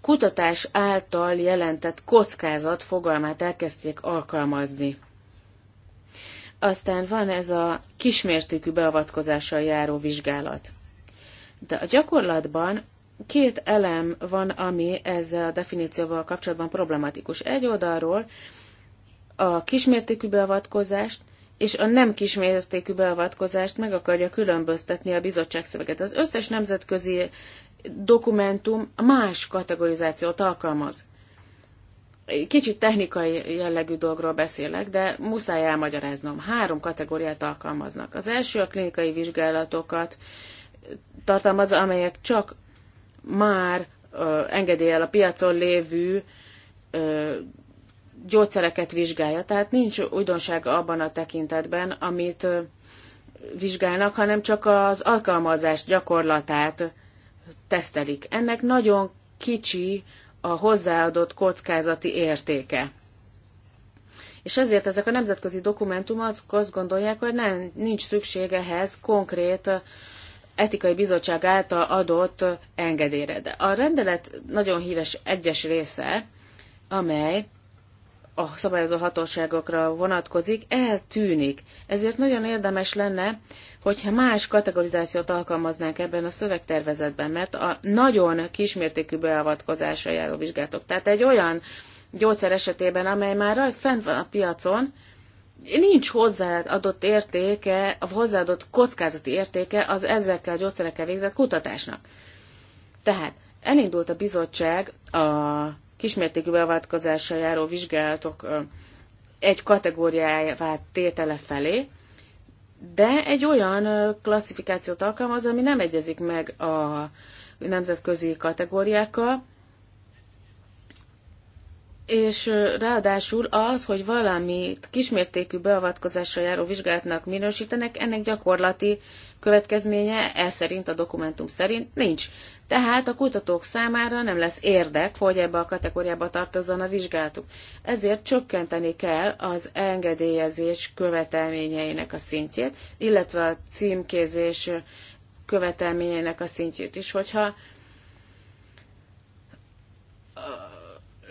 kutatás által jelentett kockázat fogalmát elkezdték alkalmazni. Aztán van ez a kismértékű beavatkozással járó vizsgálat. De a gyakorlatban két elem van, ami ezzel a definícióval kapcsolatban problematikus. Egy oldalról a kismértékű beavatkozást és a nem kismértékű beavatkozást meg akarja különböztetni a bizottság szöveget. Az összes nemzetközi dokumentum más kategorizációt alkalmaz. Kicsit technikai jellegű dolgról beszélek, de muszáj elmagyaráznom. Három kategóriát alkalmaznak. Az első a klinikai vizsgálatokat tartalmazza, amelyek csak már engedélyel a piacon lévő gyógyszereket vizsgálja, tehát nincs újdonság abban a tekintetben, amit vizsgálnak, hanem csak az alkalmazás gyakorlatát tesztelik. Ennek nagyon kicsi a hozzáadott kockázati értéke. És ezért ezek a nemzetközi dokumentumok azt gondolják, hogy nem, nincs szükség ehhez konkrét etikai bizottság által adott engedélyre. De a rendelet nagyon híres egyes része, amely a szabályozó hatóságokra vonatkozik, eltűnik. Ezért nagyon érdemes lenne, hogyha más kategorizációt alkalmaznánk ebben a szövegtervezetben, mert a nagyon kismértékű beavatkozásra járó vizsgálatok. Tehát egy olyan gyógyszer esetében, amely már rajt fent van a piacon, nincs hozzáadott értéke, a hozzáadott kockázati értéke az ezekkel a gyógyszerekkel végzett kutatásnak. Tehát elindult a bizottság a kismértékű beavatkozással járó vizsgálatok egy kategóriáját tétele felé, de egy olyan klasszifikációt alkalmaz, ami nem egyezik meg a nemzetközi kategóriákkal, és ráadásul az, hogy valami kismértékű beavatkozásra járó vizsgálatnak minősítenek, ennek gyakorlati következménye e szerint, a dokumentum szerint nincs. Tehát a kutatók számára nem lesz érdek, hogy ebbe a kategóriába tartozzon a vizsgálatuk. Ezért csökkenteni kell az engedélyezés követelményeinek a szintjét, illetve a címkézés követelményeinek a szintjét is, hogyha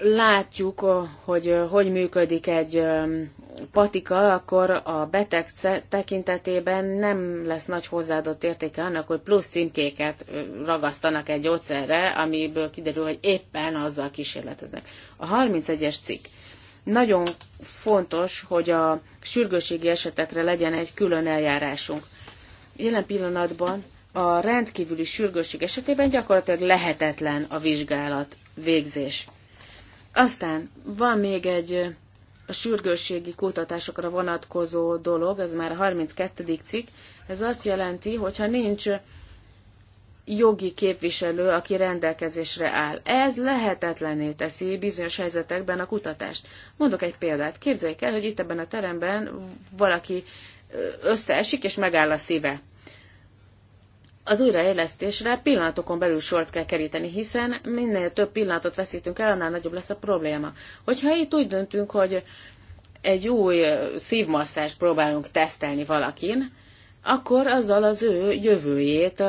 látjuk, hogy hogy működik egy patika, akkor a beteg tekintetében nem lesz nagy hozzáadott értéke annak, hogy plusz címkéket ragasztanak egy gyógyszerre, amiből kiderül, hogy éppen azzal kísérleteznek. A 31-es cikk. Nagyon fontos, hogy a sürgőségi esetekre legyen egy külön eljárásunk. Jelen pillanatban a rendkívüli sürgőség esetében gyakorlatilag lehetetlen a vizsgálat végzés aztán van még egy a sürgősségi kutatásokra vonatkozó dolog, ez már a 32. cikk, ez azt jelenti, hogyha nincs jogi képviselő, aki rendelkezésre áll. Ez lehetetlené teszi bizonyos helyzetekben a kutatást. Mondok egy példát. Képzeljék el, hogy itt ebben a teremben valaki összeesik, és megáll a szíve az újraélesztésre pillanatokon belül sort kell keríteni, hiszen minél több pillanatot veszítünk el, annál nagyobb lesz a probléma. Hogyha itt úgy döntünk, hogy egy új szívmasszást próbálunk tesztelni valakin, akkor azzal az ő jövőjét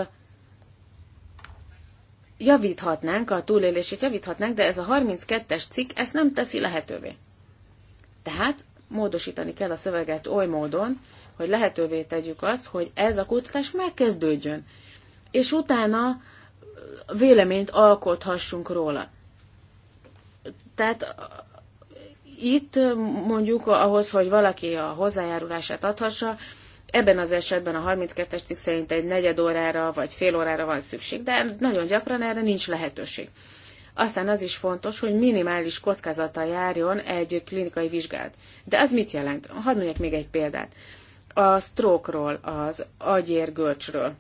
javíthatnánk, a túlélését javíthatnánk, de ez a 32-es cikk ezt nem teszi lehetővé. Tehát módosítani kell a szöveget oly módon, hogy lehetővé tegyük azt, hogy ez a kutatás megkezdődjön, és utána véleményt alkothassunk róla. Tehát itt mondjuk ahhoz, hogy valaki a hozzájárulását adhassa, ebben az esetben a 32-es cikk szerint egy negyed órára vagy fél órára van szükség, de nagyon gyakran erre nincs lehetőség. Aztán az is fontos, hogy minimális kockázata járjon egy klinikai vizsgát. De az mit jelent? Hadd mondjak még egy példát. A stroke-ról, az agyérgörcsről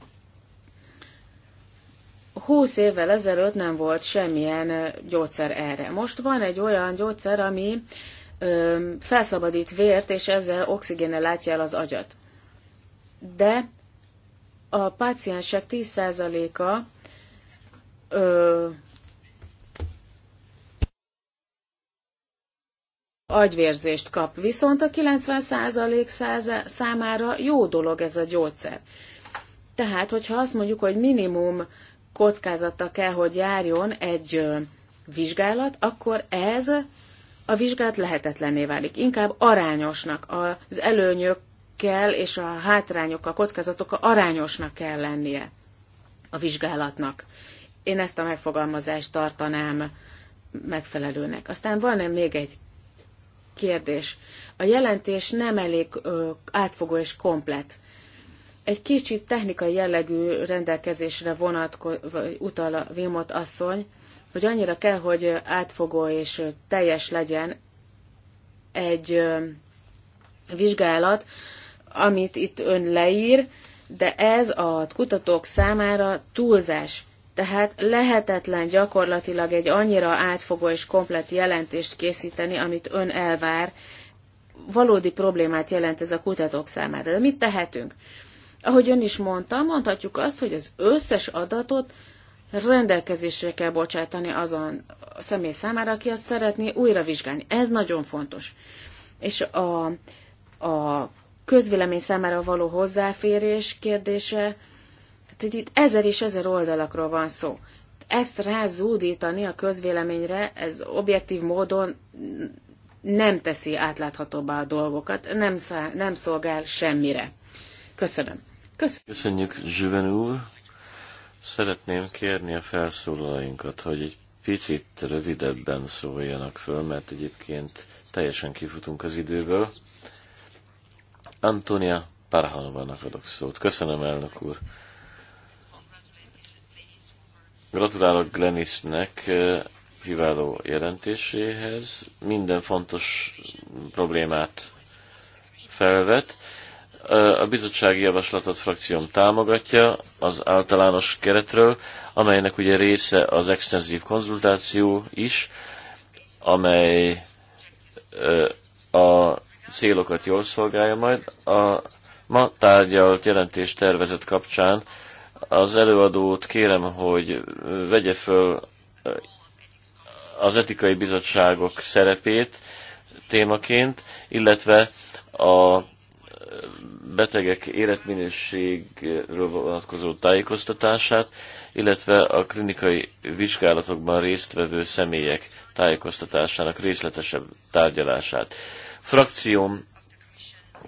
20 évvel ezelőtt nem volt semmilyen gyógyszer erre. Most van egy olyan gyógyszer, ami ö, felszabadít vért, és ezzel oxigénnel látja el az agyat. De a páciensek 10%-a agyvérzést kap, viszont a 90% számára jó dolog ez a gyógyszer. Tehát, hogyha azt mondjuk, hogy minimum kockázata kell, hogy járjon egy vizsgálat, akkor ez a vizsgálat lehetetlenné válik. Inkább arányosnak, az előnyökkel és a hátrányokkal, kockázatokkal arányosnak kell lennie a vizsgálatnak. Én ezt a megfogalmazást tartanám megfelelőnek. Aztán van még egy kérdés. A jelentés nem elég ö, átfogó és komplet. Egy kicsit technikai jellegű rendelkezésre vonatko- utal a Vilmot asszony, hogy annyira kell, hogy átfogó és teljes legyen egy vizsgálat, amit itt ön leír, de ez a kutatók számára túlzás. Tehát lehetetlen gyakorlatilag egy annyira átfogó és komplet jelentést készíteni, amit ön elvár. Valódi problémát jelent ez a kutatók számára. De mit tehetünk? Ahogy ön is mondta, mondhatjuk azt, hogy az összes adatot rendelkezésre kell bocsátani azon a személy számára, aki azt szeretné újra vizsgálni. Ez nagyon fontos. És a, a közvélemény számára való hozzáférés kérdése, tehát itt ezer és ezer oldalakról van szó. Ezt rázúdítani a közvéleményre, ez objektív módon nem teszi átláthatóbbá a dolgokat, nem, szá- nem szolgál semmire. Köszönöm. Köszönjük. Köszönjük, Zsüven úr. Szeretném kérni a felszólalóinkat, hogy egy picit rövidebben szóljanak föl, mert egyébként teljesen kifutunk az időből. Antonia Parhanovának adok szót. Köszönöm, elnök úr. Gratulálok Glenisnek eh, kiváló jelentéséhez. Minden fontos problémát felvet. A bizottsági javaslatot frakcióm támogatja az általános keretről, amelynek ugye része az extenzív konzultáció is, amely a célokat jól szolgálja majd. A ma tárgyalt jelentés tervezet kapcsán az előadót kérem, hogy vegye föl az etikai bizottságok szerepét témaként, illetve a betegek életminőségről vonatkozó tájékoztatását, illetve a klinikai vizsgálatokban résztvevő személyek tájékoztatásának részletesebb tárgyalását. Frakcióm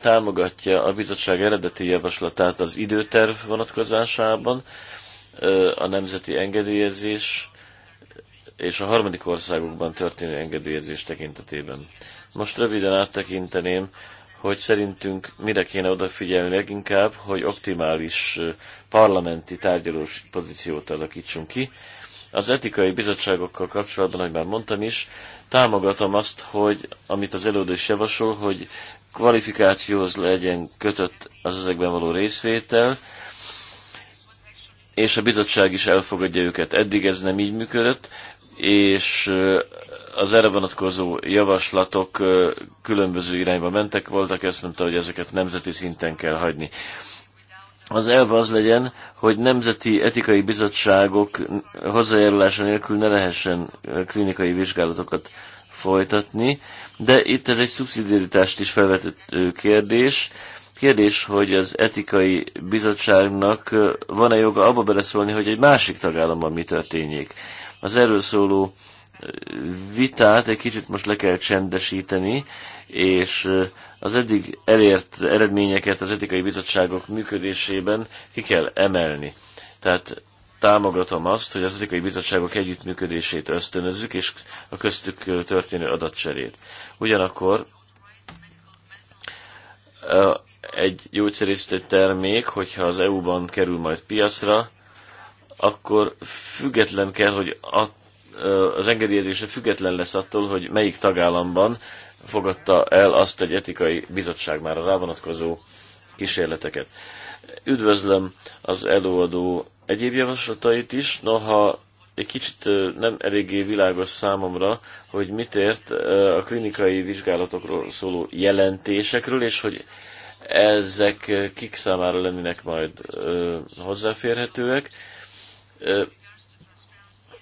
támogatja a bizottság eredeti javaslatát az időterv vonatkozásában, a nemzeti engedélyezés és a harmadik országokban történő engedélyezés tekintetében. Most röviden áttekinteném hogy szerintünk mire kéne odafigyelni leginkább, hogy optimális parlamenti tárgyalós pozíciót alakítsunk ki. Az etikai bizottságokkal kapcsolatban, ahogy már mondtam is, támogatom azt, hogy amit az előadó is javasol, hogy kvalifikációhoz legyen kötött az ezekben való részvétel, és a bizottság is elfogadja őket. Eddig ez nem így működött és az erre vonatkozó javaslatok különböző irányba mentek voltak, ezt mondta, hogy ezeket nemzeti szinten kell hagyni. Az elv az legyen, hogy nemzeti etikai bizottságok hozzájárulása nélkül ne lehessen klinikai vizsgálatokat folytatni, de itt ez egy szubszidiaritást is felvető kérdés. Kérdés, hogy az etikai bizottságnak van-e joga abba beleszólni, hogy egy másik tagállamban mi történjék. Az erről szóló vitát egy kicsit most le kell csendesíteni, és az eddig elért eredményeket az etikai bizottságok működésében ki kell emelni. Tehát támogatom azt, hogy az etikai bizottságok együttműködését ösztönözzük, és a köztük történő adatcserét. Ugyanakkor egy gyógyszerészített termék, hogyha az EU-ban kerül majd piacra, akkor független kell, hogy a, az engedélyezése független lesz attól, hogy melyik tagállamban fogadta el azt egy etikai bizottság már a rávonatkozó kísérleteket. Üdvözlöm az előadó egyéb javaslatait is, noha egy kicsit nem eléggé világos számomra, hogy mit ért a klinikai vizsgálatokról szóló jelentésekről, és hogy ezek kik számára lennének majd hozzáférhetőek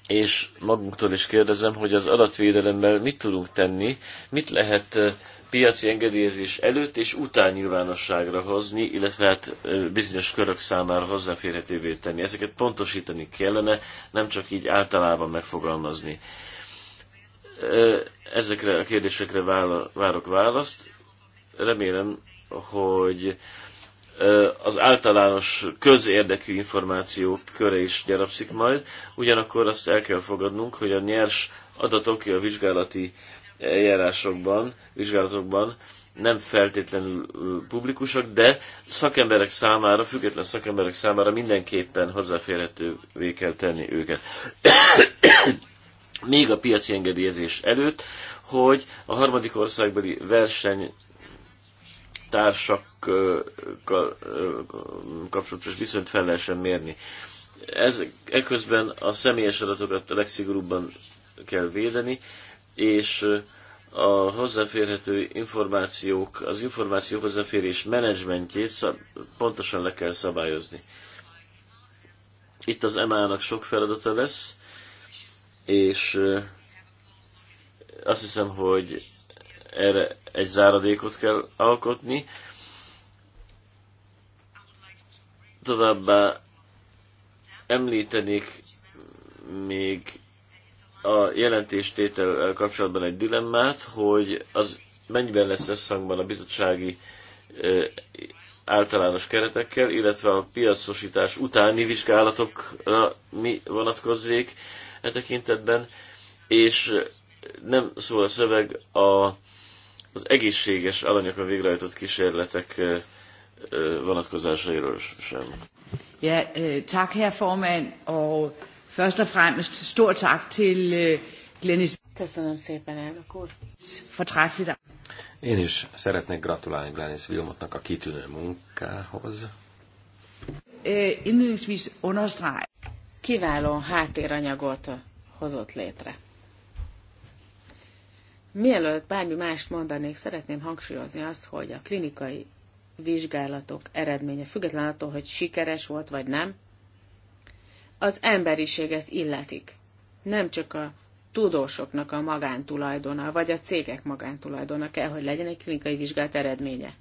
és magunktól is kérdezem, hogy az adatvédelemmel mit tudunk tenni, mit lehet piaci engedélyezés előtt és után nyilvánosságra hozni, illetve hát bizonyos körök számára hozzáférhetővé tenni. Ezeket pontosítani kellene, nem csak így általában megfogalmazni. Ezekre a kérdésekre várok választ. Remélem, hogy az általános közérdekű információk köre is gyarapszik majd, ugyanakkor azt el kell fogadnunk, hogy a nyers adatok a vizsgálati eljárásokban, vizsgálatokban nem feltétlenül publikusak, de szakemberek számára, független szakemberek számára mindenképpen hozzáférhetővé kell tenni őket. Még a piaci engedélyezés előtt, hogy a harmadik országbeli verseny társakkal kapcsolatos viszonyt fel lehessen mérni. Ez, eközben a személyes adatokat a legszigorúbban kell védeni, és a hozzáférhető információk, az információ hozzáférés menedzsmentjét szab, pontosan le kell szabályozni. Itt az ma nak sok feladata lesz, és azt hiszem, hogy erre egy záradékot kell alkotni. Továbbá említenék még a jelentéstétel kapcsolatban egy dilemmát, hogy az mennyiben lesz összhangban a bizottsági általános keretekkel, illetve a piacosítás utáni vizsgálatokra mi vonatkozzék e tekintetben, és nem szól a szöveg a az egészséges alanyokon végrehajtott kísérletek vonatkozásairól sem. Ja, tak her formand, og først og fremmest stor tak til øh, Glennis. Köszönöm szépen, elnök úr. Fortræffeligt. Én is szeretnék gratulálni Glennis Vilmotnak a kitűnő munkához. Indulisvis understrej. Kiváló háttéranyagot hozott létre. Mielőtt bármi mást mondanék, szeretném hangsúlyozni azt, hogy a klinikai vizsgálatok eredménye, független attól, hogy sikeres volt vagy nem, az emberiséget illetik. Nem csak a tudósoknak a magántulajdona, vagy a cégek magántulajdona kell, hogy legyen egy klinikai vizsgálat eredménye.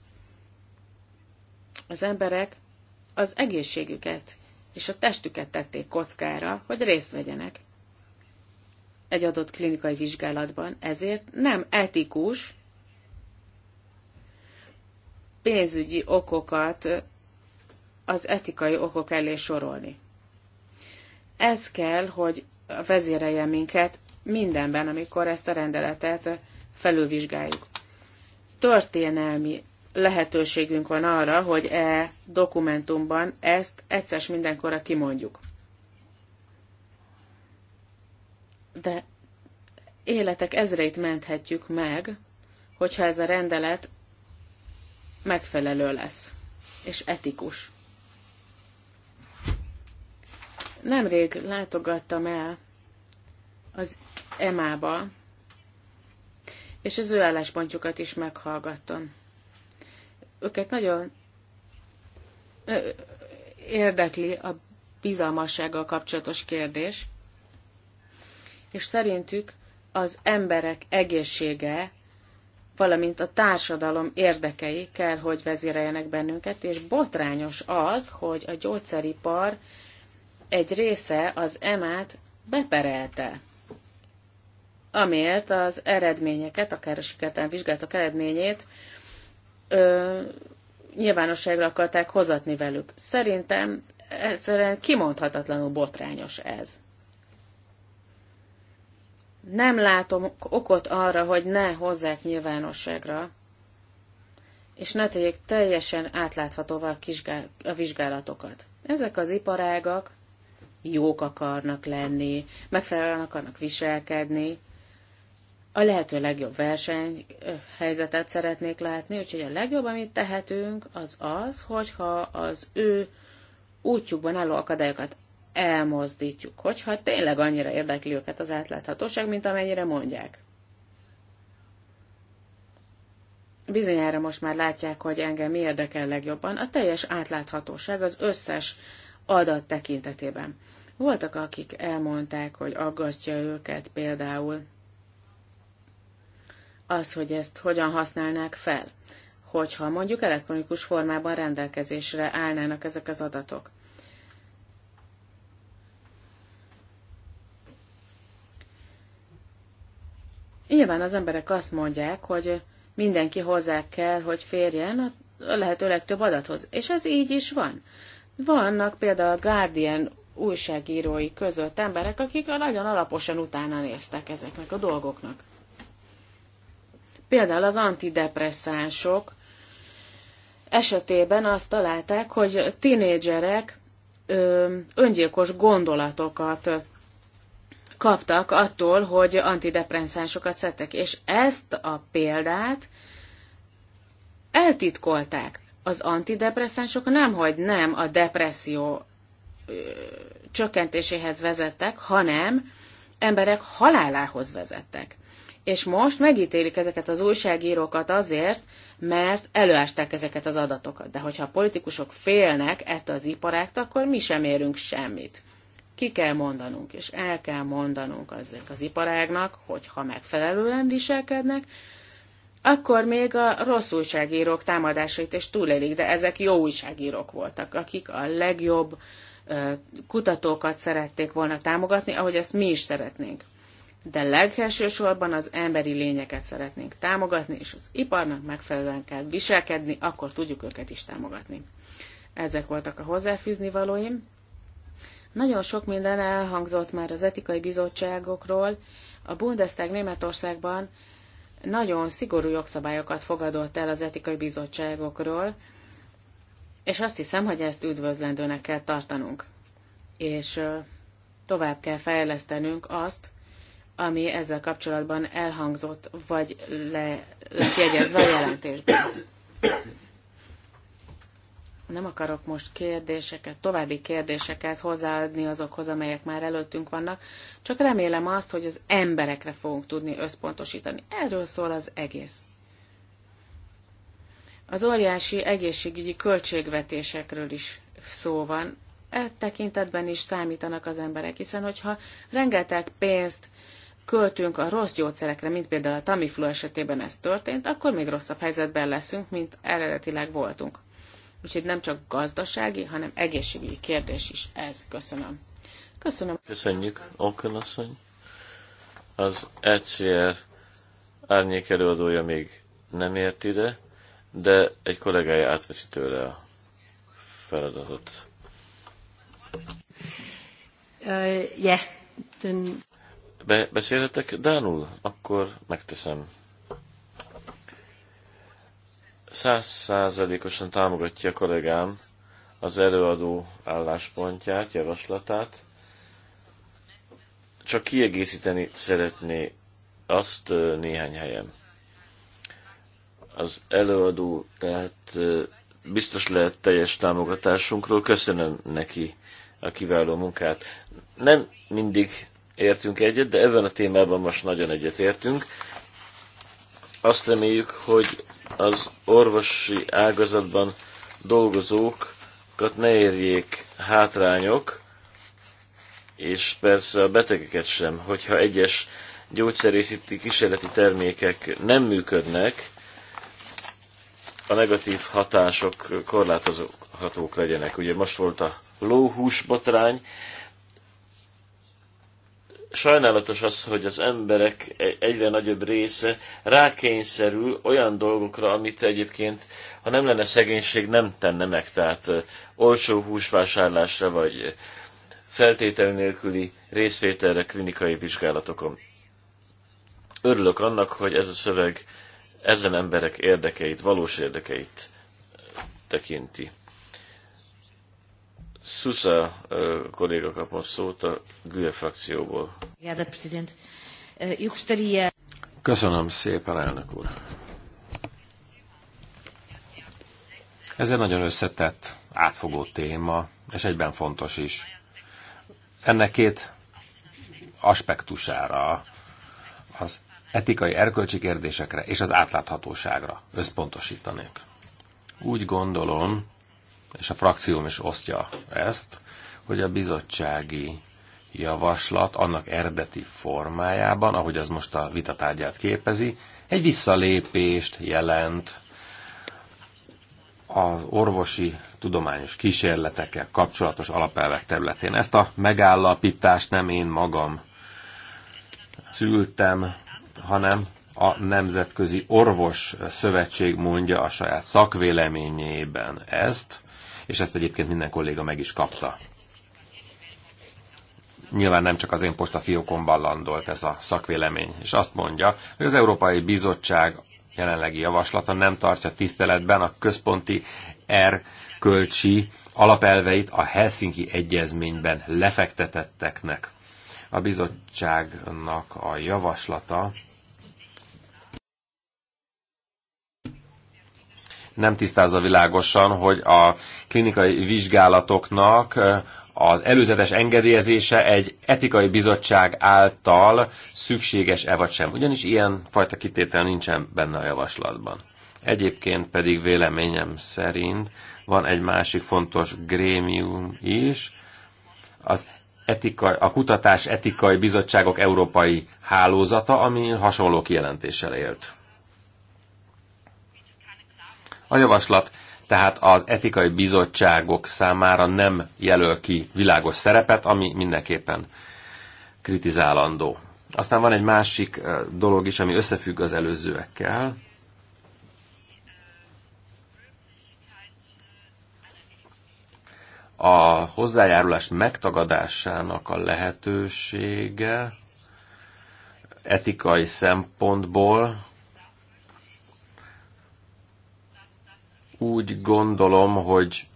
Az emberek az egészségüket és a testüket tették kockára, hogy részt vegyenek egy adott klinikai vizsgálatban. Ezért nem etikus pénzügyi okokat az etikai okok elé sorolni. Ez kell, hogy vezérelje minket mindenben, amikor ezt a rendeletet felülvizsgáljuk. Történelmi lehetőségünk van arra, hogy e dokumentumban ezt egyszer mindenkorra kimondjuk. de életek ezreit menthetjük meg, hogyha ez a rendelet megfelelő lesz, és etikus. Nemrég látogattam el az emába, és az ő álláspontjukat is meghallgattam. Őket nagyon érdekli a bizalmassággal kapcsolatos kérdés, és szerintük az emberek egészsége, valamint a társadalom érdekei kell, hogy vezéreljenek bennünket, és botrányos az, hogy a gyógyszeripar egy része az emát beperelte amiért az eredményeket, akár a sikertelen vizsgálatok eredményét ö, nyilvánosságra akarták hozatni velük. Szerintem egyszerűen kimondhatatlanul botrányos ez nem látom okot arra, hogy ne hozzák nyilvánosságra, és ne tegyék teljesen átláthatóvá a vizsgálatokat. Ezek az iparágak jók akarnak lenni, megfelelően akarnak viselkedni, a lehető legjobb versenyhelyzetet szeretnék látni, úgyhogy a legjobb, amit tehetünk, az az, hogyha az ő útjukban álló akadályokat elmozdítjuk, hogyha tényleg annyira érdekli őket az átláthatóság, mint amennyire mondják. Bizonyára most már látják, hogy engem mi érdekel legjobban, a teljes átláthatóság az összes adat tekintetében. Voltak, akik elmondták, hogy aggasztja őket például az, hogy ezt hogyan használnák fel, hogyha mondjuk elektronikus formában rendelkezésre állnának ezek az adatok. Nyilván az emberek azt mondják, hogy mindenki hozzá kell, hogy férjen a lehető legtöbb adathoz. És ez így is van. Vannak például a Guardian újságírói között emberek, akik nagyon alaposan utána néztek ezeknek a dolgoknak. Például az antidepresszánsok esetében azt találták, hogy tinédzserek öngyilkos gondolatokat kaptak attól, hogy antidepresszánsokat szedtek. És ezt a példát eltitkolták. Az antidepresszánsok nem, hogy nem a depresszió ö, csökkentéséhez vezettek, hanem emberek halálához vezettek. És most megítélik ezeket az újságírókat azért, mert előásták ezeket az adatokat. De hogyha a politikusok félnek ettől az iparáktól, akkor mi sem érünk semmit ki kell mondanunk, és el kell mondanunk azok az iparágnak, hogy ha megfelelően viselkednek, akkor még a rossz újságírók támadásait is túlélik, de ezek jó újságírók voltak, akik a legjobb kutatókat szerették volna támogatni, ahogy ezt mi is szeretnénk. De legelsősorban az emberi lényeket szeretnénk támogatni, és az iparnak megfelelően kell viselkedni, akkor tudjuk őket is támogatni. Ezek voltak a hozzáfűzni valóim. Nagyon sok minden elhangzott már az etikai bizottságokról. A Bundestag Németországban nagyon szigorú jogszabályokat fogadott el az etikai bizottságokról, és azt hiszem, hogy ezt üdvözlendőnek kell tartanunk. És tovább kell fejlesztenünk azt, ami ezzel kapcsolatban elhangzott, vagy le, lett jegyezve a jelentésben. Nem akarok most kérdéseket, további kérdéseket hozzáadni azokhoz, amelyek már előttünk vannak, csak remélem azt, hogy az emberekre fogunk tudni összpontosítani. Erről szól az egész. Az óriási egészségügyi költségvetésekről is szó van. E tekintetben is számítanak az emberek, hiszen hogyha rengeteg pénzt költünk a rossz gyógyszerekre, mint például a Tamiflu esetében ez történt, akkor még rosszabb helyzetben leszünk, mint eredetileg voltunk. Úgyhogy nem csak gazdasági, hanem egészségügyi kérdés is ez. Köszönöm. Köszönöm. Köszönjük, Onkön asszony. Az ECR árnyék előadója még nem ért ide, de egy kollégája átveszi tőle a feladatot. Uh, yeah. Be, beszélhetek Dánul? Akkor megteszem százszázalékosan támogatja kollégám az előadó álláspontját, javaslatát. Csak kiegészíteni szeretné azt néhány helyen. Az előadó, tehát biztos lehet teljes támogatásunkról. Köszönöm neki a kiváló munkát. Nem mindig értünk egyet, de ebben a témában most nagyon egyet értünk. Azt reméljük, hogy az orvosi ágazatban dolgozókat ne érjék hátrányok, és persze a betegeket sem, hogyha egyes gyógyszerészíti kísérleti termékek nem működnek, a negatív hatások korlátozhatók legyenek. Ugye most volt a lóhús botrány, sajnálatos az, hogy az emberek e- egyre nagyobb része rákényszerül olyan dolgokra, amit egyébként, ha nem lenne szegénység, nem tenne meg. Tehát olcsó húsvásárlásra, vagy feltétel nélküli részvételre klinikai vizsgálatokon. Örülök annak, hogy ez a szöveg ezen emberek érdekeit, valós érdekeit tekinti. Susza kolléga kap szót a GUE frakcióból. Eh, Köszönöm szépen, elnök úr. Ez egy nagyon összetett, átfogó téma, és egyben fontos is. Ennek két aspektusára, az etikai erkölcsi kérdésekre és az átláthatóságra összpontosítanék. Úgy gondolom, és a frakcióm is osztja ezt, hogy a bizottsági javaslat annak eredeti formájában, ahogy az most a vitatárgyát képezi, egy visszalépést jelent az orvosi tudományos kísérletekkel kapcsolatos alapelvek területén. Ezt a megállapítást nem én magam szültem, hanem a Nemzetközi Orvos Szövetség mondja a saját szakvéleményében ezt, és ezt egyébként minden kolléga meg is kapta. Nyilván nem csak az én fiókomban landolt ez a szakvélemény, és azt mondja, hogy az Európai Bizottság jelenlegi javaslata nem tartja tiszteletben a központi R költsi alapelveit a Helsinki Egyezményben lefektetetteknek. A bizottságnak a javaslata nem tisztázza világosan, hogy a klinikai vizsgálatoknak az előzetes engedélyezése egy etikai bizottság által szükséges-e vagy sem. Ugyanis ilyen fajta kitétel nincsen benne a javaslatban. Egyébként pedig véleményem szerint van egy másik fontos grémium is, az etikai, a Kutatás Etikai Bizottságok Európai Hálózata, ami hasonló kijelentéssel élt. A javaslat tehát az etikai bizottságok számára nem jelöl ki világos szerepet, ami mindenképpen kritizálandó. Aztán van egy másik dolog is, ami összefügg az előzőekkel. A hozzájárulás megtagadásának a lehetősége etikai szempontból úgy gondolom, hogy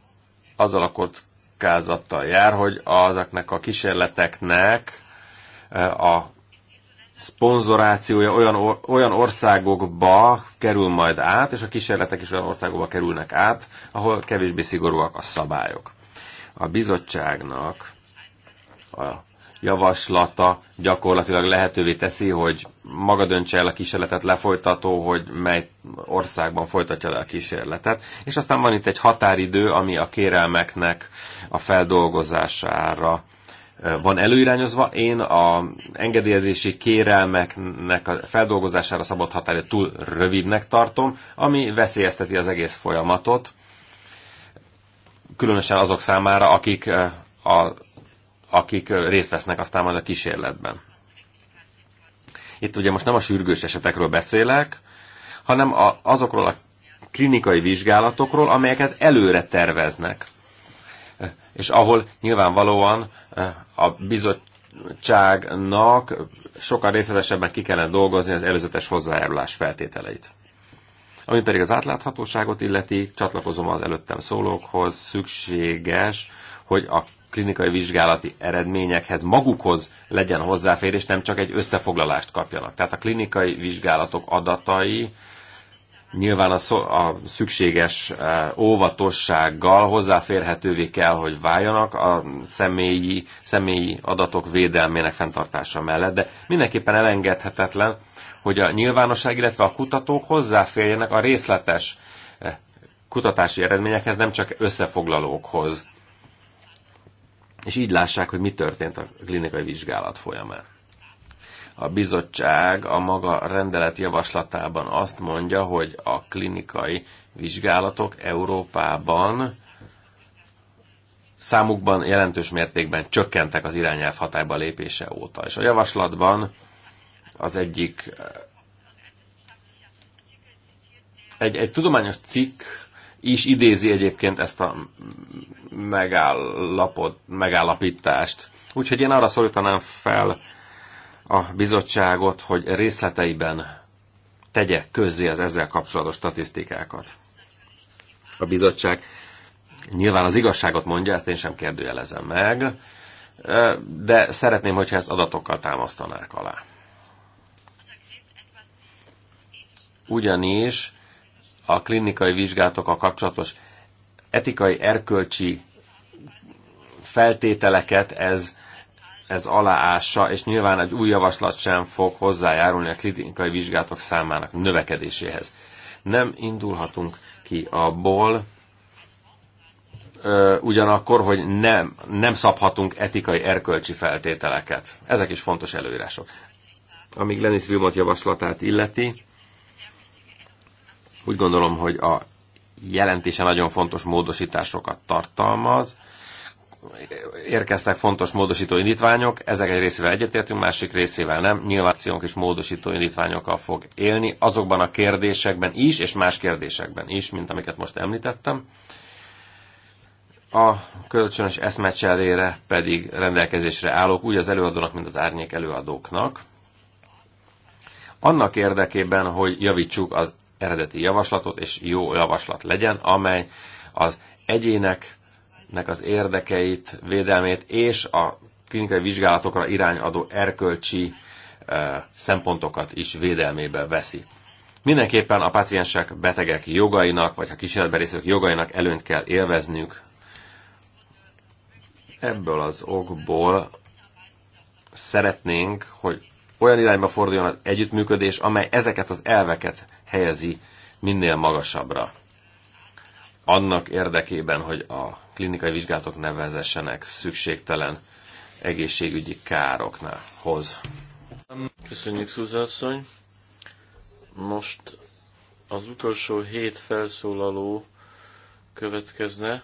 az a kockázattal jár, hogy azoknak a kísérleteknek eh, a szponzorációja olyan, olyan országokba kerül majd át, és a kísérletek is olyan országokba kerülnek át, ahol kevésbé szigorúak a szabályok. A bizottságnak a javaslata gyakorlatilag lehetővé teszi, hogy maga döntse el a kísérletet lefolytató, hogy mely országban folytatja le a kísérletet. És aztán van itt egy határidő, ami a kérelmeknek a feldolgozására van előirányozva. Én a engedélyezési kérelmeknek a feldolgozására szabott határidőt túl rövidnek tartom, ami veszélyezteti az egész folyamatot, különösen azok számára, akik a akik részt vesznek aztán majd a kísérletben. Itt ugye most nem a sürgős esetekről beszélek, hanem a, azokról a klinikai vizsgálatokról, amelyeket előre terveznek. És ahol nyilvánvalóan a bizottságnak sokkal részletesebben ki kellene dolgozni az előzetes hozzájárulás feltételeit. Ami pedig az átláthatóságot illeti, csatlakozom az előttem szólókhoz, szükséges, hogy a klinikai vizsgálati eredményekhez magukhoz legyen hozzáférés, nem csak egy összefoglalást kapjanak. Tehát a klinikai vizsgálatok adatai nyilván a, szó, a szükséges eh, óvatossággal hozzáférhetővé kell, hogy váljanak a személyi, személyi adatok védelmének fenntartása mellett, de mindenképpen elengedhetetlen, hogy a nyilvánosság, illetve a kutatók hozzáférjenek a részletes eh, kutatási eredményekhez, nem csak összefoglalókhoz és így lássák, hogy mi történt a klinikai vizsgálat folyamán. A bizottság a maga rendelet javaslatában azt mondja, hogy a klinikai vizsgálatok Európában számukban jelentős mértékben csökkentek az irányelv hatályba lépése óta. És a javaslatban az egyik egy, egy tudományos cikk is idézi egyébként ezt a megállapot, megállapítást. Úgyhogy én arra szólítanám fel a bizottságot, hogy részleteiben tegye közzé az ezzel kapcsolatos statisztikákat. A bizottság nyilván az igazságot mondja, ezt én sem kérdőjelezem meg, de szeretném, hogyha ezt adatokkal támasztanák alá. Ugyanis a klinikai a kapcsolatos etikai, erkölcsi feltételeket ez, ez aláássa, és nyilván egy új javaslat sem fog hozzájárulni a klinikai vizsgálatok számának növekedéséhez. Nem indulhatunk ki abból, ugyanakkor, hogy nem, nem szabhatunk etikai, erkölcsi feltételeket. Ezek is fontos előírások. Amíg Lenis Vilmot javaslatát illeti, úgy gondolom, hogy a jelentése nagyon fontos módosításokat tartalmaz. Érkeztek fontos módosító indítványok, ezek egy részével egyetértünk, másik részével nem. Nyilván is módosító indítványokkal fog élni, azokban a kérdésekben is, és más kérdésekben is, mint amiket most említettem. A kölcsönös eszmecserére pedig rendelkezésre állok, úgy az előadónak, mint az árnyék előadóknak. Annak érdekében, hogy javítsuk az eredeti javaslatot, és jó javaslat legyen, amely az egyéneknek az érdekeit, védelmét és a klinikai vizsgálatokra irányadó erkölcsi eh, szempontokat is védelmébe veszi. Mindenképpen a paciensek, betegek jogainak, vagy a kísérletben részvők jogainak előnyt kell élveznünk. Ebből az okból szeretnénk, hogy olyan irányba forduljon az együttműködés, amely ezeket az elveket helyezi minél magasabbra. Annak érdekében, hogy a klinikai vizsgálatok ne vezessenek szükségtelen egészségügyi károknál hoz. Köszönjük, Szuzasszony. Most az utolsó hét felszólaló következne.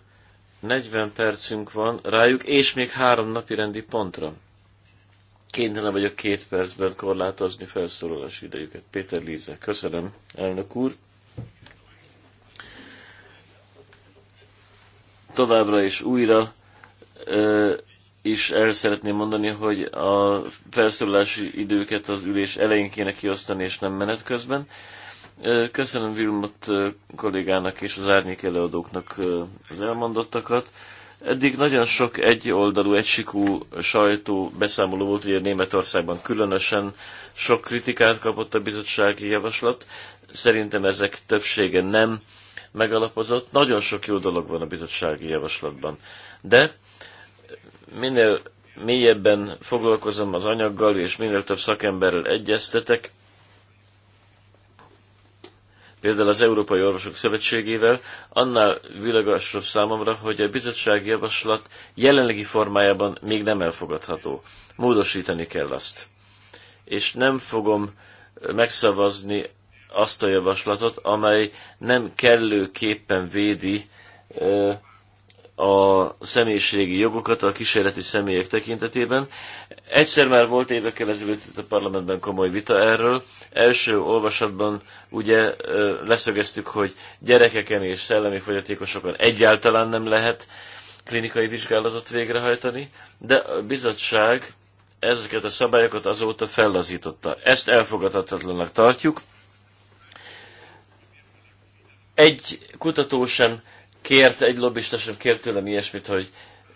40 percünk van rájuk, és még három napi rendi pontra kénytelen vagyok két percben korlátozni felszólalási idejüket. Péter Líze, köszönöm, elnök úr. Továbbra is újra ö, is el szeretném mondani, hogy a felszólalási időket az ülés elején kéne kiosztani, és nem menet közben. Köszönöm Vilmot kollégának és az árnyék előadóknak az elmondottakat. Eddig nagyon sok egyoldalú, egysikú sajtó beszámoló volt, ugye Németországban különösen sok kritikát kapott a bizottsági javaslat. Szerintem ezek többsége nem megalapozott. Nagyon sok jó dolog van a bizottsági javaslatban. De minél mélyebben foglalkozom az anyaggal, és minél több szakemberrel egyeztetek, például az Európai Orvosok Szövetségével, annál világosabb számomra, hogy a bizottsági javaslat jelenlegi formájában még nem elfogadható. Módosítani kell azt. És nem fogom megszavazni azt a javaslatot, amely nem kellőképpen védi a személyiségi jogokat a kísérleti személyek tekintetében. Egyszer már volt évekkel ezelőtt itt a parlamentben komoly vita erről. Első olvasatban ugye leszögeztük, hogy gyerekeken és szellemi fogyatékosokon egyáltalán nem lehet klinikai vizsgálatot végrehajtani, de a bizottság ezeket a szabályokat azóta fellazította. Ezt elfogadhatatlanak tartjuk. Egy kutató sem kért, egy lobbista sem kért tőlem ilyesmit, hogy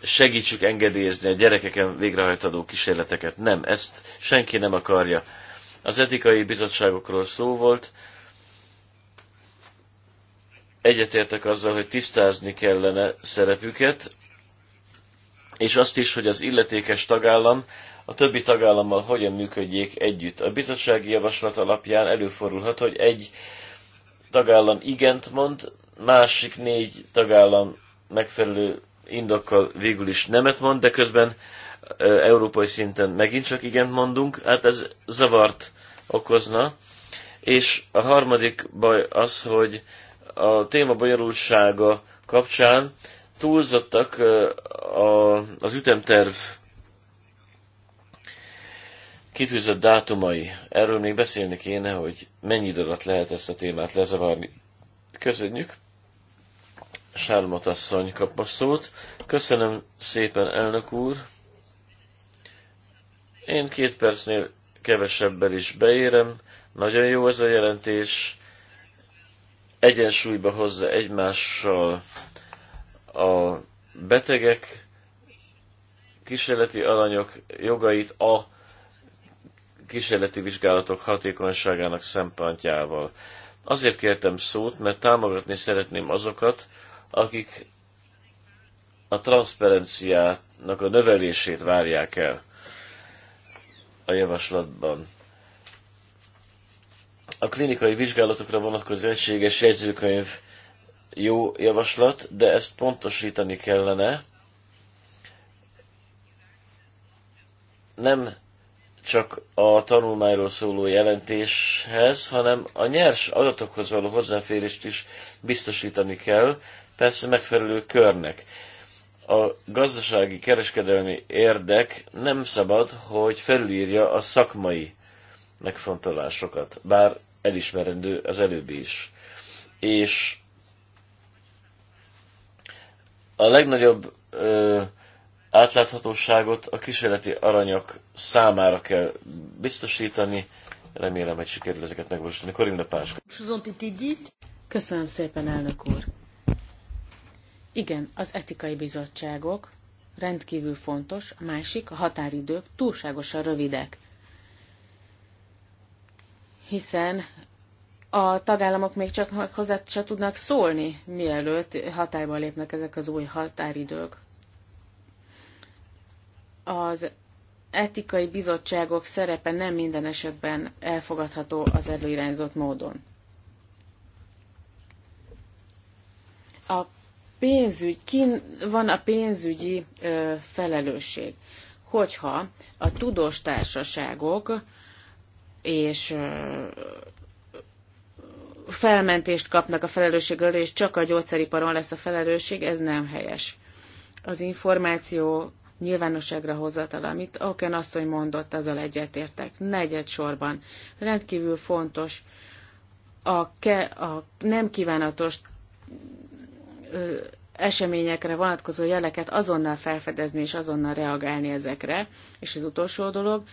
segítsük engedélyezni a gyerekeken végrehajtadó kísérleteket. Nem, ezt senki nem akarja. Az etikai bizottságokról szó volt, egyetértek azzal, hogy tisztázni kellene szerepüket, és azt is, hogy az illetékes tagállam a többi tagállammal hogyan működjék együtt. A bizottsági javaslat alapján előfordulhat, hogy egy tagállam igent mond, másik négy tagállam megfelelő indokkal végül is nemet mond, de közben európai szinten megint csak igent mondunk, hát ez zavart okozna. És a harmadik baj az, hogy a téma bonyolultsága kapcsán túlzottak a, az ütemterv kitűzött dátumai. Erről még beszélni kéne, hogy mennyi időt lehet ezt a témát lezavarni. Köszönjük! Sármat asszony kap a szót. Köszönöm szépen, elnök úr. Én két percnél kevesebbel is beérem. Nagyon jó ez a jelentés. Egyensúlyba hozza egymással a betegek, kísérleti alanyok jogait a kísérleti vizsgálatok hatékonyságának szempontjával. Azért kértem szót, mert támogatni szeretném azokat, akik a transzperenciának a növelését várják el a javaslatban. A klinikai vizsgálatokra vonatkozó egységes jegyzőkönyv jó javaslat, de ezt pontosítani kellene. Nem csak a tanulmányról szóló jelentéshez, hanem a nyers adatokhoz való hozzáférést is biztosítani kell, persze megfelelő körnek. A gazdasági kereskedelmi érdek nem szabad, hogy felülírja a szakmai megfontolásokat, bár elismerendő az előbbi is. És a legnagyobb ö, átláthatóságot a kísérleti aranyok számára kell biztosítani. Remélem, hogy sikerül ezeket megvalósítani. Korinna Páska. Köszönöm szépen, elnök úr. Igen, az etikai bizottságok rendkívül fontos, a másik, a határidők túlságosan rövidek. Hiszen a tagállamok még csak hozzá se tudnak szólni, mielőtt hatályba lépnek ezek az új határidők. Az etikai bizottságok szerepe nem minden esetben elfogadható az előirányzott módon. A pénzügy, ki van a pénzügyi ö, felelősség. Hogyha a tudós társaságok és ö, felmentést kapnak a felelősségről, és csak a gyógyszeriparon lesz a felelősség, ez nem helyes. Az információ nyilvánosságra hozatal, amit Oken asszony mondott, azzal egyetértek. Negyed sorban rendkívül fontos a, ke, a nem kívánatos eseményekre vonatkozó jeleket azonnal felfedezni és azonnal reagálni ezekre. És az utolsó dolog,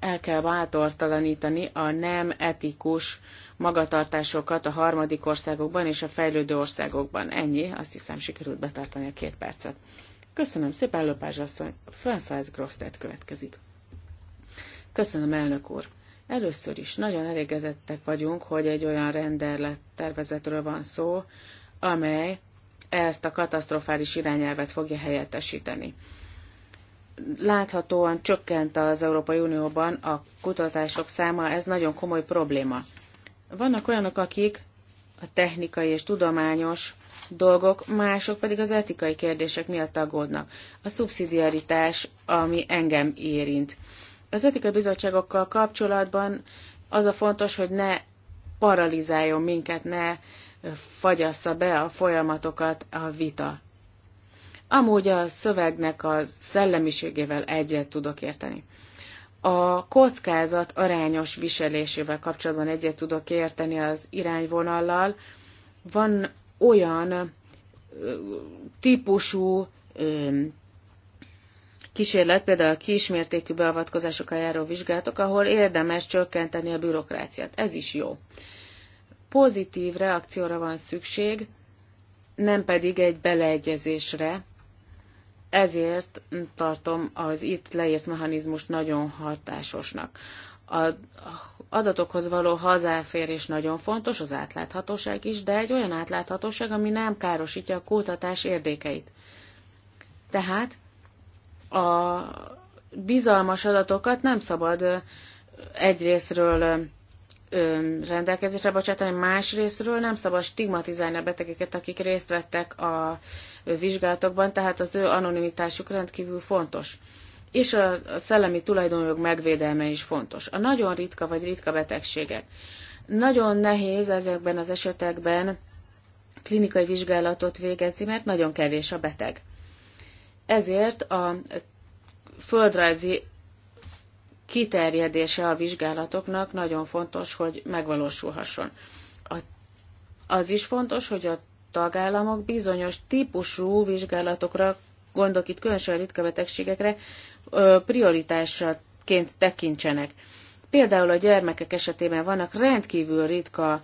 el kell bátortalanítani a nem etikus magatartásokat a harmadik országokban és a fejlődő országokban. Ennyi, azt hiszem sikerült betartani a két percet. Köszönöm szépen, Lopázs asszony. François Grosztet következik. Köszönöm, elnök úr. Először is nagyon elégezettek vagyunk, hogy egy olyan rendelet tervezetről van szó, amely ezt a katasztrofális irányelvet fogja helyettesíteni. Láthatóan csökkent az Európai Unióban a kutatások száma, ez nagyon komoly probléma. Vannak olyanok, akik a technikai és tudományos dolgok, mások pedig az etikai kérdések miatt aggódnak. A szubszidiaritás, ami engem érint. Az etikai bizottságokkal kapcsolatban az a fontos, hogy ne paralizáljon minket, ne fagyassza be a folyamatokat a vita. Amúgy a szövegnek a szellemiségével egyet tudok érteni. A kockázat arányos viselésével kapcsolatban egyet tudok érteni az irányvonallal. Van olyan típusú kísérlet, például a kismértékű beavatkozásokkal járó vizsgálatok, ahol érdemes csökkenteni a bürokráciát. Ez is jó pozitív reakcióra van szükség, nem pedig egy beleegyezésre. Ezért tartom az itt leírt mechanizmust nagyon hatásosnak. A adatokhoz való hazáférés nagyon fontos, az átláthatóság is, de egy olyan átláthatóság, ami nem károsítja a kutatás érdekeit. Tehát a bizalmas adatokat nem szabad egyrésztről rendelkezésre bocsátani, másrésztről nem szabad stigmatizálni a betegeket, akik részt vettek a vizsgálatokban, tehát az ő anonimitásuk rendkívül fontos. És a szellemi tulajdonjog megvédelme is fontos. A nagyon ritka vagy ritka betegségek. Nagyon nehéz ezekben az esetekben klinikai vizsgálatot végezni, mert nagyon kevés a beteg. Ezért a földrajzi kiterjedése a vizsgálatoknak nagyon fontos, hogy megvalósulhasson. A, az is fontos, hogy a tagállamok bizonyos típusú vizsgálatokra, gondok itt különösen a ritka betegségekre, prioritásaként tekintsenek. Például a gyermekek esetében vannak rendkívül ritka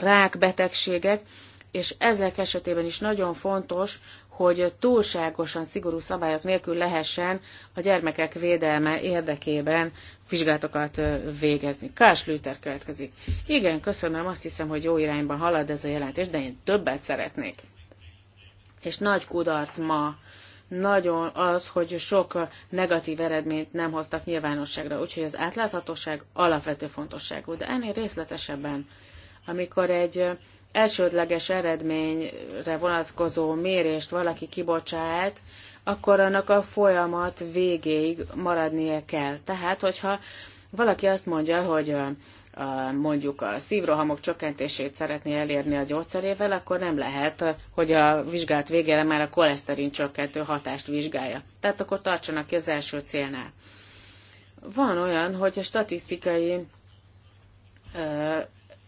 rákbetegségek, és ezek esetében is nagyon fontos, hogy túlságosan szigorú szabályok nélkül lehessen a gyermekek védelme érdekében vizsgálatokat végezni. Kás Lüter következik. Igen, köszönöm, azt hiszem, hogy jó irányban halad ez a jelentés, de én többet szeretnék. És nagy kudarc ma nagyon az, hogy sok negatív eredményt nem hoztak nyilvánosságra, úgyhogy az átláthatóság alapvető fontosságú, de ennél részletesebben, amikor egy elsődleges eredményre vonatkozó mérést valaki kibocsát, akkor annak a folyamat végéig maradnia kell. Tehát, hogyha valaki azt mondja, hogy mondjuk a szívrohamok csökkentését szeretné elérni a gyógyszerével, akkor nem lehet, hogy a vizsgált végére már a koleszterin csökkentő hatást vizsgálja. Tehát akkor tartsanak ki az első célnál. Van olyan, hogy a statisztikai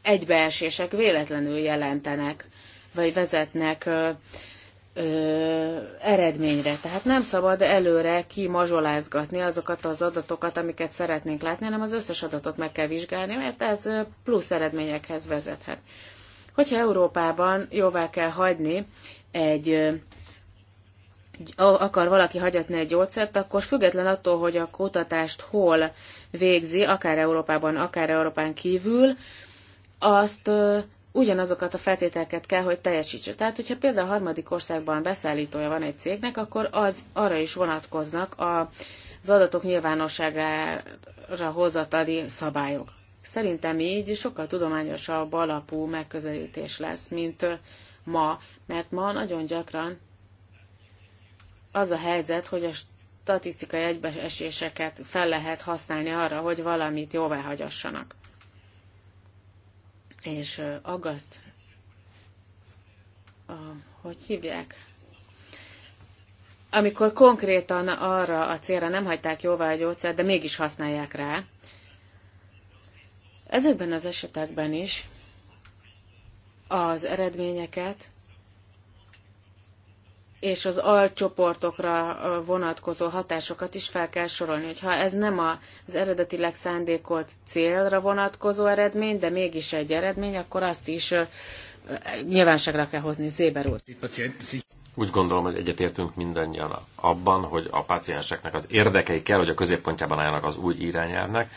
egybeesések véletlenül jelentenek, vagy vezetnek ö, ö, eredményre. Tehát nem szabad előre kimazsolázgatni azokat az adatokat, amiket szeretnénk látni, hanem az összes adatot meg kell vizsgálni, mert ez plusz eredményekhez vezethet. Hogyha Európában jóvá kell hagyni egy akar valaki hagyatni egy gyógyszert, akkor független attól, hogy a kutatást hol végzi, akár Európában, akár Európán kívül, azt ugyanazokat a feltételeket kell, hogy teljesítse. Tehát, hogyha például a harmadik országban beszállítója van egy cégnek, akkor az arra is vonatkoznak a, az adatok nyilvánosságára hozatali szabályok. Szerintem így sokkal tudományosabb alapú megközelítés lesz, mint ma, mert ma nagyon gyakran az a helyzet, hogy a statisztikai egybeeséseket fel lehet használni arra, hogy valamit jóvá hagyassanak és agaszt, a, hogy hívják, amikor konkrétan arra a célra nem hagyták jóvá a gyógyszert, de mégis használják rá, ezekben az esetekben is az eredményeket és az alcsoportokra vonatkozó hatásokat is fel kell sorolni. Hogyha ez nem az eredetileg szándékolt célra vonatkozó eredmény, de mégis egy eredmény, akkor azt is nyilvánosságra kell hozni. Zéber úr. Úgy gondolom, hogy egyetértünk mindannyian abban, hogy a pácienseknek az érdekei kell, hogy a középpontjában álljanak az új irányelvnek,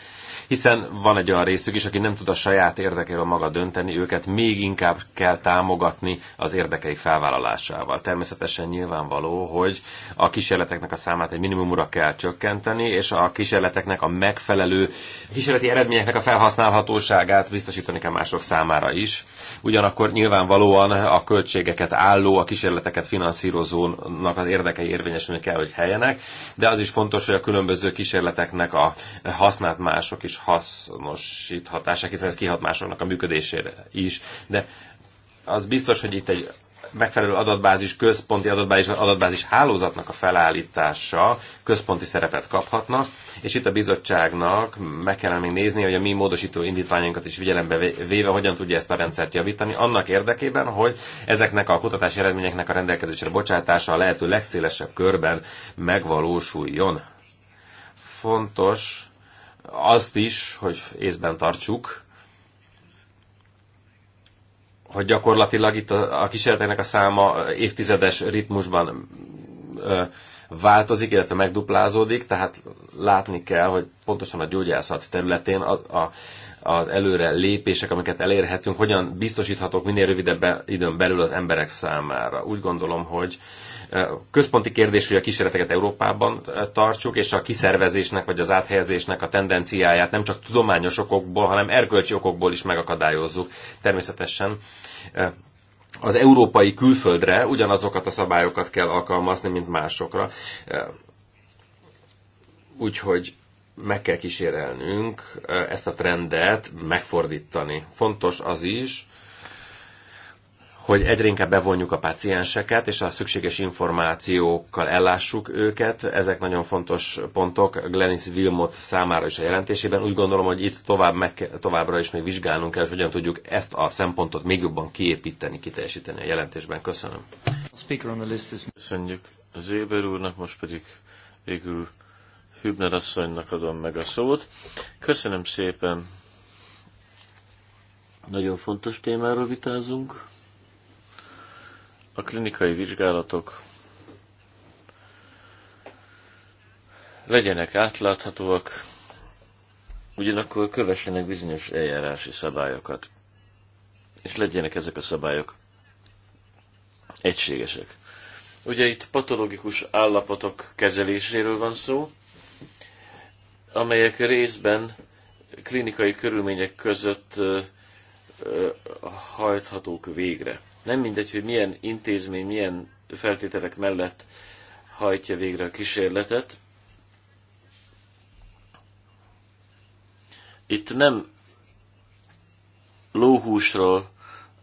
hiszen van egy olyan részük is, aki nem tud a saját érdekéről maga dönteni, őket még inkább kell támogatni az érdekei felvállalásával. Természetesen nyilvánvaló, hogy a kísérleteknek a számát egy minimumra kell csökkenteni, és a kísérleteknek a megfelelő a kísérleti eredményeknek a felhasználhatóságát biztosítani kell mások számára is. Ugyanakkor nyilvánvalóan a költségeket álló, a kísérleteket finanszírozó finanszírozónak az érdekei érvényesülni kell, hogy helyenek, de az is fontos, hogy a különböző kísérleteknek a hasznát mások is hasznosíthatása, hiszen ez kihat másoknak a működésére is. De az biztos, hogy itt egy megfelelő adatbázis, központi adatbázis, adatbázis hálózatnak a felállítása központi szerepet kaphatna, és itt a bizottságnak meg kellene még nézni, hogy a mi módosító indítványainkat is figyelembe véve hogyan tudja ezt a rendszert javítani, annak érdekében, hogy ezeknek a kutatási eredményeknek a rendelkezésre bocsátása a lehető legszélesebb körben megvalósuljon. Fontos azt is, hogy észben tartsuk, hogy gyakorlatilag itt a, a kísérleteknek a száma évtizedes ritmusban ö, változik, illetve megduplázódik, tehát látni kell, hogy pontosan a gyógyászat területén a, a, az előre lépések, amiket elérhetünk, hogyan biztosíthatók minél rövidebb időn belül az emberek számára. Úgy gondolom, hogy Központi kérdés, hogy a kísérleteket Európában tartsuk, és a kiszervezésnek vagy az áthelyezésnek a tendenciáját nem csak tudományos okokból, hanem erkölcsi okokból is megakadályozzuk. Természetesen az európai külföldre ugyanazokat a szabályokat kell alkalmazni, mint másokra. Úgyhogy meg kell kísérelnünk ezt a trendet megfordítani. Fontos az is, hogy egyre inkább bevonjuk a pacienseket, és a szükséges információkkal ellássuk őket. Ezek nagyon fontos pontok Glenis Wilmot számára is a jelentésében. Úgy gondolom, hogy itt tovább meg, továbbra is még vizsgálnunk kell, hogy hogyan tudjuk ezt a szempontot még jobban kiépíteni, kiteljesíteni a jelentésben. Köszönöm. Köszönjük Éber úrnak, most pedig végül Hübner asszonynak adom meg a szót. Köszönöm szépen. Nagyon fontos témáról vitázunk. A klinikai vizsgálatok legyenek átláthatóak, ugyanakkor kövessenek bizonyos eljárási szabályokat. És legyenek ezek a szabályok egységesek. Ugye itt patológikus állapotok kezeléséről van szó, amelyek részben klinikai körülmények között hajthatók végre. Nem mindegy, hogy milyen intézmény, milyen feltételek mellett hajtja végre a kísérletet. Itt nem lóhúsról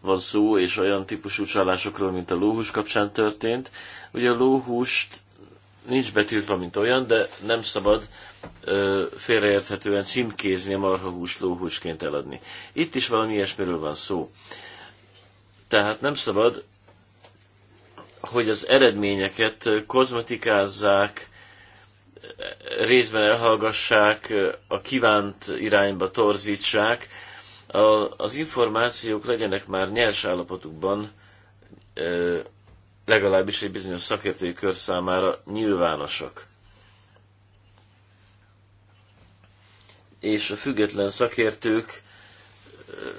van szó, és olyan típusú csalásokról, mint a lóhús kapcsán történt. Ugye a lóhúst nincs betiltva, mint olyan, de nem szabad ö, félreérthetően címkézni a marhahúst lóhúsként eladni. Itt is valami ilyesmiről van szó. Tehát nem szabad, hogy az eredményeket kozmetikázzák, részben elhallgassák, a kívánt irányba torzítsák. A, az információk legyenek már nyers állapotukban, legalábbis egy bizonyos szakértői kör számára nyilvánosak. És a független szakértők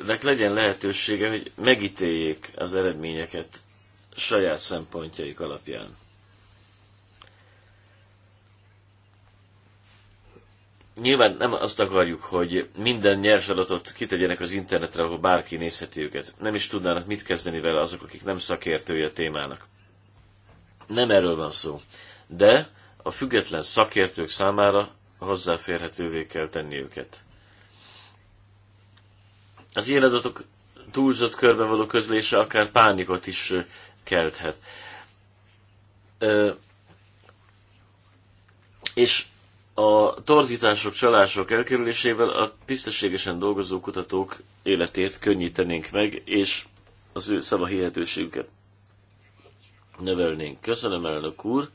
nek legyen lehetősége, hogy megítéljék az eredményeket saját szempontjaik alapján. Nyilván nem azt akarjuk, hogy minden nyers adatot kitegyenek az internetre, ahol bárki nézheti őket. Nem is tudnának mit kezdeni vele azok, akik nem szakértői a témának. Nem erről van szó. De a független szakértők számára hozzáférhetővé kell tenni őket az ilyen adatok túlzott körbe való közlése akár pánikot is kelthet. Ö, és a torzítások, csalások elkerülésével a tisztességesen dolgozó kutatók életét könnyítenénk meg, és az ő szava hihetőségüket növelnénk. Köszönöm, elnök úr,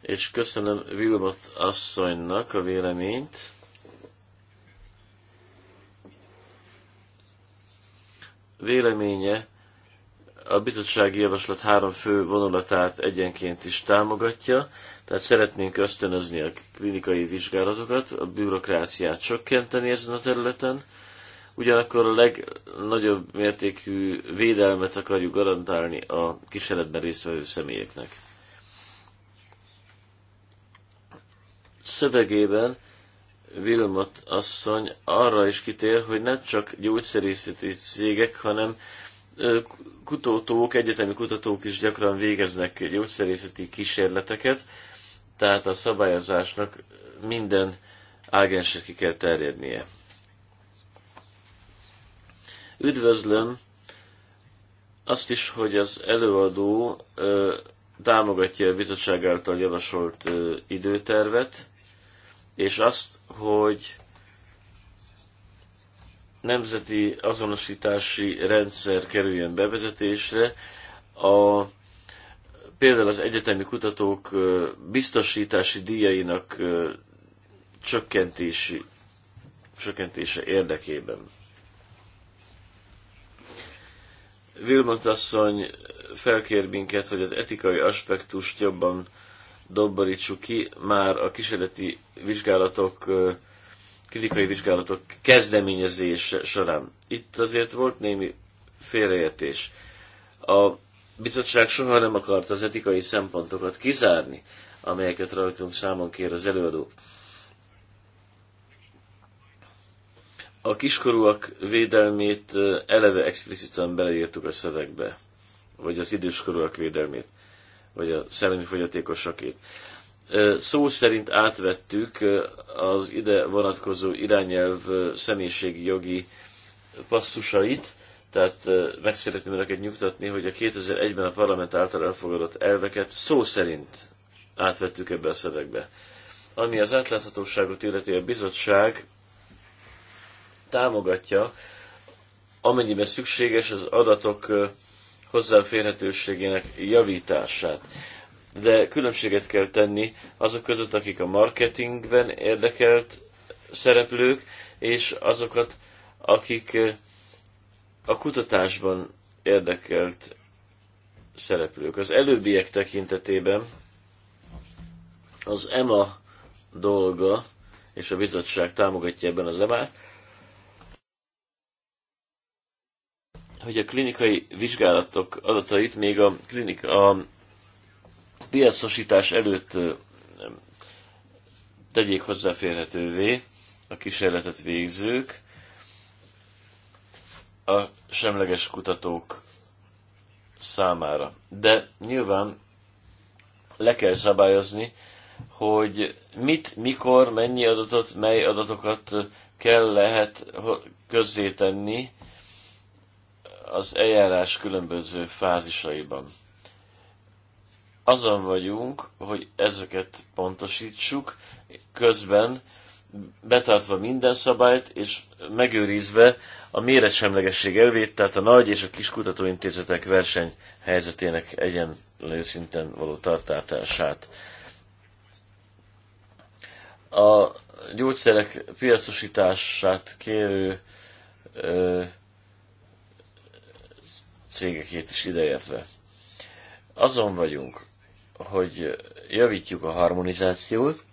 és köszönöm Vilmot asszonynak a véleményt. véleménye a bizottsági javaslat három fő vonulatát egyenként is támogatja, tehát szeretnénk ösztönözni a klinikai vizsgálatokat, a bürokráciát csökkenteni ezen a területen, ugyanakkor a legnagyobb mértékű védelmet akarjuk garantálni a kísérletben résztvevő személyeknek. Szövegében Vilmot asszony arra is kitér, hogy nem csak gyógyszerészeti cégek, hanem kutatók, egyetemi kutatók is gyakran végeznek gyógyszerészeti kísérleteket, tehát a szabályozásnak minden ágensre ki kell terjednie. Üdvözlöm azt is, hogy az előadó ö, támogatja a bizottság által javasolt ö, időtervet, és azt, hogy nemzeti azonosítási rendszer kerüljön bevezetésre, a, például az egyetemi kutatók biztosítási díjainak csökkentési, csökkentése érdekében. Vilmot asszony felkér minket, hogy az etikai aspektust jobban domborítsuk ki, már a kísérleti vizsgálatok, kritikai vizsgálatok kezdeményezése során. Itt azért volt némi félreértés. A bizottság soha nem akarta az etikai szempontokat kizárni, amelyeket rajtunk számon kér az előadó. A kiskorúak védelmét eleve expliciten beleírtuk a szövegbe, vagy az időskorúak védelmét vagy a szellemi fogyatékosakét. Szó szerint átvettük az ide vonatkozó irányelv személyiségi jogi passzusait, tehát meg szeretném önöket nyugtatni, hogy a 2001-ben a parlament által elfogadott elveket szó szerint átvettük ebbe a szövegbe. Ami az átláthatóságot illeti, a bizottság támogatja, amennyiben szükséges az adatok hozzáférhetőségének javítását. De különbséget kell tenni azok között, akik a marketingben érdekelt szereplők, és azokat, akik eh, a kutatásban érdekelt szereplők. Az előbbiek tekintetében az EMA dolga, és a bizottság támogatja ebben az emát, hogy a klinikai vizsgálatok adatait még a, klinik, a piacosítás előtt tegyék hozzáférhetővé a kísérletet végzők, a semleges kutatók számára. De nyilván le kell szabályozni, hogy mit, mikor, mennyi adatot, mely adatokat kell lehet közzétenni az eljárás különböző fázisaiban. Azon vagyunk, hogy ezeket pontosítsuk, közben betartva minden szabályt, és megőrizve a méretsemlegesség elvét, tehát a nagy és a kis kutatóintézetek versenyhelyzetének egyenlő szinten való tartátását. A gyógyszerek piacosítását kérő ö, cégekét is ideértve. Azon vagyunk, hogy javítjuk a harmonizációt,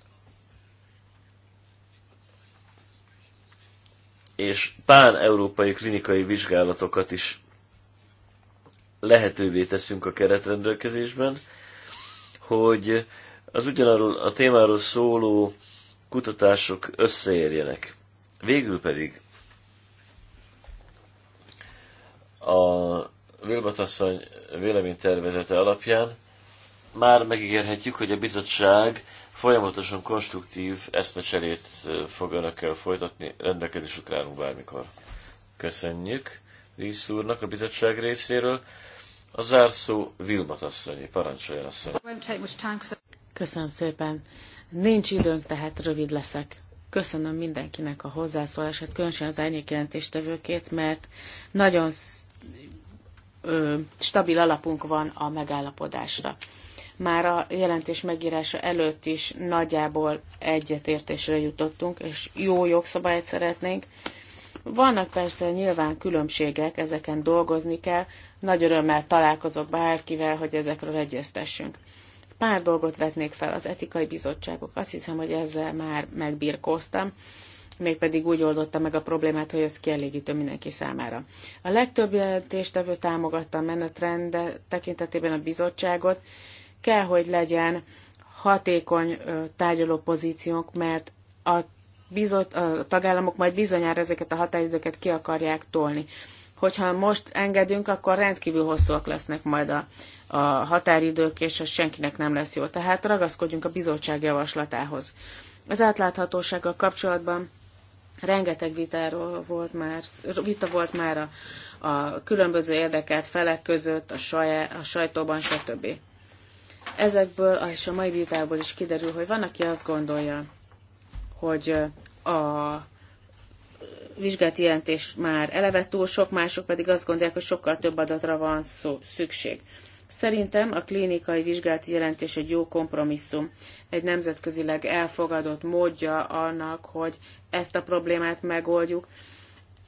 és pán-európai klinikai vizsgálatokat is lehetővé teszünk a keretrendelkezésben, hogy az ugyanarról a témáról szóló kutatások összeérjenek. Végül pedig a Vilmat asszony véleménytervezete alapján már megígérhetjük, hogy a bizottság folyamatosan konstruktív eszmecserét fog önökkel folytatni, rendelkezésükre állunk bármikor. Köszönjük Rész úrnak a bizottság részéről. A zárszó Vilmat asszonyi, parancsoljon asszony. Köszönöm szépen. Nincs időnk, tehát rövid leszek. Köszönöm mindenkinek a hozzászólását, különösen az árnyékjelentéstevőkét, mert nagyon ö, stabil alapunk van a megállapodásra. Már a jelentés megírása előtt is nagyjából egyetértésre jutottunk, és jó jogszabályt szeretnénk. Vannak persze nyilván különbségek, ezeken dolgozni kell. Nagy örömmel találkozok bárkivel, hogy ezekről egyeztessünk. Pár dolgot vetnék fel az etikai bizottságok. Azt hiszem, hogy ezzel már megbírkoztam mégpedig úgy oldotta meg a problémát, hogy ez kielégítő mindenki számára. A legtöbb jelentéstevő támogatta a menetrend tekintetében a bizottságot, kell, hogy legyen hatékony tárgyaló pozíciónk, mert a, bizot, a tagállamok majd bizonyára ezeket a határidőket ki akarják tolni. Hogyha most engedünk, akkor rendkívül hosszúak lesznek majd a, a határidők, és ez senkinek nem lesz jó. Tehát ragaszkodjunk a bizottság javaslatához. Az átláthatósággal kapcsolatban Rengeteg vitáról volt már, vita volt már a, a különböző érdekelt felek között, a, saját, a sajtóban, stb. Ezekből és a mai vitából is kiderül, hogy van, aki azt gondolja, hogy a vizsgált jelentés már eleve túl sok, mások pedig azt gondolják, hogy sokkal több adatra van szó, szükség. Szerintem a klinikai vizsgálati jelentés egy jó kompromisszum, egy nemzetközileg elfogadott módja annak, hogy ezt a problémát megoldjuk.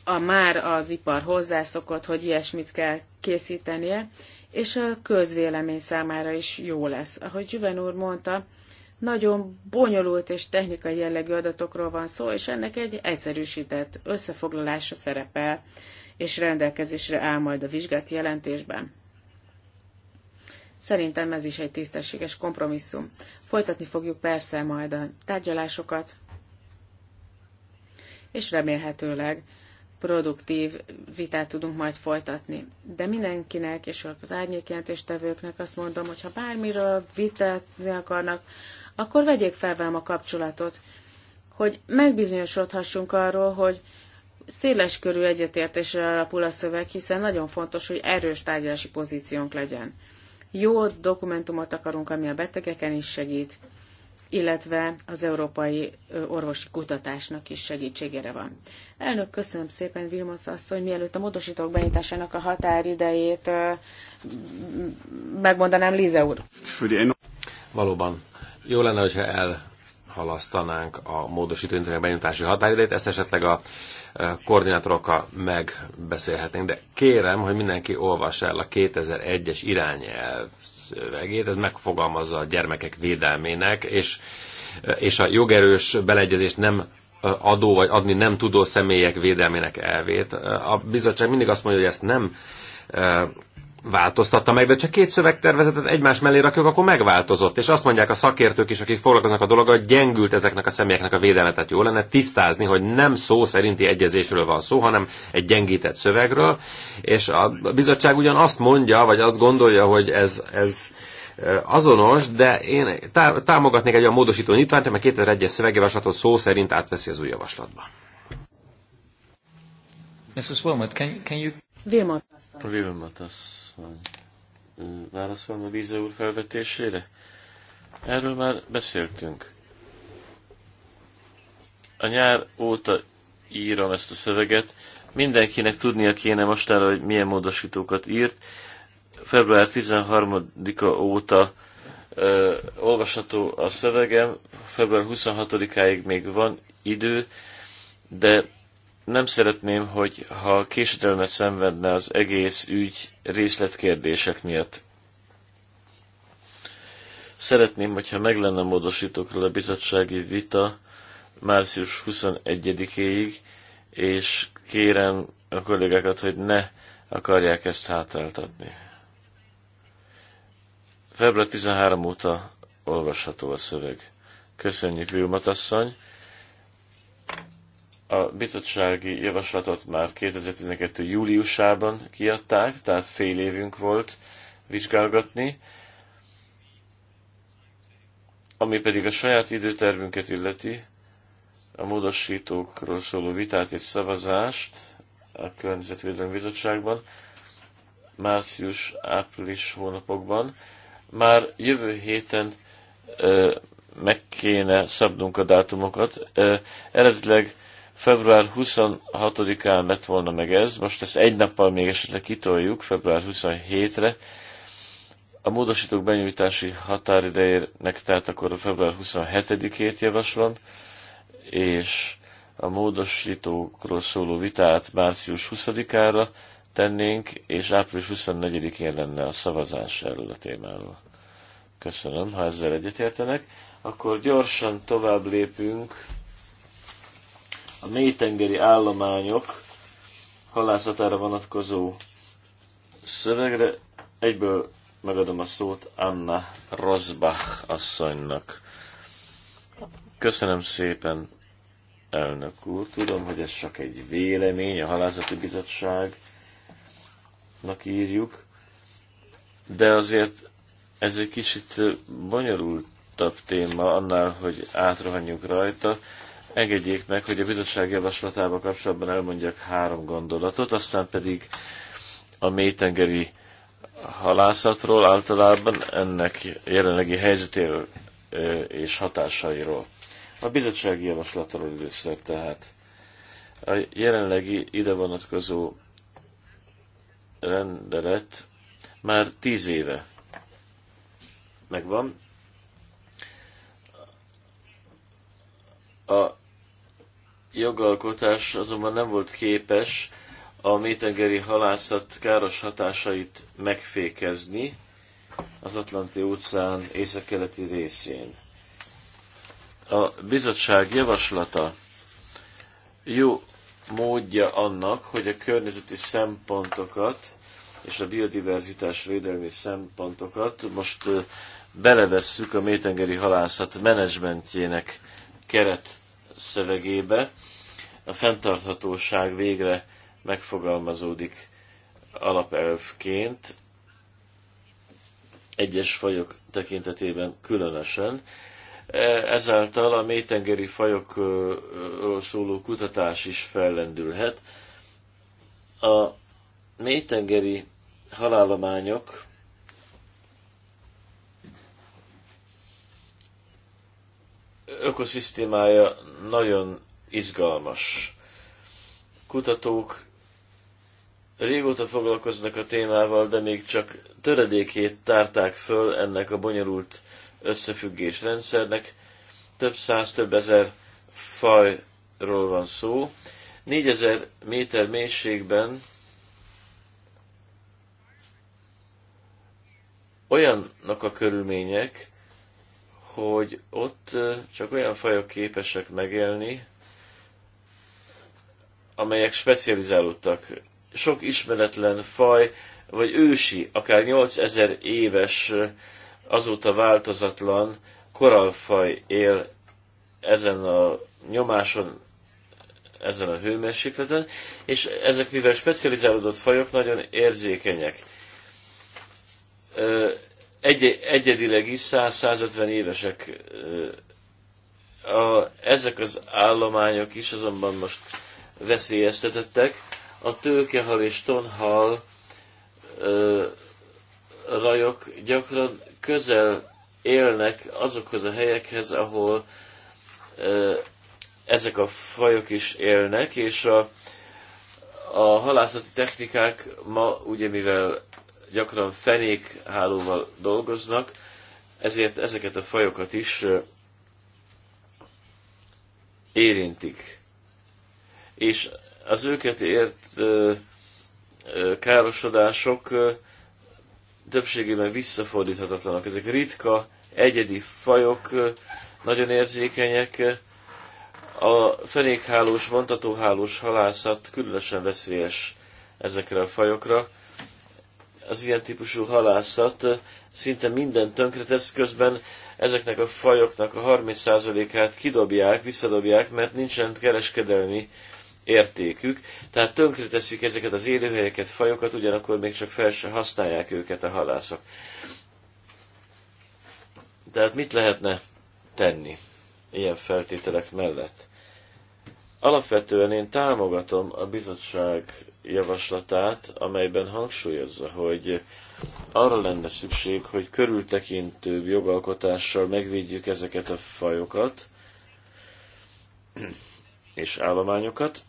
A már az ipar hozzászokott, hogy ilyesmit kell készítenie, és a közvélemény számára is jó lesz. Ahogy Zsüven úr mondta, nagyon bonyolult és technikai jellegű adatokról van szó, és ennek egy egyszerűsített összefoglalása szerepel, és rendelkezésre áll majd a vizsgált jelentésben. Szerintem ez is egy tisztességes kompromisszum. Folytatni fogjuk persze majd a tárgyalásokat, és remélhetőleg produktív vitát tudunk majd folytatni. De mindenkinek, és az árnyékjelentéstevőknek azt mondom, hogy ha bármiről vitázni akarnak, akkor vegyék fel velem a kapcsolatot, hogy megbizonyosodhassunk arról, hogy széles körű egyetértésre alapul a szöveg, hiszen nagyon fontos, hogy erős tárgyalási pozíciónk legyen jó dokumentumot akarunk, ami a betegeken is segít, illetve az európai orvosi kutatásnak is segítségére van. Elnök, köszönöm szépen, Vilmos asszony, mielőtt a módosítók benyújtásának a határidejét megmondanám Lize úr. Valóban, jó lenne, hogyha elhalasztanánk a módosító benyitási benyújtási határidejét, ezt esetleg a koordinátorokkal megbeszélhetnénk, de kérem, hogy mindenki olvassa el a 2001-es irányelv szövegét, ez megfogalmazza a gyermekek védelmének, és, és a jogerős beleegyezést nem adó vagy adni nem tudó személyek védelmének elvét. A bizottság mindig azt mondja, hogy ezt nem változtatta meg, de csak két szövegtervezetet egymás mellé rakjuk, akkor megváltozott. És azt mondják a szakértők is, akik foglalkoznak a dologgal, hogy gyengült ezeknek a személyeknek a védelmetet, jó lenne tisztázni, hogy nem szó szerinti egyezésről van szó, hanem egy gyengített szövegről. És a bizottság ugyan azt mondja, vagy azt gondolja, hogy ez, ez azonos, de én támogatnék egy olyan módosító nyitványt, mert 2001-es szövegjavaslatot szó szerint átveszi az új javaslatba. Mrs. Wilmot, can, can you... Wilmot asszony. Wilmot asszony asszony. a Víza úr felvetésére? Erről már beszéltünk. A nyár óta írom ezt a szöveget. Mindenkinek tudnia kéne mostára, hogy milyen módosítókat írt. Február 13-a óta ö, olvasható a szövegem, február 26-áig még van idő, de nem szeretném, hogy ha késedelmet szenvedne az egész ügy részletkérdések miatt. Szeretném, hogyha meg lenne módosítókról a bizottsági vita március 21-éig, és kérem a kollégákat, hogy ne akarják ezt hátráltatni. Február 13 óta olvasható a szöveg. Köszönjük, Vilmat asszony! A bizottsági javaslatot már 2012. júliusában kiadták, tehát fél évünk volt vizsgálgatni. Ami pedig a saját időtervünket illeti, a módosítókról szóló vitát és szavazást a Környezetvédelmi Bizottságban március-április hónapokban. Már jövő héten ö, meg kéne szabnunk a dátumokat. Ö, eredetileg február 26-án lett volna meg ez, most ezt egy nappal még esetleg kitoljuk, február 27-re. A módosítók benyújtási határidejének tehát akkor a február 27-ét javaslom, és a módosítókról szóló vitát március 20-ára tennénk, és április 24-én lenne a szavazás erről a témáról. Köszönöm, ha ezzel egyetértenek. Akkor gyorsan tovább lépünk a mélytengeri állományok halászatára vonatkozó szövegre. Egyből megadom a szót Anna Rosbach asszonynak. Köszönöm szépen, elnök úr. Tudom, hogy ez csak egy vélemény, a halászati bizottságnak írjuk, de azért ez egy kicsit bonyolultabb téma annál, hogy átrohanjuk rajta. Engedjék meg, hogy a bizottság javaslatával kapcsolatban elmondjak három gondolatot, aztán pedig a mélytengeri halászatról általában, ennek jelenlegi helyzetéről és hatásairól. A bizottsági javaslatról először tehát. A jelenlegi ide vonatkozó rendelet már tíz éve megvan, A jogalkotás azonban nem volt képes a métengeri halászat káros hatásait megfékezni az Atlanti óceán északkeleti részén. A bizottság javaslata jó módja annak, hogy a környezeti szempontokat és a biodiverzitás védelmi szempontokat most belevesszük a métengeri halászat menedzsmentjének keret szövegébe a fenntarthatóság végre megfogalmazódik alapelvként, egyes fajok tekintetében különösen. Ezáltal a mélytengeri fajokról szóló kutatás is fellendülhet. A mélytengeri halállományok ökoszisztémája nagyon izgalmas. Kutatók régóta foglalkoznak a témával, de még csak töredékét tárták föl ennek a bonyolult összefüggés rendszernek. Több száz, több ezer fajról van szó. Négyezer méter mélységben olyannak a körülmények, hogy ott csak olyan fajok képesek megélni, amelyek specializálódtak. Sok ismeretlen faj, vagy ősi, akár 8000 éves, azóta változatlan koralfaj él ezen a nyomáson, ezen a hőmérsékleten, és ezek, mivel specializálódott fajok, nagyon érzékenyek egy, egyedileg is 100-150 évesek. A, ezek az állományok is azonban most veszélyeztetettek. A tőkehal és tonhal ö, rajok gyakran közel élnek azokhoz a helyekhez, ahol ö, ezek a fajok is élnek, és a, a halászati technikák ma, ugye mivel gyakran fenékhálóval dolgoznak, ezért ezeket a fajokat is érintik. És az őket ért károsodások többségében visszafordíthatatlanak. Ezek ritka, egyedi fajok, nagyon érzékenyek. A fenékhálós, vontatóhálós halászat különösen veszélyes ezekre a fajokra, az ilyen típusú halászat szinte minden tönkretesz, közben ezeknek a fajoknak a 30%-át kidobják, visszadobják, mert nincsen kereskedelmi értékük, tehát tönkreteszik ezeket az élőhelyeket, fajokat, ugyanakkor még csak fel sem használják őket a halászok. Tehát mit lehetne tenni ilyen feltételek mellett? Alapvetően én támogatom a bizottság javaslatát, amelyben hangsúlyozza, hogy arra lenne szükség, hogy körültekintőbb jogalkotással megvédjük ezeket a fajokat és állományokat,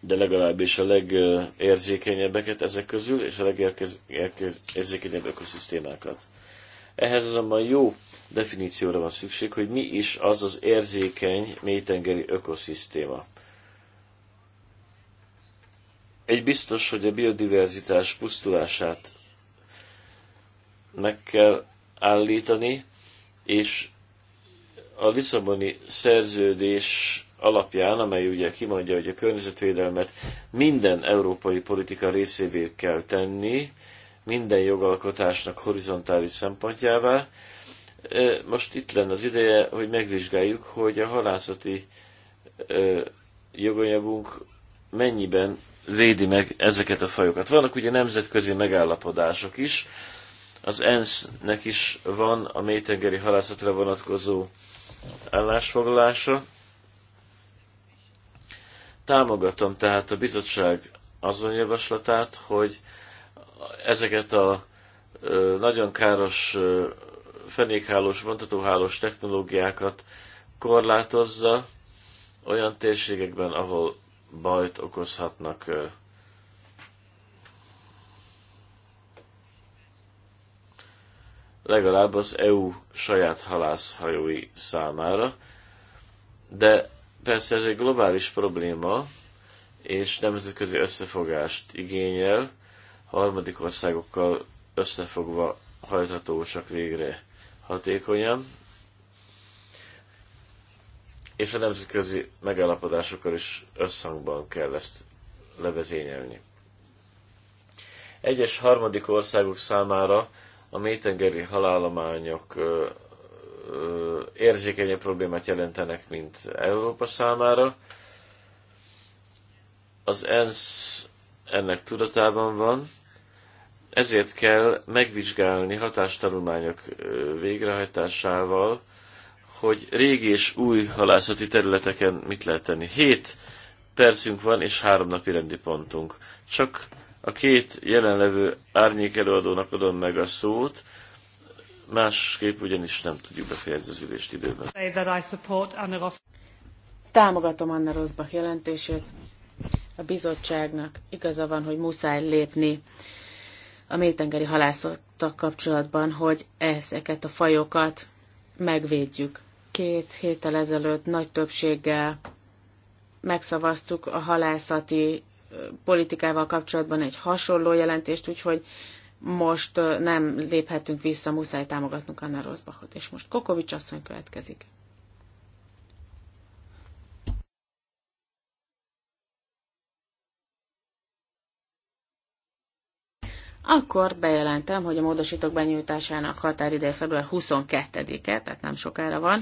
de legalábbis a legérzékenyebbeket ezek közül, és a legérzékenyebb ökoszisztémákat. Ehhez azonban jó definícióra van szükség, hogy mi is az az érzékeny mélytengeri ökoszisztéma. Egy biztos, hogy a biodiverzitás pusztulását meg kell állítani, és a Lisszaboni szerződés alapján, amely ugye kimondja, hogy a környezetvédelmet minden európai politika részévé kell tenni, minden jogalkotásnak horizontális szempontjává. Most itt lenne az ideje, hogy megvizsgáljuk, hogy a halászati joganyagunk mennyiben védi meg ezeket a fajokat. Vannak ugye nemzetközi megállapodások is, az ENSZ-nek is van a mélytengeri halászatra vonatkozó állásfoglalása. Támogatom tehát a bizottság azon javaslatát, hogy ezeket a nagyon káros fenékhálós, vontatóhálós technológiákat korlátozza olyan térségekben, ahol bajt okozhatnak. legalább az EU saját halászhajói számára, de persze ez egy globális probléma, és nemzetközi összefogást igényel, harmadik országokkal összefogva hajthatósak végre hatékonyan, és a nemzetközi megállapodásokkal is összhangban kell ezt levezényelni. Egyes harmadik országok számára a mélytengeri halállományok érzékenyebb problémát jelentenek, mint Európa számára. Az ENSZ ennek tudatában van, ezért kell megvizsgálni hatástanulmányok végrehajtásával hogy régi és új halászati területeken mit lehet tenni. Hét percünk van, és három napi rendi pontunk. Csak a két jelenlevő árnyék előadónak adom meg a szót, másképp ugyanis nem tudjuk befejezni az ülést időben. Támogatom Anna Rosbach jelentését. A bizottságnak igaza van, hogy muszáj lépni a mélytengeri halászattal kapcsolatban, hogy ezeket a fajokat megvédjük. Két héttel ezelőtt nagy többséggel megszavaztuk a halászati politikával kapcsolatban egy hasonló jelentést, úgyhogy most nem léphetünk vissza, muszáj támogatnunk Anna Rosbachot. És most Kokovics asszony következik. akkor bejelentem, hogy a módosítók benyújtásának határideje február 22-e, tehát nem sokára van.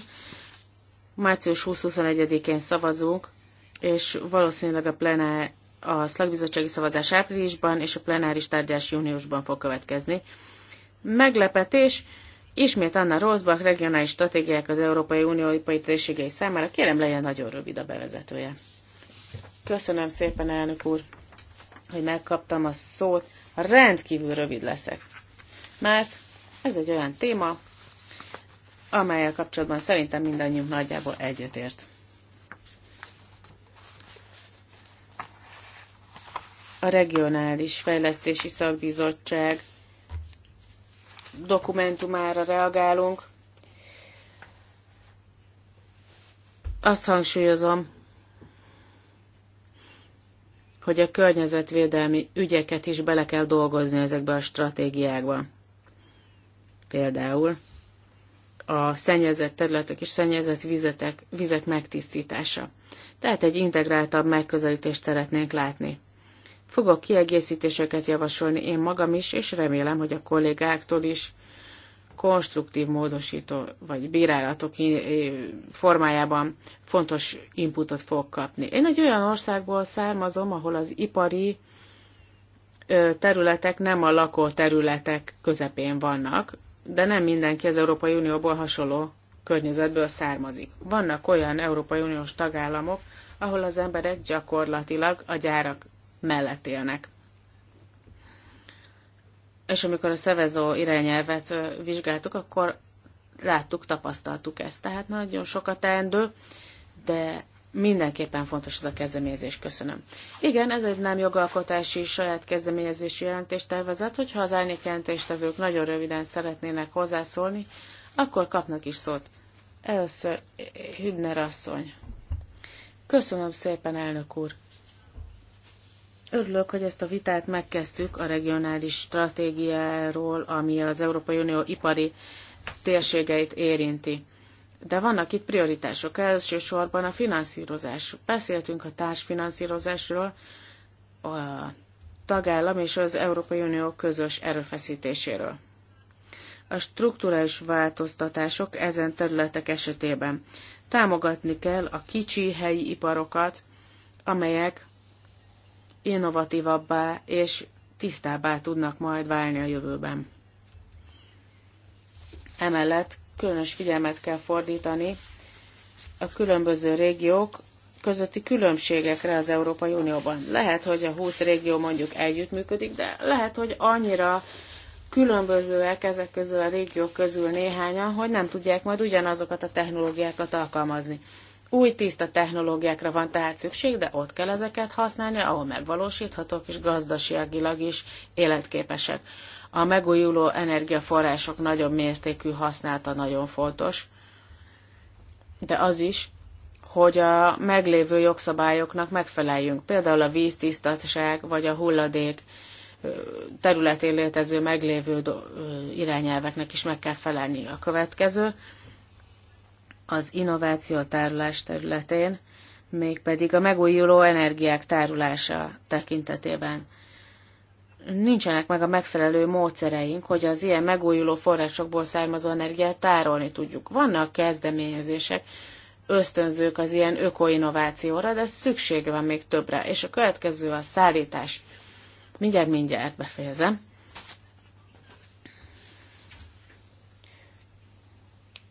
Március 20-21-én szavazunk, és valószínűleg a plenár, a szlagbizottsági szavazás áprilisban és a plenáris tárgyás júniusban fog következni. Meglepetés, ismét Anna Rosbach regionális stratégiák az Európai Unió ipari térségei számára. Kérem legyen nagyon rövid a bevezetője. Köszönöm szépen, elnök úr! hogy megkaptam a szót. Rendkívül rövid leszek, mert ez egy olyan téma, amelyel kapcsolatban szerintem mindannyiunk nagyjából egyetért. A Regionális Fejlesztési Szakbizottság dokumentumára reagálunk. Azt hangsúlyozom, hogy a környezetvédelmi ügyeket is bele kell dolgozni ezekbe a stratégiákba. Például a szennyezett területek és szennyezett vizetek, vizek megtisztítása. Tehát egy integráltabb megközelítést szeretnénk látni. Fogok kiegészítéseket javasolni én magam is, és remélem, hogy a kollégáktól is konstruktív módosító vagy bírálatok formájában fontos inputot fog kapni. Én egy olyan országból származom, ahol az ipari területek nem a lakó területek közepén vannak, de nem mindenki az Európai Unióból hasonló környezetből származik. Vannak olyan Európai Uniós tagállamok, ahol az emberek gyakorlatilag a gyárak mellett élnek és amikor a szevezó irányelvet vizsgáltuk, akkor láttuk, tapasztaltuk ezt. Tehát nagyon sokat teendő, de mindenképpen fontos ez a kezdeményezés. Köszönöm. Igen, ez egy nem jogalkotási saját kezdeményezési jelentést tervezett, hogyha az árnyék jelentéstevők nagyon röviden szeretnének hozzászólni, akkor kapnak is szót. Először Hübner asszony. Köszönöm szépen, elnök úr. Örülök, hogy ezt a vitát megkezdtük a regionális stratégiáról, ami az Európai Unió ipari térségeit érinti. De vannak itt prioritások, elsősorban a finanszírozás. Beszéltünk a társfinanszírozásról, a tagállam és az Európai Unió közös erőfeszítéséről. A strukturális változtatások ezen területek esetében támogatni kell a kicsi helyi iparokat, amelyek innovatívabbá és tisztábbá tudnak majd válni a jövőben. Emellett különös figyelmet kell fordítani a különböző régiók közötti különbségekre az Európai Unióban. Lehet, hogy a 20 régió mondjuk együttműködik, de lehet, hogy annyira különbözőek ezek közül a régiók közül néhányan, hogy nem tudják majd ugyanazokat a technológiákat alkalmazni. Új tiszta technológiákra van tehát szükség, de ott kell ezeket használni, ahol megvalósíthatók és gazdaságilag is életképesek. A megújuló energiaforrások nagyobb mértékű használata nagyon fontos, de az is, hogy a meglévő jogszabályoknak megfeleljünk, például a víztisztaság vagy a hulladék területén létező meglévő irányelveknek is meg kell felelni a következő az innováció tárolás területén, mégpedig a megújuló energiák tárolása tekintetében. Nincsenek meg a megfelelő módszereink, hogy az ilyen megújuló forrásokból származó energiát tárolni tudjuk. Vannak kezdeményezések, ösztönzők az ilyen ökoinnovációra, de szüksége van még többre. És a következő a szállítás. Mindjárt, mindjárt befejezem.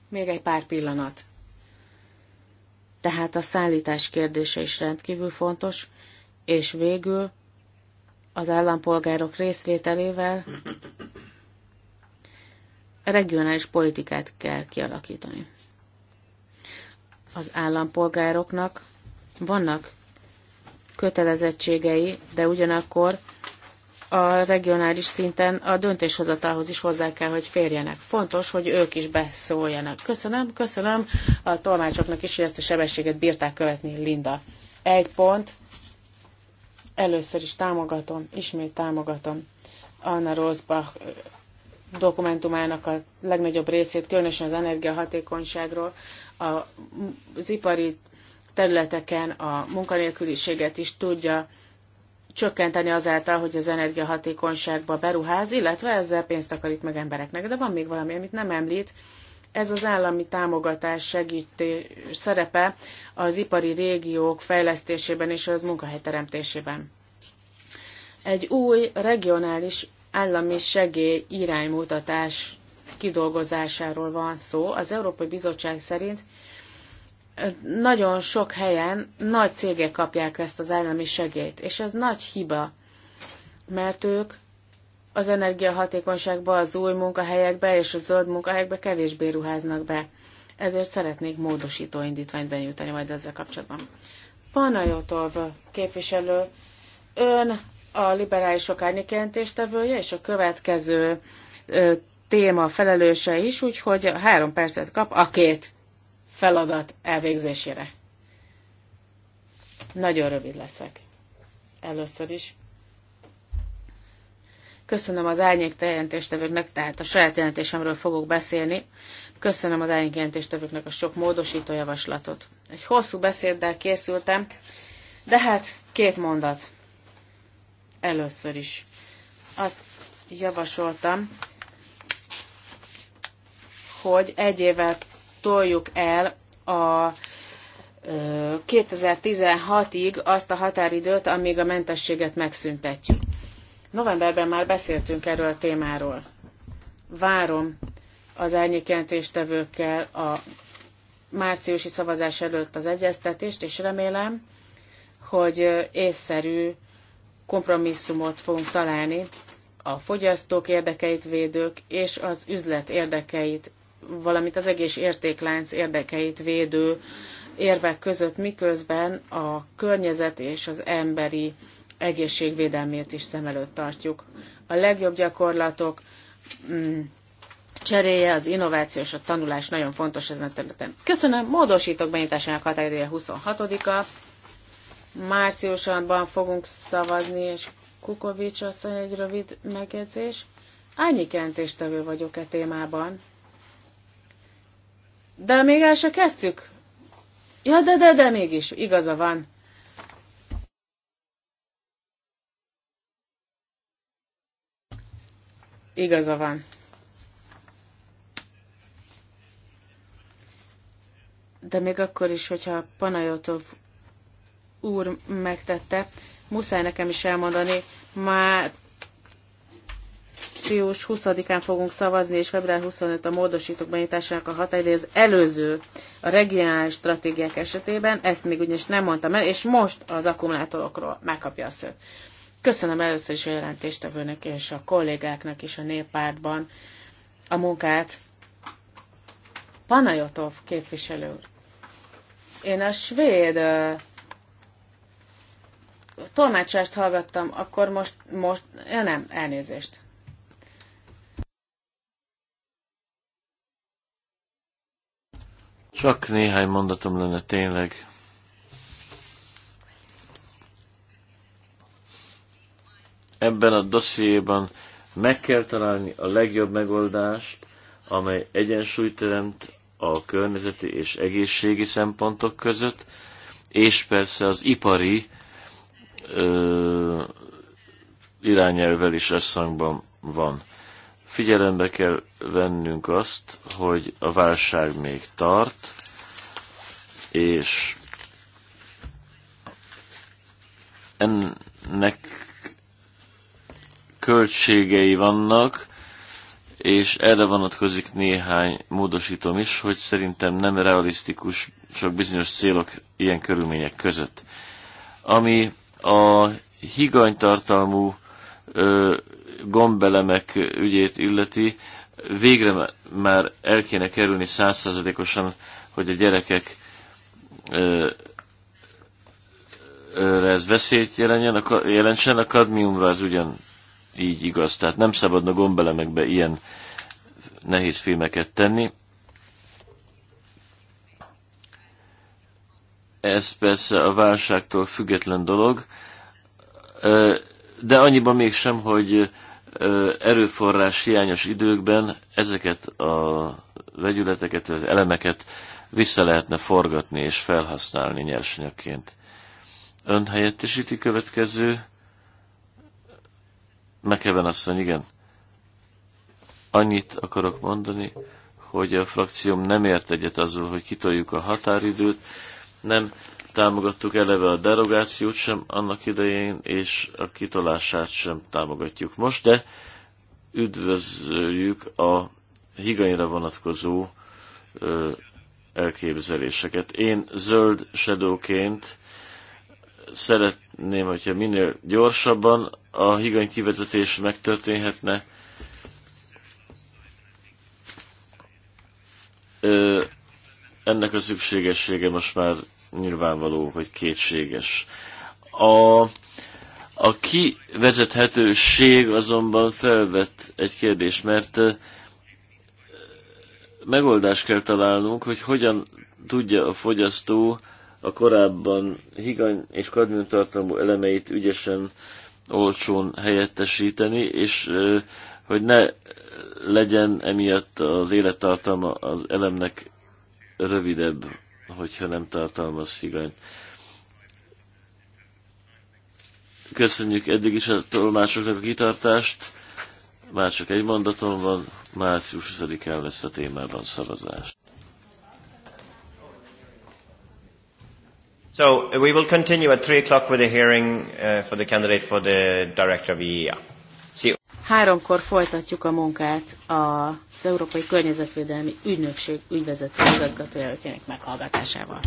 Még egy pár pillanat. Tehát a szállítás kérdése is rendkívül fontos, és végül az állampolgárok részvételével regionális politikát kell kialakítani. Az állampolgároknak vannak kötelezettségei, de ugyanakkor a regionális szinten a döntéshozatalhoz is hozzá kell, hogy férjenek. Fontos, hogy ők is beszóljanak. Köszönöm, köszönöm a tolmácsoknak is, hogy ezt a sebességet bírták követni, Linda. Egy pont. Először is támogatom, ismét támogatom Anna Rosbach dokumentumának a legnagyobb részét, különösen az energiahatékonyságról, az ipari területeken a munkanélküliséget is tudja csökkenteni azáltal, hogy az energiahatékonyságba beruház, illetve ezzel pénzt takarít meg embereknek. De van még valami, amit nem említ, ez az állami támogatás segíti szerepe az ipari régiók fejlesztésében és az munkahelyteremtésében. Egy új regionális állami segély iránymutatás kidolgozásáról van szó. Az Európai Bizottság szerint nagyon sok helyen nagy cégek kapják ezt az állami segélyt, és ez nagy hiba, mert ők az energiahatékonyságba, az új munkahelyekbe és a zöld munkahelyekbe kevésbé ruháznak be. Ezért szeretnék módosító indítványt benyújtani majd ezzel kapcsolatban. Panajotov képviselő, ön a liberálisok árnyékjelentéstevője és a következő ö, téma felelőse is, úgyhogy három percet kap a két feladat elvégzésére. Nagyon rövid leszek. Először is. Köszönöm az árnyék jelentéstevőknek, tehát a saját jelentésemről fogok beszélni. Köszönöm az árnyék jelentéstevőknek a sok módosító javaslatot. Egy hosszú beszéddel készültem, de hát két mondat. Először is. Azt javasoltam, hogy egy évvel toljuk el a 2016-ig azt a határidőt, amíg a mentességet megszüntetjük. Novemberben már beszéltünk erről a témáról. Várom az árnyékjelentéstevőkkel a márciusi szavazás előtt az egyeztetést, és remélem, hogy észszerű kompromisszumot fogunk találni a fogyasztók érdekeit védők és az üzlet érdekeit valamint az egész értéklánc érdekeit védő érvek között, miközben a környezet és az emberi egészségvédelmét is szem előtt tartjuk. A legjobb gyakorlatok mm, cseréje, az innováció és a tanulás nagyon fontos ezen a területen. Köszönöm, módosítok benyitásának határidője 26-a. Márciusban fogunk szavazni, és Kukovics asszony egy rövid megjegyzés. kentéstevő vagyok e témában. De még el se kezdtük. Ja, de, de, de mégis, igaza van. Igaza van. De még akkor is, hogyha Panajotov úr megtette, muszáj nekem is elmondani, már március 20-án fogunk szavazni, és február 25 a módosítók benyitásának a határidő az előző, a regionális stratégiák esetében, ezt még ugyanis nem mondtam el, és most az akkumulátorokról megkapja a szőt. Köszönöm először is a jelentéstevőnek és a kollégáknak is a néppártban a munkát. Panajotov képviselő. Én a svéd tolmácsást hallgattam, akkor most, most, ja nem, elnézést. Csak néhány mondatom lenne tényleg. Ebben a dossziéban meg kell találni a legjobb megoldást, amely egyensúlyt teremt a környezeti és egészségi szempontok között, és persze az ipari ö, irányelvvel is összhangban van. Figyelembe kell vennünk azt, hogy a válság még tart, és ennek költségei vannak, és erre vonatkozik néhány módosítom is, hogy szerintem nem realisztikus sok bizonyos célok ilyen körülmények között. Ami a higanytartalmú gombelemek ügyét illeti, végre már el kéne kerülni százszázalékosan, hogy a gyerekek ez veszélyt jelenjen, a, jelentsen, a kadmiumra ez ugyan így igaz. Tehát nem szabadna gombelemekbe ilyen nehéz filmeket tenni. Ez persze a válságtól független dolog, de annyiban mégsem, hogy erőforrás hiányos időkben ezeket a vegyületeket, az elemeket vissza lehetne forgatni és felhasználni nyersanyagként. Ön helyettesíti következő? Mekeven asszony, igen. Annyit akarok mondani, hogy a frakcióm nem ért egyet azzal, hogy kitoljuk a határidőt, nem támogattuk eleve a derogációt sem annak idején, és a kitolását sem támogatjuk most, de üdvözöljük a higanyra vonatkozó ö, elképzeléseket. Én zöld shadowként szeretném, hogyha minél gyorsabban a higany kivezetés megtörténhetne. Ö, ennek a szükségessége most már nyilvánvaló, hogy kétséges. A, a kivezethetőség azonban felvet egy kérdés, mert megoldást kell találnunk, hogy hogyan tudja a fogyasztó a korábban higany és kadmium tartalmú elemeit ügyesen, olcsón helyettesíteni, és hogy ne legyen emiatt az élettartalma az elemnek rövidebb hogyha nem tartalmaz cigányt. Köszönjük eddig is a tolmásoknak a kitartást. Már csak egy mondatom van, március 20-án lesz a témában szavazás. So we will continue at 3 o'clock with a hearing uh, for the candidate for the director of EEA. Háromkor folytatjuk a munkát az Európai Környezetvédelmi Ügynökség ügyvezető igazgatójelöltjének meghallgatásával.